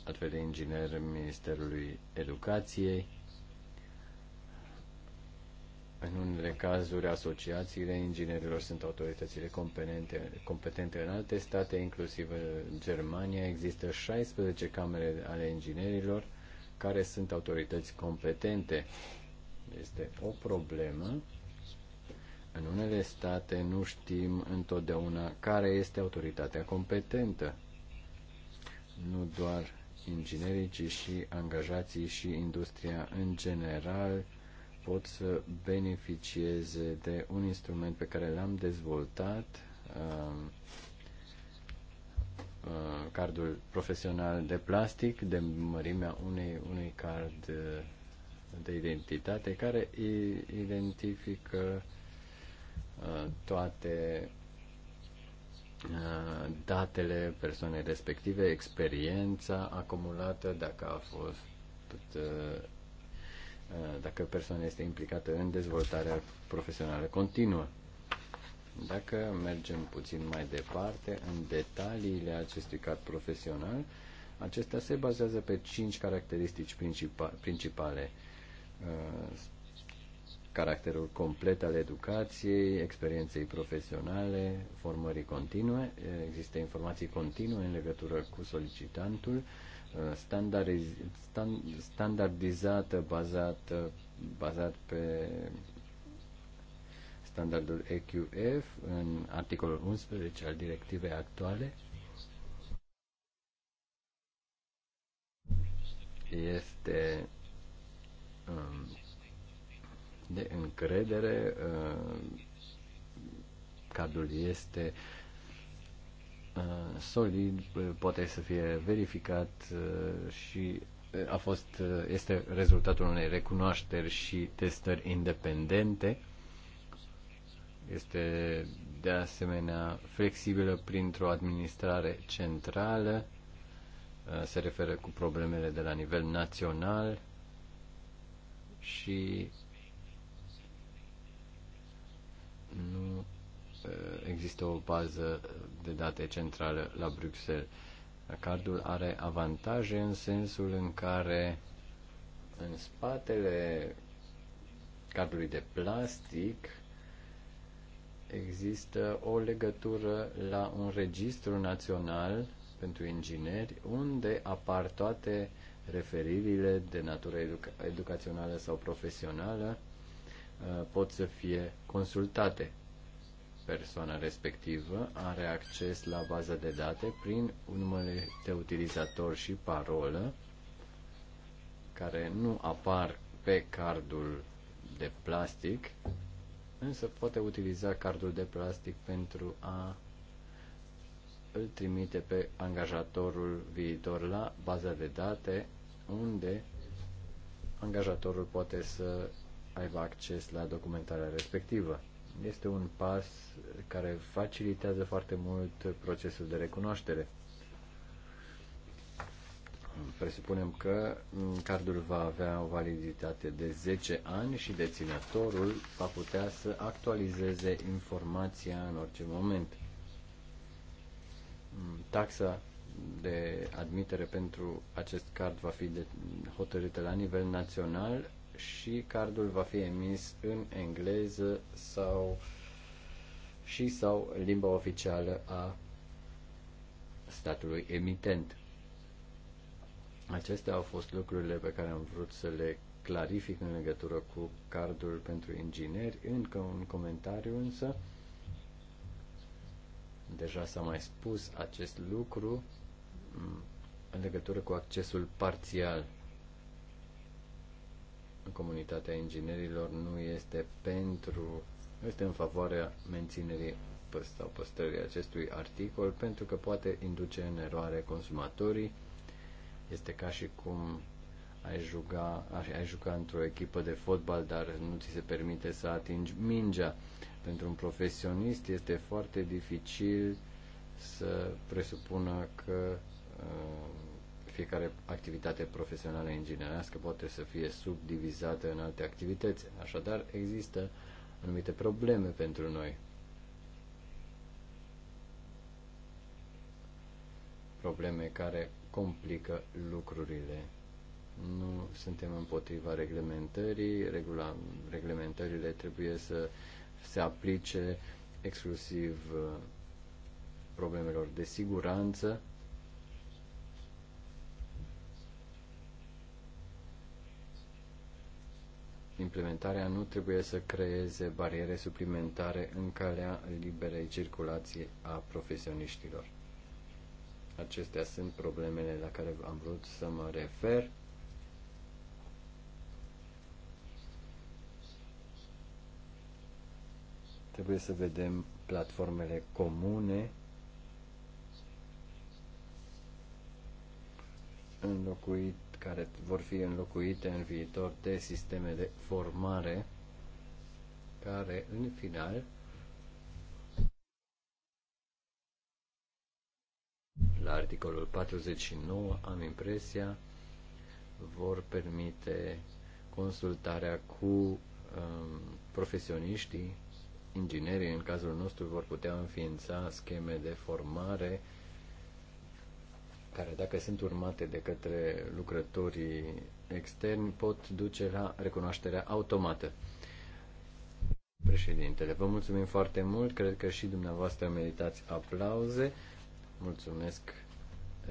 altfel de inginer Ministerului Educației. În unele cazuri, asociațiile inginerilor sunt autoritățile competente, competente în alte state, inclusiv în Germania. Există 16 camere ale inginerilor care sunt autorități competente. Este o problemă. În unele state nu știm întotdeauna care este autoritatea competentă. Nu doar inginerii, ci și angajații și industria în general pot să beneficieze de un instrument pe care l-am dezvoltat, um, uh, cardul profesional de plastic, de mărimea unei, unui card uh, de identitate, care identifică uh, toate datele persoanei respective, experiența acumulată, dacă a fost Uh, dacă persoana este implicată în dezvoltarea profesională continuă. Dacă mergem puțin mai departe, în detaliile acestui card profesional, acesta se bazează pe cinci caracteristici principale. Uh, caracterul complet al educației, experienței profesionale, formării continue, există informații continue în legătură cu solicitantul, standardizată, bazată, bazat pe standardul EQF în articolul 11 al directivei actuale. Este um, de încredere, uh, cadrul este Uh, solid, uh, poate să fie verificat uh, și a fost, este rezultatul unei recunoașteri și testări independente. Este de asemenea flexibilă printr-o administrare centrală, se referă cu problemele de la nivel național și nu Eh, există o bază de date centrală la Bruxelles. Cardul are avantaje în sensul în care în spatele cardului de plastic există o legătură la un registru național pentru ingineri unde apar toate referirile de natură educa- educațională sau profesională eh, pot să fie consultate persoana respectivă are acces la baza de date prin un numele de utilizator și parolă care nu apar pe cardul de plastic, însă poate utiliza cardul de plastic pentru a îl trimite pe angajatorul viitor la baza de date unde angajatorul poate să aibă acces la documentarea respectivă este un pas care facilitează foarte mult procesul de recunoaștere. Presupunem că cardul va avea o validitate de 10 ani și deținătorul va putea să actualizeze informația în orice moment. Taxa de admitere pentru acest card va fi de hotărâtă la nivel național și cardul va fi emis în engleză sau și sau limba oficială a statului emitent. Acestea au fost lucrurile pe care am vrut să le clarific în legătură cu cardul pentru ingineri. Încă un comentariu însă. Deja s-a mai spus acest lucru mm, în legătură cu accesul parțial comunitatea inginerilor nu este pentru, nu este în favoarea menținerii sau păstrării acestui articol pentru că poate induce în eroare consumatorii. Este ca și cum ai juca, ai juca într-o echipă de fotbal, dar nu ți se permite să atingi mingea. Pentru un profesionist este foarte dificil să presupună că uh, fiecare activitate profesională inginerească poate să fie subdivizată în alte activități. Așadar, există anumite probleme pentru noi. Probleme care complică lucrurile. Nu suntem împotriva reglementării, regula, reglementările trebuie să se aplice exclusiv uh, problemelor de siguranță implementarea nu trebuie să creeze bariere suplimentare în calea liberei circulații a profesioniștilor. Acestea sunt problemele la care am vrut să mă refer. Trebuie să vedem platformele comune înlocuit care vor fi înlocuite în viitor de sisteme de formare care în final la articolul 49 am impresia vor permite consultarea cu um, profesioniștii, inginerii în cazul nostru vor putea înființa scheme de formare care dacă sunt urmate de către lucrătorii externi pot duce la recunoașterea automată. Președintele, vă mulțumim foarte mult, cred că și dumneavoastră meritați aplauze. Mulțumesc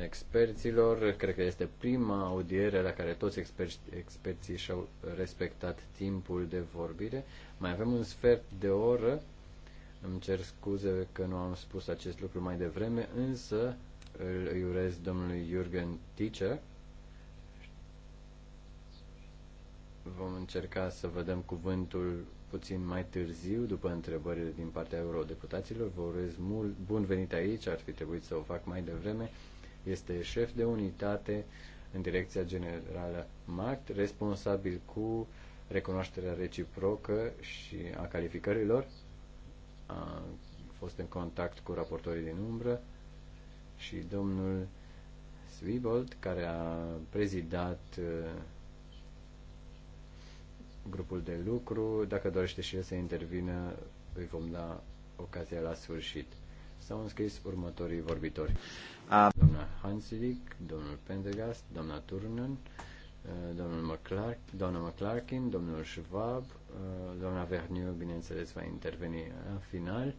experților, cred că este prima audiere la care toți exper- experții și-au respectat timpul de vorbire. Mai avem un sfert de oră, îmi cer scuze că nu am spus acest lucru mai devreme, însă îl iurez domnului Jürgen Tice. Vom încerca să vă dăm cuvântul puțin mai târziu, după întrebările din partea eurodeputaților. Vă urez mult bun venit aici, ar fi trebuit să o fac mai devreme. Este șef de unitate în Direcția Generală MACT, responsabil cu recunoașterea reciprocă și a calificărilor. A fost în contact cu raportorii din umbră și domnul Swibold, care a prezidat uh, grupul de lucru. Dacă dorește și el să intervină, îi vom da ocazia la sfârșit. S-au înscris următorii vorbitori. A... Doamna Hanslick, domnul Pendergast, doamna Turnen, uh, domnul McClark, doamna McClarkin, domnul Schwab, uh, doamna Verniu, bineînțeles, va interveni în final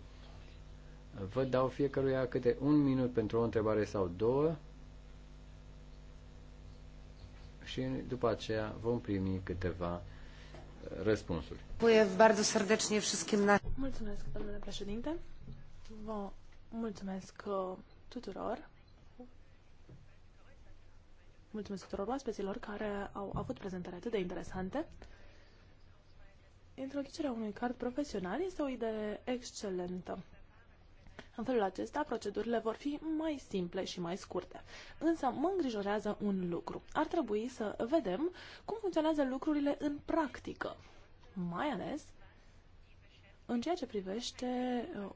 Vă dau fiecăruia câte un minut pentru o întrebare sau două și după aceea vom primi câteva uh, răspunsuri. Mulțumesc, domnule președinte. Vă mulțumesc uh, tuturor. Mulțumesc tuturor oaspeților care au avut prezentări atât de interesante. Introducerea unui card profesional este o idee excelentă. În felul acesta, procedurile vor fi mai simple și mai scurte. Însă mă îngrijorează un lucru. Ar trebui să vedem cum funcționează lucrurile în practică, mai ales în ceea ce privește uh,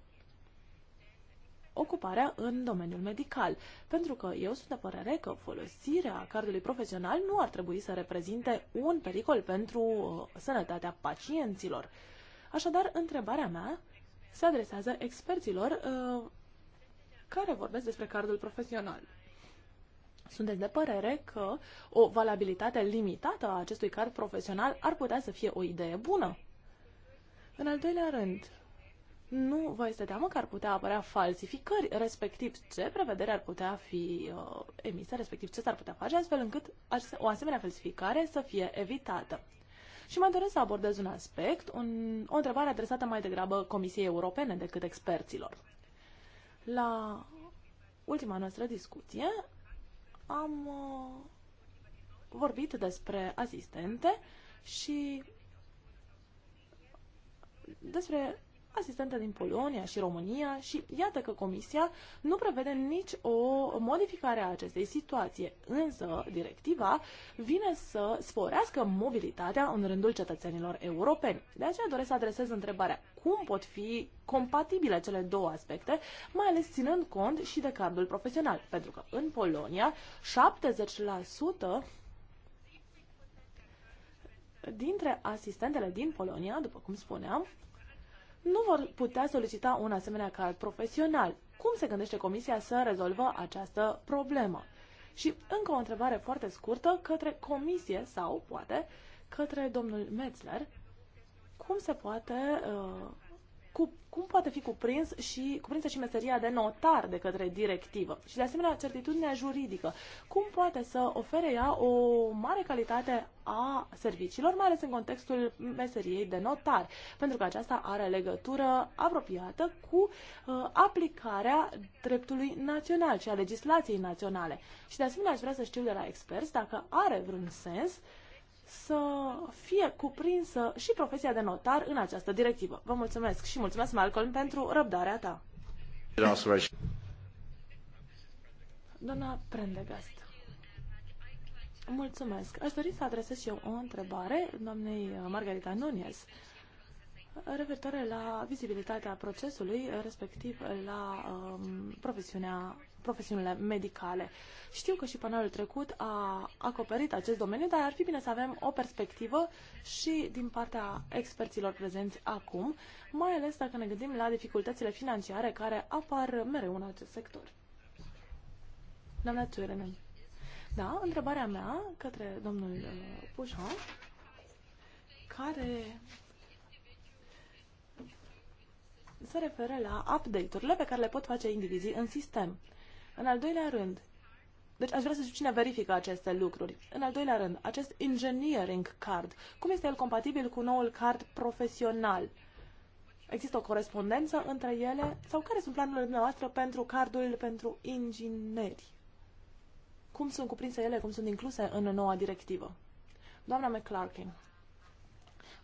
ocuparea în domeniul medical, pentru că eu sunt de părere că folosirea cardului profesional nu ar trebui să reprezinte un pericol pentru uh, sănătatea pacienților. Așadar, întrebarea mea se adresează experților uh, care vorbesc despre cardul profesional. Sunteți de părere că o valabilitate limitată a acestui card profesional ar putea să fie o idee bună? În al doilea rând, nu vă este teamă că ar putea apărea falsificări, respectiv ce prevedere ar putea fi uh, emisă, respectiv ce s-ar putea face, astfel încât o asemenea falsificare să fie evitată. Și mai doresc să abordez un aspect, un, o întrebare adresată mai degrabă Comisiei Europene decât experților. La ultima noastră discuție am uh, vorbit despre asistente și despre asistente din Polonia și România și iată că Comisia nu prevede nici o modificare a acestei situații, însă directiva vine să sporească mobilitatea în rândul cetățenilor europeni. De aceea doresc să adresez întrebarea cum pot fi compatibile cele două aspecte, mai ales ținând cont și de cardul profesional, pentru că în Polonia 70% dintre asistentele din Polonia, după cum spuneam, nu vor putea solicita un asemenea card profesional. Cum se gândește Comisia să rezolvă această problemă? Și încă o întrebare foarte scurtă către Comisie sau, poate, către domnul Metzler. Cum se poate uh, cu, cum poate fi cuprins și, cuprinsă și meseria de notar de către directivă și, de asemenea, certitudinea juridică. Cum poate să ofere ea o mare calitate a serviciilor, mai ales în contextul meseriei de notar, pentru că aceasta are legătură apropiată cu uh, aplicarea dreptului național și a legislației naționale. Și, de asemenea, aș vrea să știu de la experți dacă are vreun sens uh, să fie cuprinsă și profesia de notar în această directivă. Vă mulțumesc și mulțumesc, Malcolm, pentru răbdarea ta. Doamna Prendegast. Mulțumesc. Aș dori să adresez și eu o întrebare doamnei Margarita Nunez referitoare la vizibilitatea procesului, respectiv la um, profesiunea profesiunile medicale. Știu că și panelul trecut a acoperit acest domeniu, dar ar fi bine să avem o perspectivă și din partea experților prezenți acum, mai ales dacă ne gândim la dificultățile financiare care apar mereu în acest sector. Doamna Tuirenen. Da, întrebarea mea către domnul uh, Pujon, care se referă la update-urile pe care le pot face indivizii în sistem. În al doilea rând, deci aș vrea să știu cine verifică aceste lucruri. În al doilea rând, acest engineering card, cum este el compatibil cu noul card profesional? Există o corespondență între ele sau care sunt planurile dumneavoastră pentru cardul pentru ingineri? Cum sunt cuprinse ele, cum sunt incluse în noua directivă? Doamna McClarkin.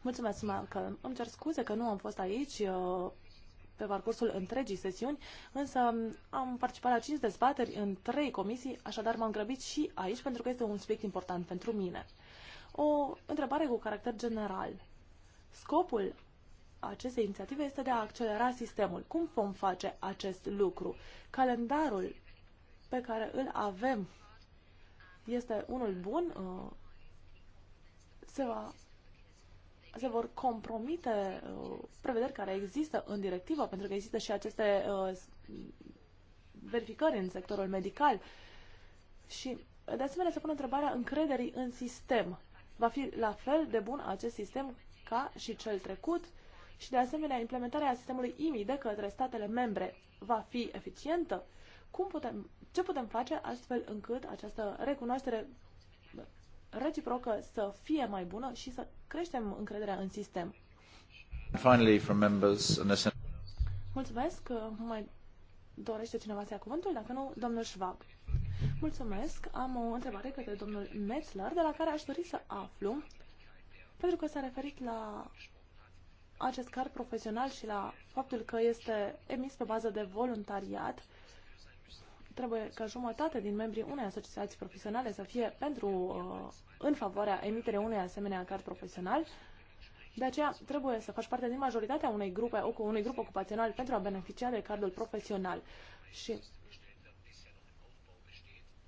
Mulțumesc, Malcolm. Îmi cer scuze că nu am fost aici uh, pe parcursul întregii sesiuni, însă am participat la 5 dezbateri în 3 comisii, așadar m-am grăbit și aici pentru că este un subiect important pentru mine. O întrebare cu caracter general. Scopul acestei inițiative este de a accelera sistemul. Cum vom face acest lucru? Calendarul pe care îl avem este unul bun? Uh, se va se vor compromite uh, prevederi care există în directivă, pentru că există și aceste uh, verificări în sectorul medical. Și, de asemenea, se pune întrebarea încrederii în sistem. Va fi la fel de bun acest sistem ca și cel trecut? Și, de asemenea, implementarea sistemului IMI de către statele membre va fi eficientă? Cum putem, ce putem face astfel încât această recunoaștere reciprocă să fie mai bună și să creștem încrederea în sistem. Mulțumesc. Mai dorește cineva să ia cuvântul? Dacă nu, domnul Schwab. Mulțumesc. Am o întrebare către domnul Metzler, de la care aș dori să aflu, pentru că s-a referit la acest card profesional și la faptul că este emis pe bază de voluntariat trebuie ca jumătate din membrii unei asociații profesionale să fie pentru, uh, în favoarea emiterei unei asemenea card profesional. De aceea trebuie să faci parte din majoritatea unei grupe, unui grup ocupațional pentru a beneficia de cardul profesional. Și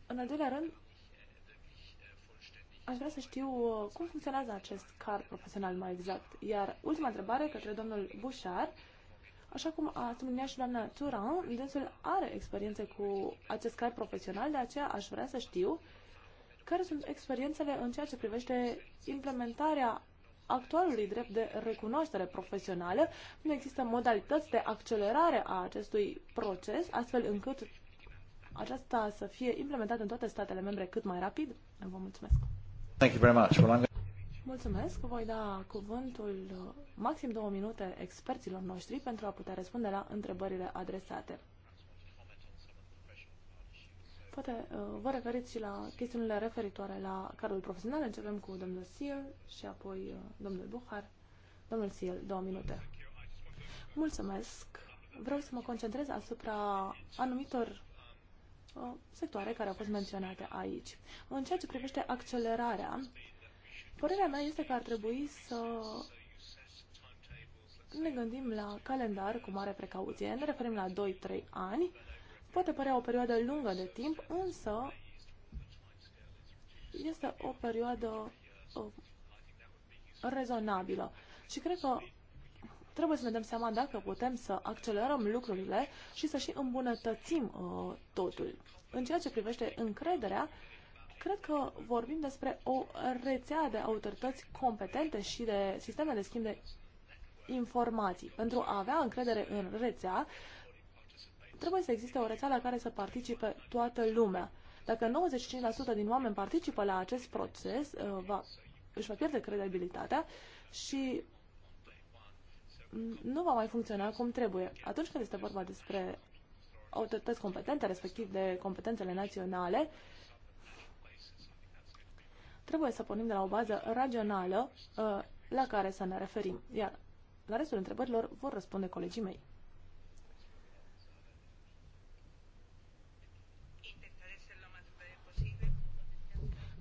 în al doilea rând, aș vrea să știu uh, cum funcționează acest card profesional mai exact. Iar ultima întrebare către domnul Bușar, uh, Așa cum a subliniat și doamna Turan, dânsul are experiențe cu acest car profesional, de aceea aș vrea să știu care sunt experiențele în ceea ce privește implementarea actualului drept de recunoaștere profesională. Nu există modalități de accelerare a acestui proces, astfel încât aceasta să fie implementată în toate statele membre cât mai rapid. Vă mulțumesc! Thank you very much. Well, I'm... Mulțumesc! Voi da cuvântul maxim două minute experților noștri pentru a putea răspunde la întrebările adresate. Poate uh, vă referiți și la chestiunile referitoare la cadrul profesional. Începem cu domnul Seal și apoi uh, domnul Buhar. Domnul Seal, două minute. Mulțumesc. Vreau să mă concentrez asupra anumitor uh, sectoare care au fost menționate aici. În ceea ce privește accelerarea, părerea mea este că ar trebui să ne gândim la calendar cu mare precauție. Ne referim la 2-3 ani. Poate părea o perioadă lungă de timp, însă este o perioadă uh, rezonabilă. Și cred că trebuie să ne dăm seama dacă putem să accelerăm lucrurile și să și îmbunătățim uh, totul. În ceea ce privește încrederea, cred că vorbim despre o rețea de autorități competente și de sisteme de schimb de informații. Pentru a avea încredere în rețea, trebuie să existe o rețea la care să participe toată lumea. Dacă 95% din oameni participă la acest proces, uh, va, își va pierde credibilitatea și nu va mai funcționa cum trebuie. Atunci când este vorba despre autorități competente, respectiv de competențele naționale, trebuie să pornim de la o bază rațională uh, la care să ne referim. Iar la restul întrebărilor vor răspunde colegii mei.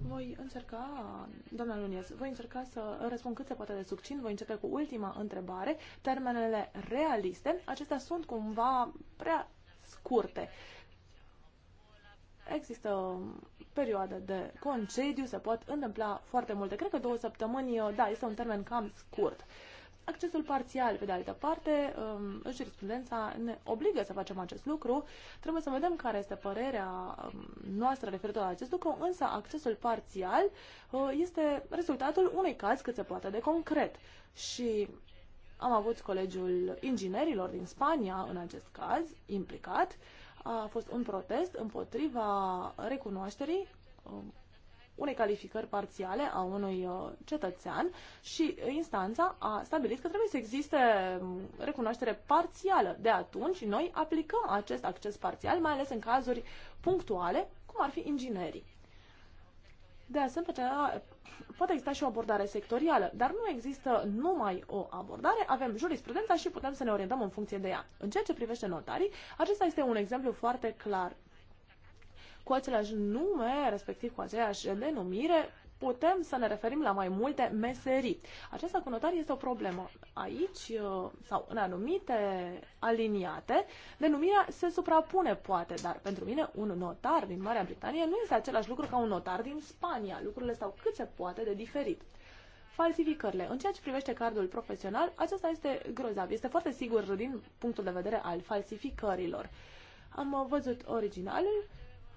Voi încerca, doamna Luniez, voi încerca să răspund cât se poate de succint, voi începe cu ultima întrebare. Termenele realiste, acestea sunt cumva prea scurte. Există perioade de concediu, se pot întâmpla foarte multe. Cred că două săptămâni, da, este un termen cam scurt accesul parțial, pe de altă parte, um, jurisprudența ne obligă să facem acest lucru. Trebuie să vedem care este părerea um, noastră referitor la acest lucru, însă accesul parțial uh, este rezultatul unui caz cât se poate de concret. Și am avut colegiul inginerilor din Spania, în acest caz, implicat. A fost un protest împotriva recunoașterii um, unei calificări parțiale a unui uh, cetățean și instanța a stabilit că trebuie să existe um, recunoaștere parțială. De atunci, noi aplicăm acest acces parțial, mai ales în cazuri punctuale, cum ar fi inginerii. De asemenea, uh, poate exista și o abordare sectorială, dar nu există numai o abordare, avem jurisprudența și putem să ne orientăm în funcție de ea. În ceea ce privește notarii, acesta este un exemplu foarte clar cu același nume, respectiv cu aceeași denumire, putem să ne referim la mai multe meserii. Această conotare este o problemă. Aici, uh, sau în anumite aliniate, denumirea se suprapune, poate, dar pentru mine un notar din Marea Britanie nu este același lucru ca un notar din Spania. Lucrurile stau cât se poate de diferit. Falsificările. În ceea ce privește cardul profesional, acesta este grozav. Este foarte sigur din punctul de vedere al falsificărilor. Am uh, văzut originalul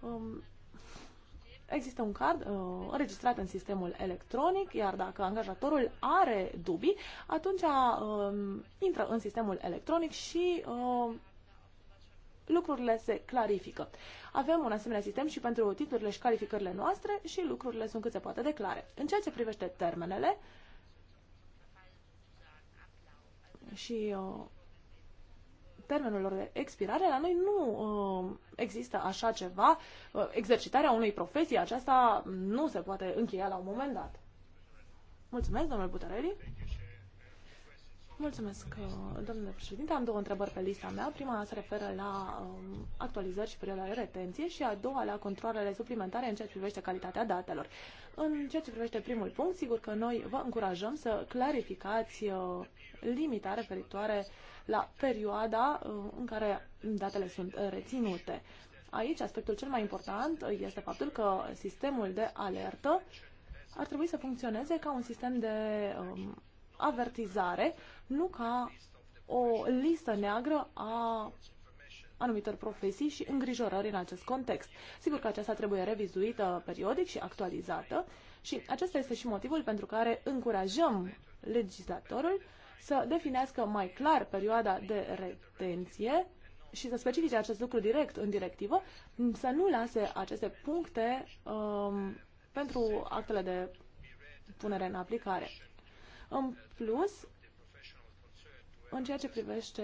um, există un card uh, înregistrat în sistemul electronic, iar dacă angajatorul are dubii, atunci uh, intră în sistemul electronic și uh, lucrurile se clarifică. Avem un asemenea sistem și pentru titlurile și calificările noastre și lucrurile sunt cât se poate de clare. În ceea ce privește termenele și uh, termenul lor de expirare. La noi nu uh, există așa ceva. Uh, exercitarea unei profesii aceasta nu se poate încheia la un moment dat. Mulțumesc, domnul Butareli. Mulțumesc, uh, domnule președinte. Am două întrebări pe lista mea. Prima se referă la um, actualizări și perioada de retenție și a doua la controlele suplimentare în ceea ce privește calitatea datelor. În ceea ce privește primul punct, sigur că noi vă încurajăm să clarificați uh, limita referitoare uh, la perioada uh, în care datele sunt uh, reținute. Aici aspectul cel mai important uh, este faptul că sistemul de alertă ar trebui să funcționeze ca un sistem de um, avertizare, nu ca o listă neagră a anumitor profesii și îngrijorări în acest context. Sigur că aceasta trebuie revizuită periodic și actualizată și acesta este și motivul pentru care încurajăm legislatorul să definească mai clar perioada de retenție și să specifice acest lucru direct în directivă, să nu lase aceste puncte um, pentru actele de punere în aplicare. În plus, în ceea ce privește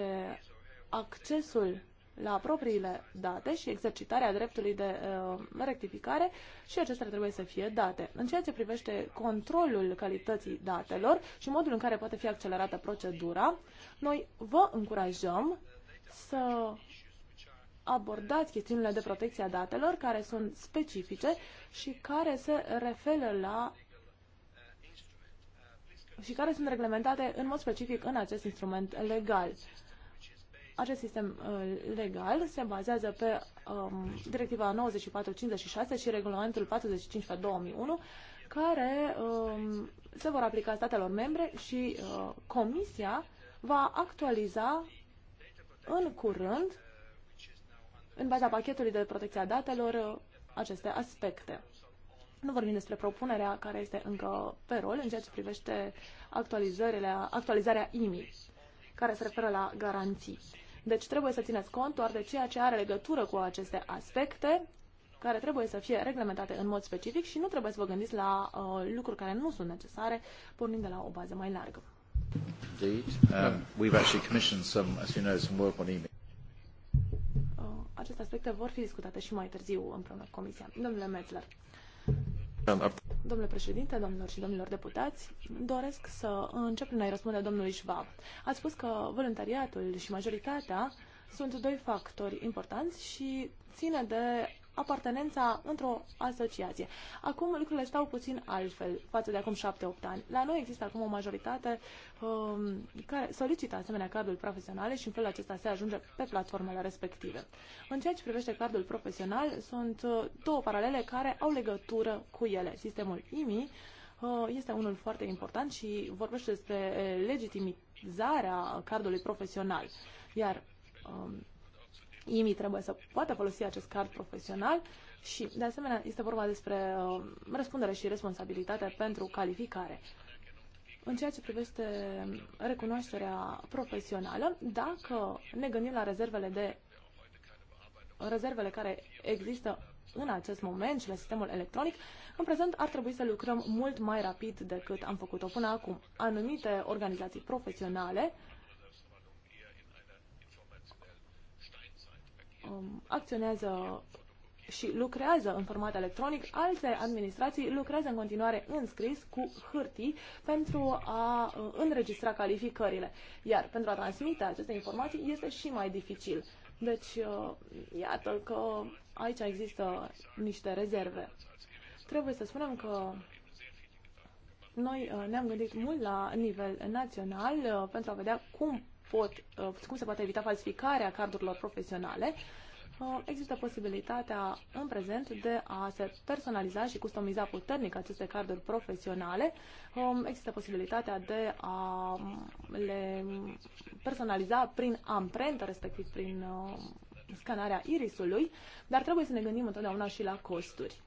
accesul la propriile date și exercitarea dreptului de uh, rectificare și acestea trebuie să fie date. În ceea ce privește controlul calității datelor și modul în care poate fi accelerată procedura, noi vă încurajăm să abordați chestiunile de protecție a datelor care sunt specifice și care se referă la și care sunt reglementate în mod specific în acest instrument legal acest sistem uh, legal se bazează pe um, directiva 56 și regulamentul 45 2001, care um, se vor aplica statelor membre și uh, Comisia va actualiza în curând, în baza pachetului de protecție a datelor, uh, aceste aspecte. Nu vorbim despre propunerea care este încă pe rol în ceea ce privește actualizările, actualizarea IMI, care se referă la garanții. Deci trebuie să țineți cont doar de ceea ce are legătură cu aceste aspecte care trebuie să fie reglementate în mod specific și nu trebuie să vă gândiți la uh, lucruri care nu sunt necesare, pornind de la o bază mai largă. Um, uh, aceste aspecte vor fi discutate și mai târziu împreună cu Comisia. Domnule Metzler, Domnule președinte, domnilor și domnilor deputați, doresc să încep prin a-i răspunde domnului Schwab. Ați spus că voluntariatul și majoritatea sunt doi factori importanți și ține de apartenența într-o asociație. Acum lucrurile stau puțin altfel față de acum 7-8 ani. La noi există acum o majoritate um, care solicită asemenea cardul profesional și în felul acesta se ajunge pe platformele respective. În ceea ce privește cardul profesional, sunt uh, două paralele care au legătură cu ele. Sistemul IMI uh, este unul foarte important și vorbește despre uh, legitimizarea cardului profesional. Iar um, IMI trebuie să poată folosi acest card profesional și, de asemenea, este vorba despre uh, răspundere și responsabilitate pentru calificare. În ceea ce privește recunoașterea profesională, dacă ne gândim la rezervele de rezervele care există în acest moment și la sistemul electronic, în prezent ar trebui să lucrăm mult mai rapid decât am făcut-o până acum. Anumite organizații profesionale uh, um, acționează și lucrează în format electronic, alte administrații lucrează în continuare în scris cu hârtii pentru a uh, înregistra calificările. Iar pentru a transmite aceste informații este și mai dificil. Deci, uh, iată că aici există niște rezerve. Trebuie să spunem că noi uh, ne-am gândit mult la nivel național pentru a vedea cum pot, uh, cum se poate evita falsificarea cardurilor profesionale, uh, există posibilitatea în prezent de a se personaliza și customiza puternic aceste carduri profesionale. Um, există posibilitatea de a um, le personaliza prin amprentă, respectiv prin uh, scanarea irisului, dar trebuie să ne gândim întotdeauna și la costuri.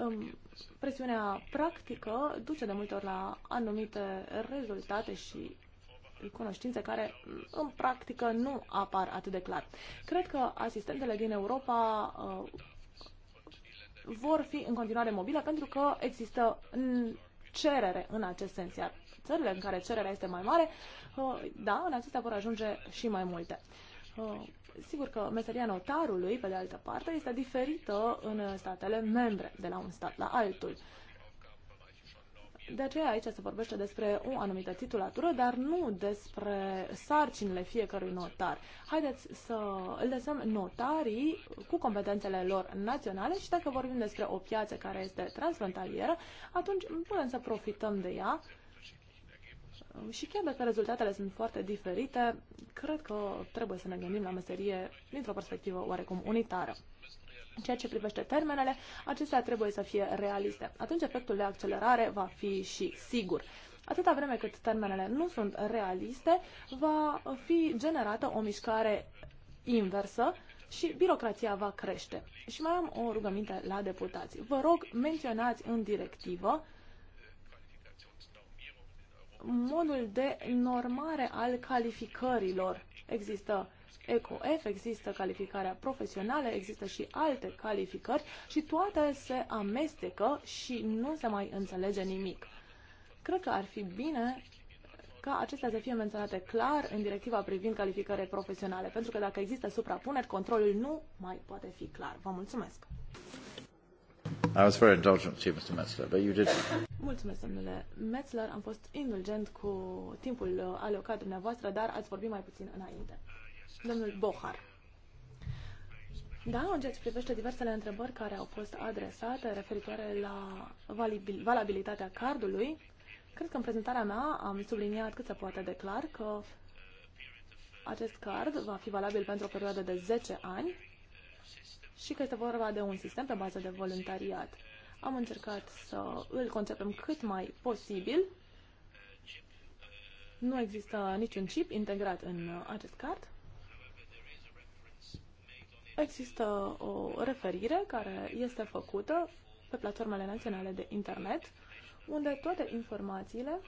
Um, presiunea practică duce de multe ori la anumite rezultate și cunoștințe care în practică nu apar atât de clar. Cred că asistentele din Europa uh, vor fi în continuare mobile pentru că există cerere în acest sens, iar țările în care cererea este mai mare, uh, da, în acestea vor ajunge și mai multe. Uh, sigur că meseria notarului, pe de altă parte, este diferită în statele membre, de la un stat la altul. De aceea aici se vorbește despre o anumită titulatură, dar nu despre sarcinile fiecărui notar. Haideți să îl lăsăm notarii cu competențele lor naționale și dacă vorbim despre o piață care este transfrontalieră, atunci putem să profităm de ea. Și chiar dacă rezultatele sunt foarte diferite, cred că trebuie să ne gândim la meserie dintr-o perspectivă oarecum unitară. În ceea ce privește termenele, acestea trebuie să fie realiste. Atunci efectul de accelerare va fi și sigur. Atâta vreme cât termenele nu sunt realiste, va fi generată o mișcare inversă și birocrația va crește. Și mai am o rugăminte la deputați. Vă rog, menționați în directivă modul de normare al calificărilor. Există ECOF, există calificarea profesională, există și alte calificări și toate se amestecă și nu se mai înțelege nimic. Cred că ar fi bine ca acestea să fie menționate clar în directiva privind calificare profesionale, pentru că dacă există suprapuneri, controlul nu mai poate fi clar. Vă mulțumesc! I was very indulgent to you, Mr. Metzler, but you did... Mulțumesc, domnule Metzler. Am fost indulgent cu timpul alocat dumneavoastră, dar ați vorbit mai puțin înainte. Domnul Bohar. Da, în ceea ce privește diversele întrebări care au fost adresate referitoare la valabilitatea cardului, cred că în prezentarea mea am subliniat cât se poate de clar că acest card va fi valabil pentru o perioadă de 10 ani și că este vorba de un sistem pe bază de voluntariat. Am încercat să îl concepem cât mai posibil. Nu există niciun chip integrat în acest card. Există o referire care este făcută pe platformele naționale de internet, unde toate informațiile,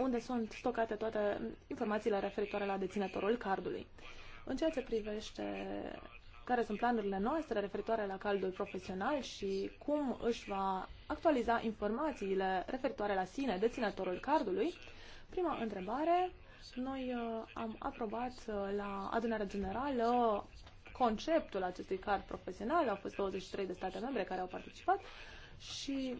unde sunt stocate toate informațiile referitoare la deținătorul cardului. În ceea ce privește care sunt planurile noastre referitoare la caldul profesional și cum își va actualiza informațiile referitoare la sine deținătorul cardului, prima întrebare, noi uh, am aprobat uh, la adunarea generală conceptul acestui card profesional. Au fost 23 de state membre care au participat și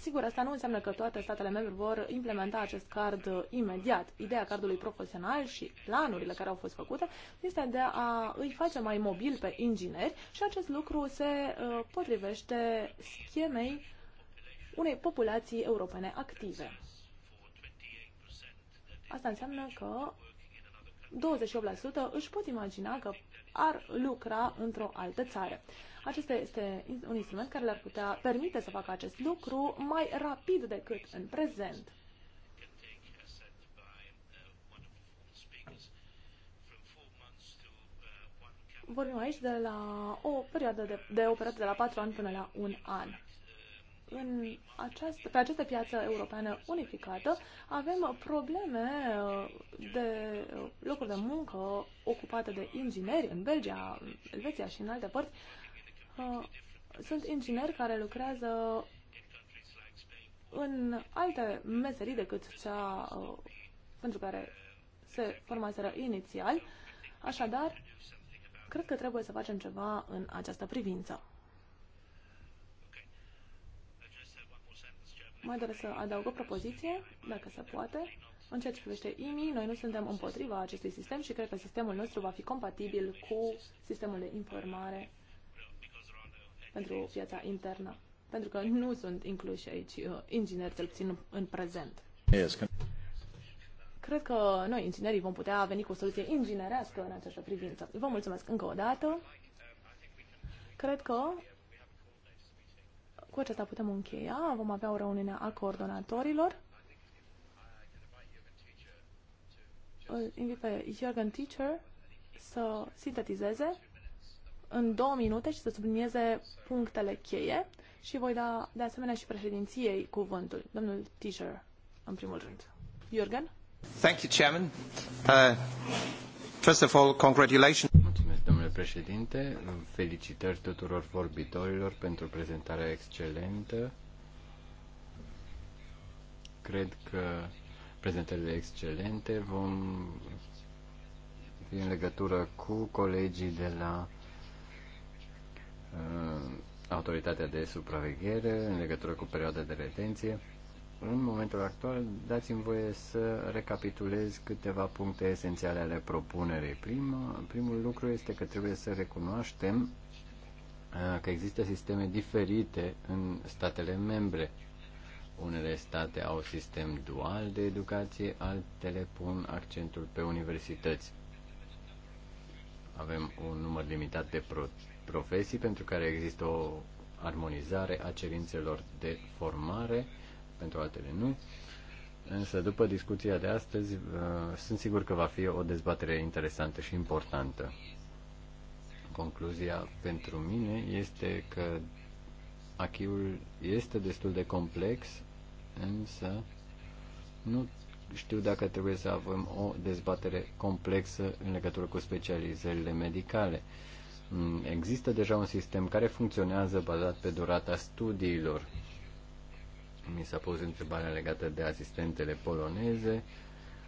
Sigur, asta nu înseamnă că toate statele membre vor implementa acest card imediat. Ideea cardului profesional și planurile care au fost făcute este de a îi face mai mobil pe ingineri și acest lucru se uh, potrivește schemei unei populații europene active. Asta înseamnă că 28% își pot imagina că ar lucra într-o altă țară. Acesta este un instrument care le-ar putea permite să facă acest lucru mai rapid decât în prezent. Vorbim aici de la o perioadă de, de o de la 4 ani până la un an în această, pe această piață europeană unificată avem probleme uh, de uh, locuri de muncă ocupate de ingineri în Belgia, Elveția și în alte părți. Uh, sunt ingineri care lucrează în alte meserii decât cea pentru care se formaseră inițial. Așadar, cred că trebuie să facem ceva în această privință. Mai doresc să adaug o propoziție, dacă se poate. În ceea ce privește IMI, noi nu suntem împotriva acestui sistem și cred că sistemul nostru va fi compatibil cu sistemul de informare pentru piața internă. Pentru că nu sunt incluși aici uh, ingineri, cel puțin în prezent. Yes. Cred că noi, inginerii, vom putea veni cu o soluție inginerească în această privință. Vă mulțumesc încă o dată. Cred că cu aceasta putem încheia. Vom avea o reuniune a coordonatorilor. Îl invit pe Jürgen Teacher să sintetizeze în două minute și să sublinieze punctele cheie și voi da de asemenea și președinției cuvântul. Domnul Teacher, în primul rând. Jürgen? Thank you, Chairman. Uh, first of all, congratulations președinte. Felicitări tuturor vorbitorilor pentru prezentarea excelentă. Cred că prezentările excelente vom fi în legătură cu colegii de la uh, Autoritatea de Supraveghere în legătură cu perioada de retenție în momentul actual, dați-mi voie să recapitulez câteva puncte esențiale ale propunerii. Prima, primul lucru este că trebuie să recunoaștem uh, că există sisteme diferite în statele membre. Unele state au sistem dual de educație, altele pun accentul pe universități. Avem un număr limitat de pro- profesii pentru care există o armonizare a cerințelor de formare pentru altele nu. Însă după discuția de astăzi, uh, sunt sigur că va fi o dezbatere interesantă și importantă. Concluzia pentru mine este că achiul este destul de complex, însă nu știu dacă trebuie să avem o dezbatere complexă în legătură cu specializările medicale. Mm, există deja un sistem care funcționează bazat pe durata studiilor mi s-a pus întrebarea legată de asistentele poloneze.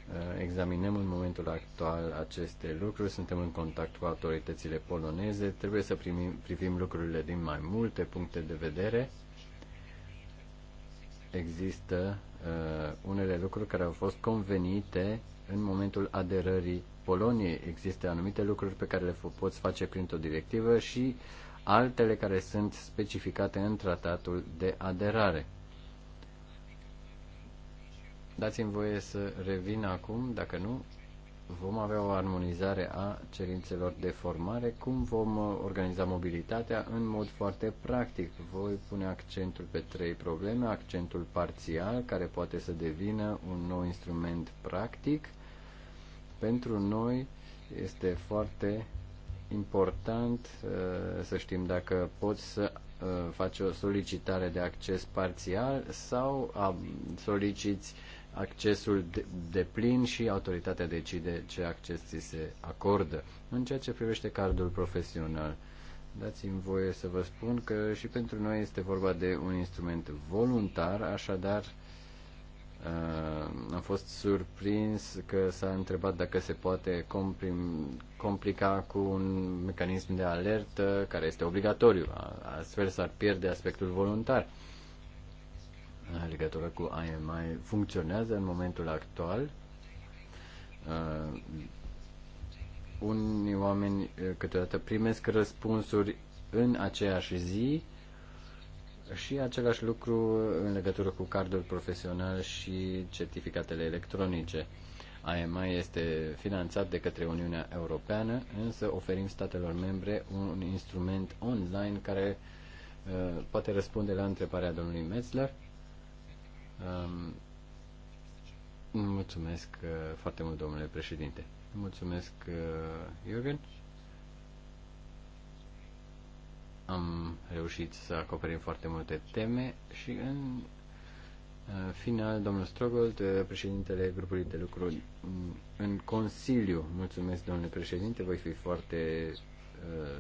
Uh, examinăm în momentul actual aceste lucruri, suntem în contact cu autoritățile poloneze, trebuie să primim, privim lucrurile din mai multe puncte de vedere. Există uh, unele lucruri care au fost convenite în momentul aderării Poloniei. Există anumite lucruri pe care le poți face printr-o directivă și altele care sunt specificate în tratatul de aderare. Dați-mi voie să revin acum, dacă nu, vom avea o armonizare a cerințelor de formare, cum vom uh, organiza mobilitatea în mod foarte practic. Voi pune accentul pe trei probleme, accentul parțial, care poate să devină un nou instrument practic. Pentru noi este foarte important uh, să știm dacă poți să uh, faci o solicitare de acces parțial sau um, soliciți uh, accesul de, de plin și autoritatea decide ce acces ți se acordă. În ceea ce privește cardul profesional, dați-mi voie să vă spun că și pentru noi este vorba de un instrument voluntar, așadar uh, am fost surprins că s-a întrebat dacă se poate comprim, complica cu un mecanism de alertă care este obligatoriu. Astfel s-ar pierde aspectul voluntar în legătură cu IMI funcționează în momentul actual. Uh, unii oameni uh, câteodată primesc răspunsuri în aceeași zi și același lucru în legătură cu cardul profesional și certificatele electronice. AMI este finanțat de către Uniunea Europeană, însă oferim statelor membre un instrument online care uh, poate răspunde la întrebarea domnului Metzler Mulțumesc uh, foarte mult, domnule președinte. Mulțumesc, uh, Jürgen. Am reușit să acoperim foarte multe teme și în uh, final, domnul Strogold, președintele grupului de lucru mm, în Consiliu. Mulțumesc, domnule președinte, voi fi foarte uh,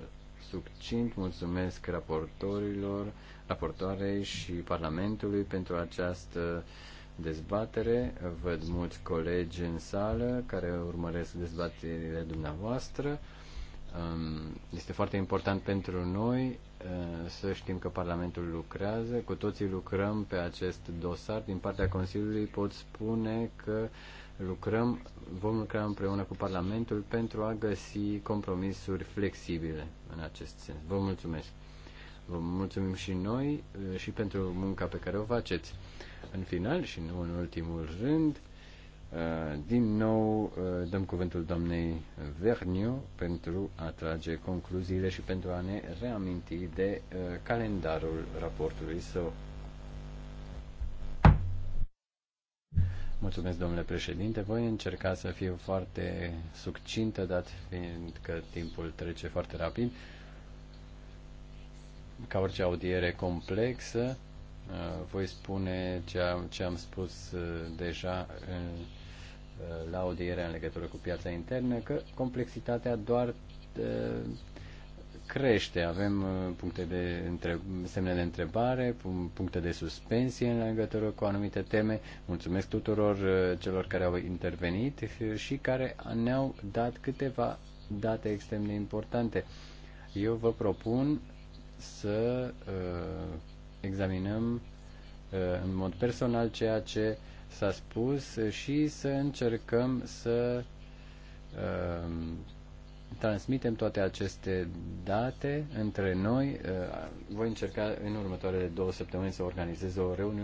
succint. Mulțumesc raportorilor, raportoarei și Parlamentului pentru această dezbatere. Văd mulți colegi în sală care urmăresc dezbaterile dumneavoastră. Um, este foarte important pentru noi uh, să știm că Parlamentul lucrează, cu toții lucrăm pe acest dosar. Din partea Consiliului pot spune că lucrăm, vom lucra împreună cu Parlamentul pentru a găsi compromisuri flexibile în acest sens. Vă mulțumesc! Vă mulțumim și noi uh, și pentru munca pe care o faceți. În final și nu în ultimul rând, uh, din nou uh, dăm cuvântul doamnei Verniu pentru a trage concluziile și pentru a ne reaminti de calendarul raportului său. Mulțumesc, domnule președinte. Voi încerca să fiu foarte succintă, dat fiind că timpul trece foarte rapid ca orice audiere complexă, uh, voi spune ce am, ce am spus uh, deja în, uh, la audierea în legătură cu piața internă, că complexitatea doar crește. Avem puncte de între, semne de întrebare, puncte de suspensie în legătură cu anumite teme. Mulțumesc tuturor celor care au intervenit și care ne-au dat câteva date extrem de importante. Eu vă propun să uh, examinăm uh, în mod personal ceea ce s-a spus și să încercăm să uh, transmitem toate aceste date între noi. Uh, voi încerca în următoarele două săptămâni să organizez o reuniune.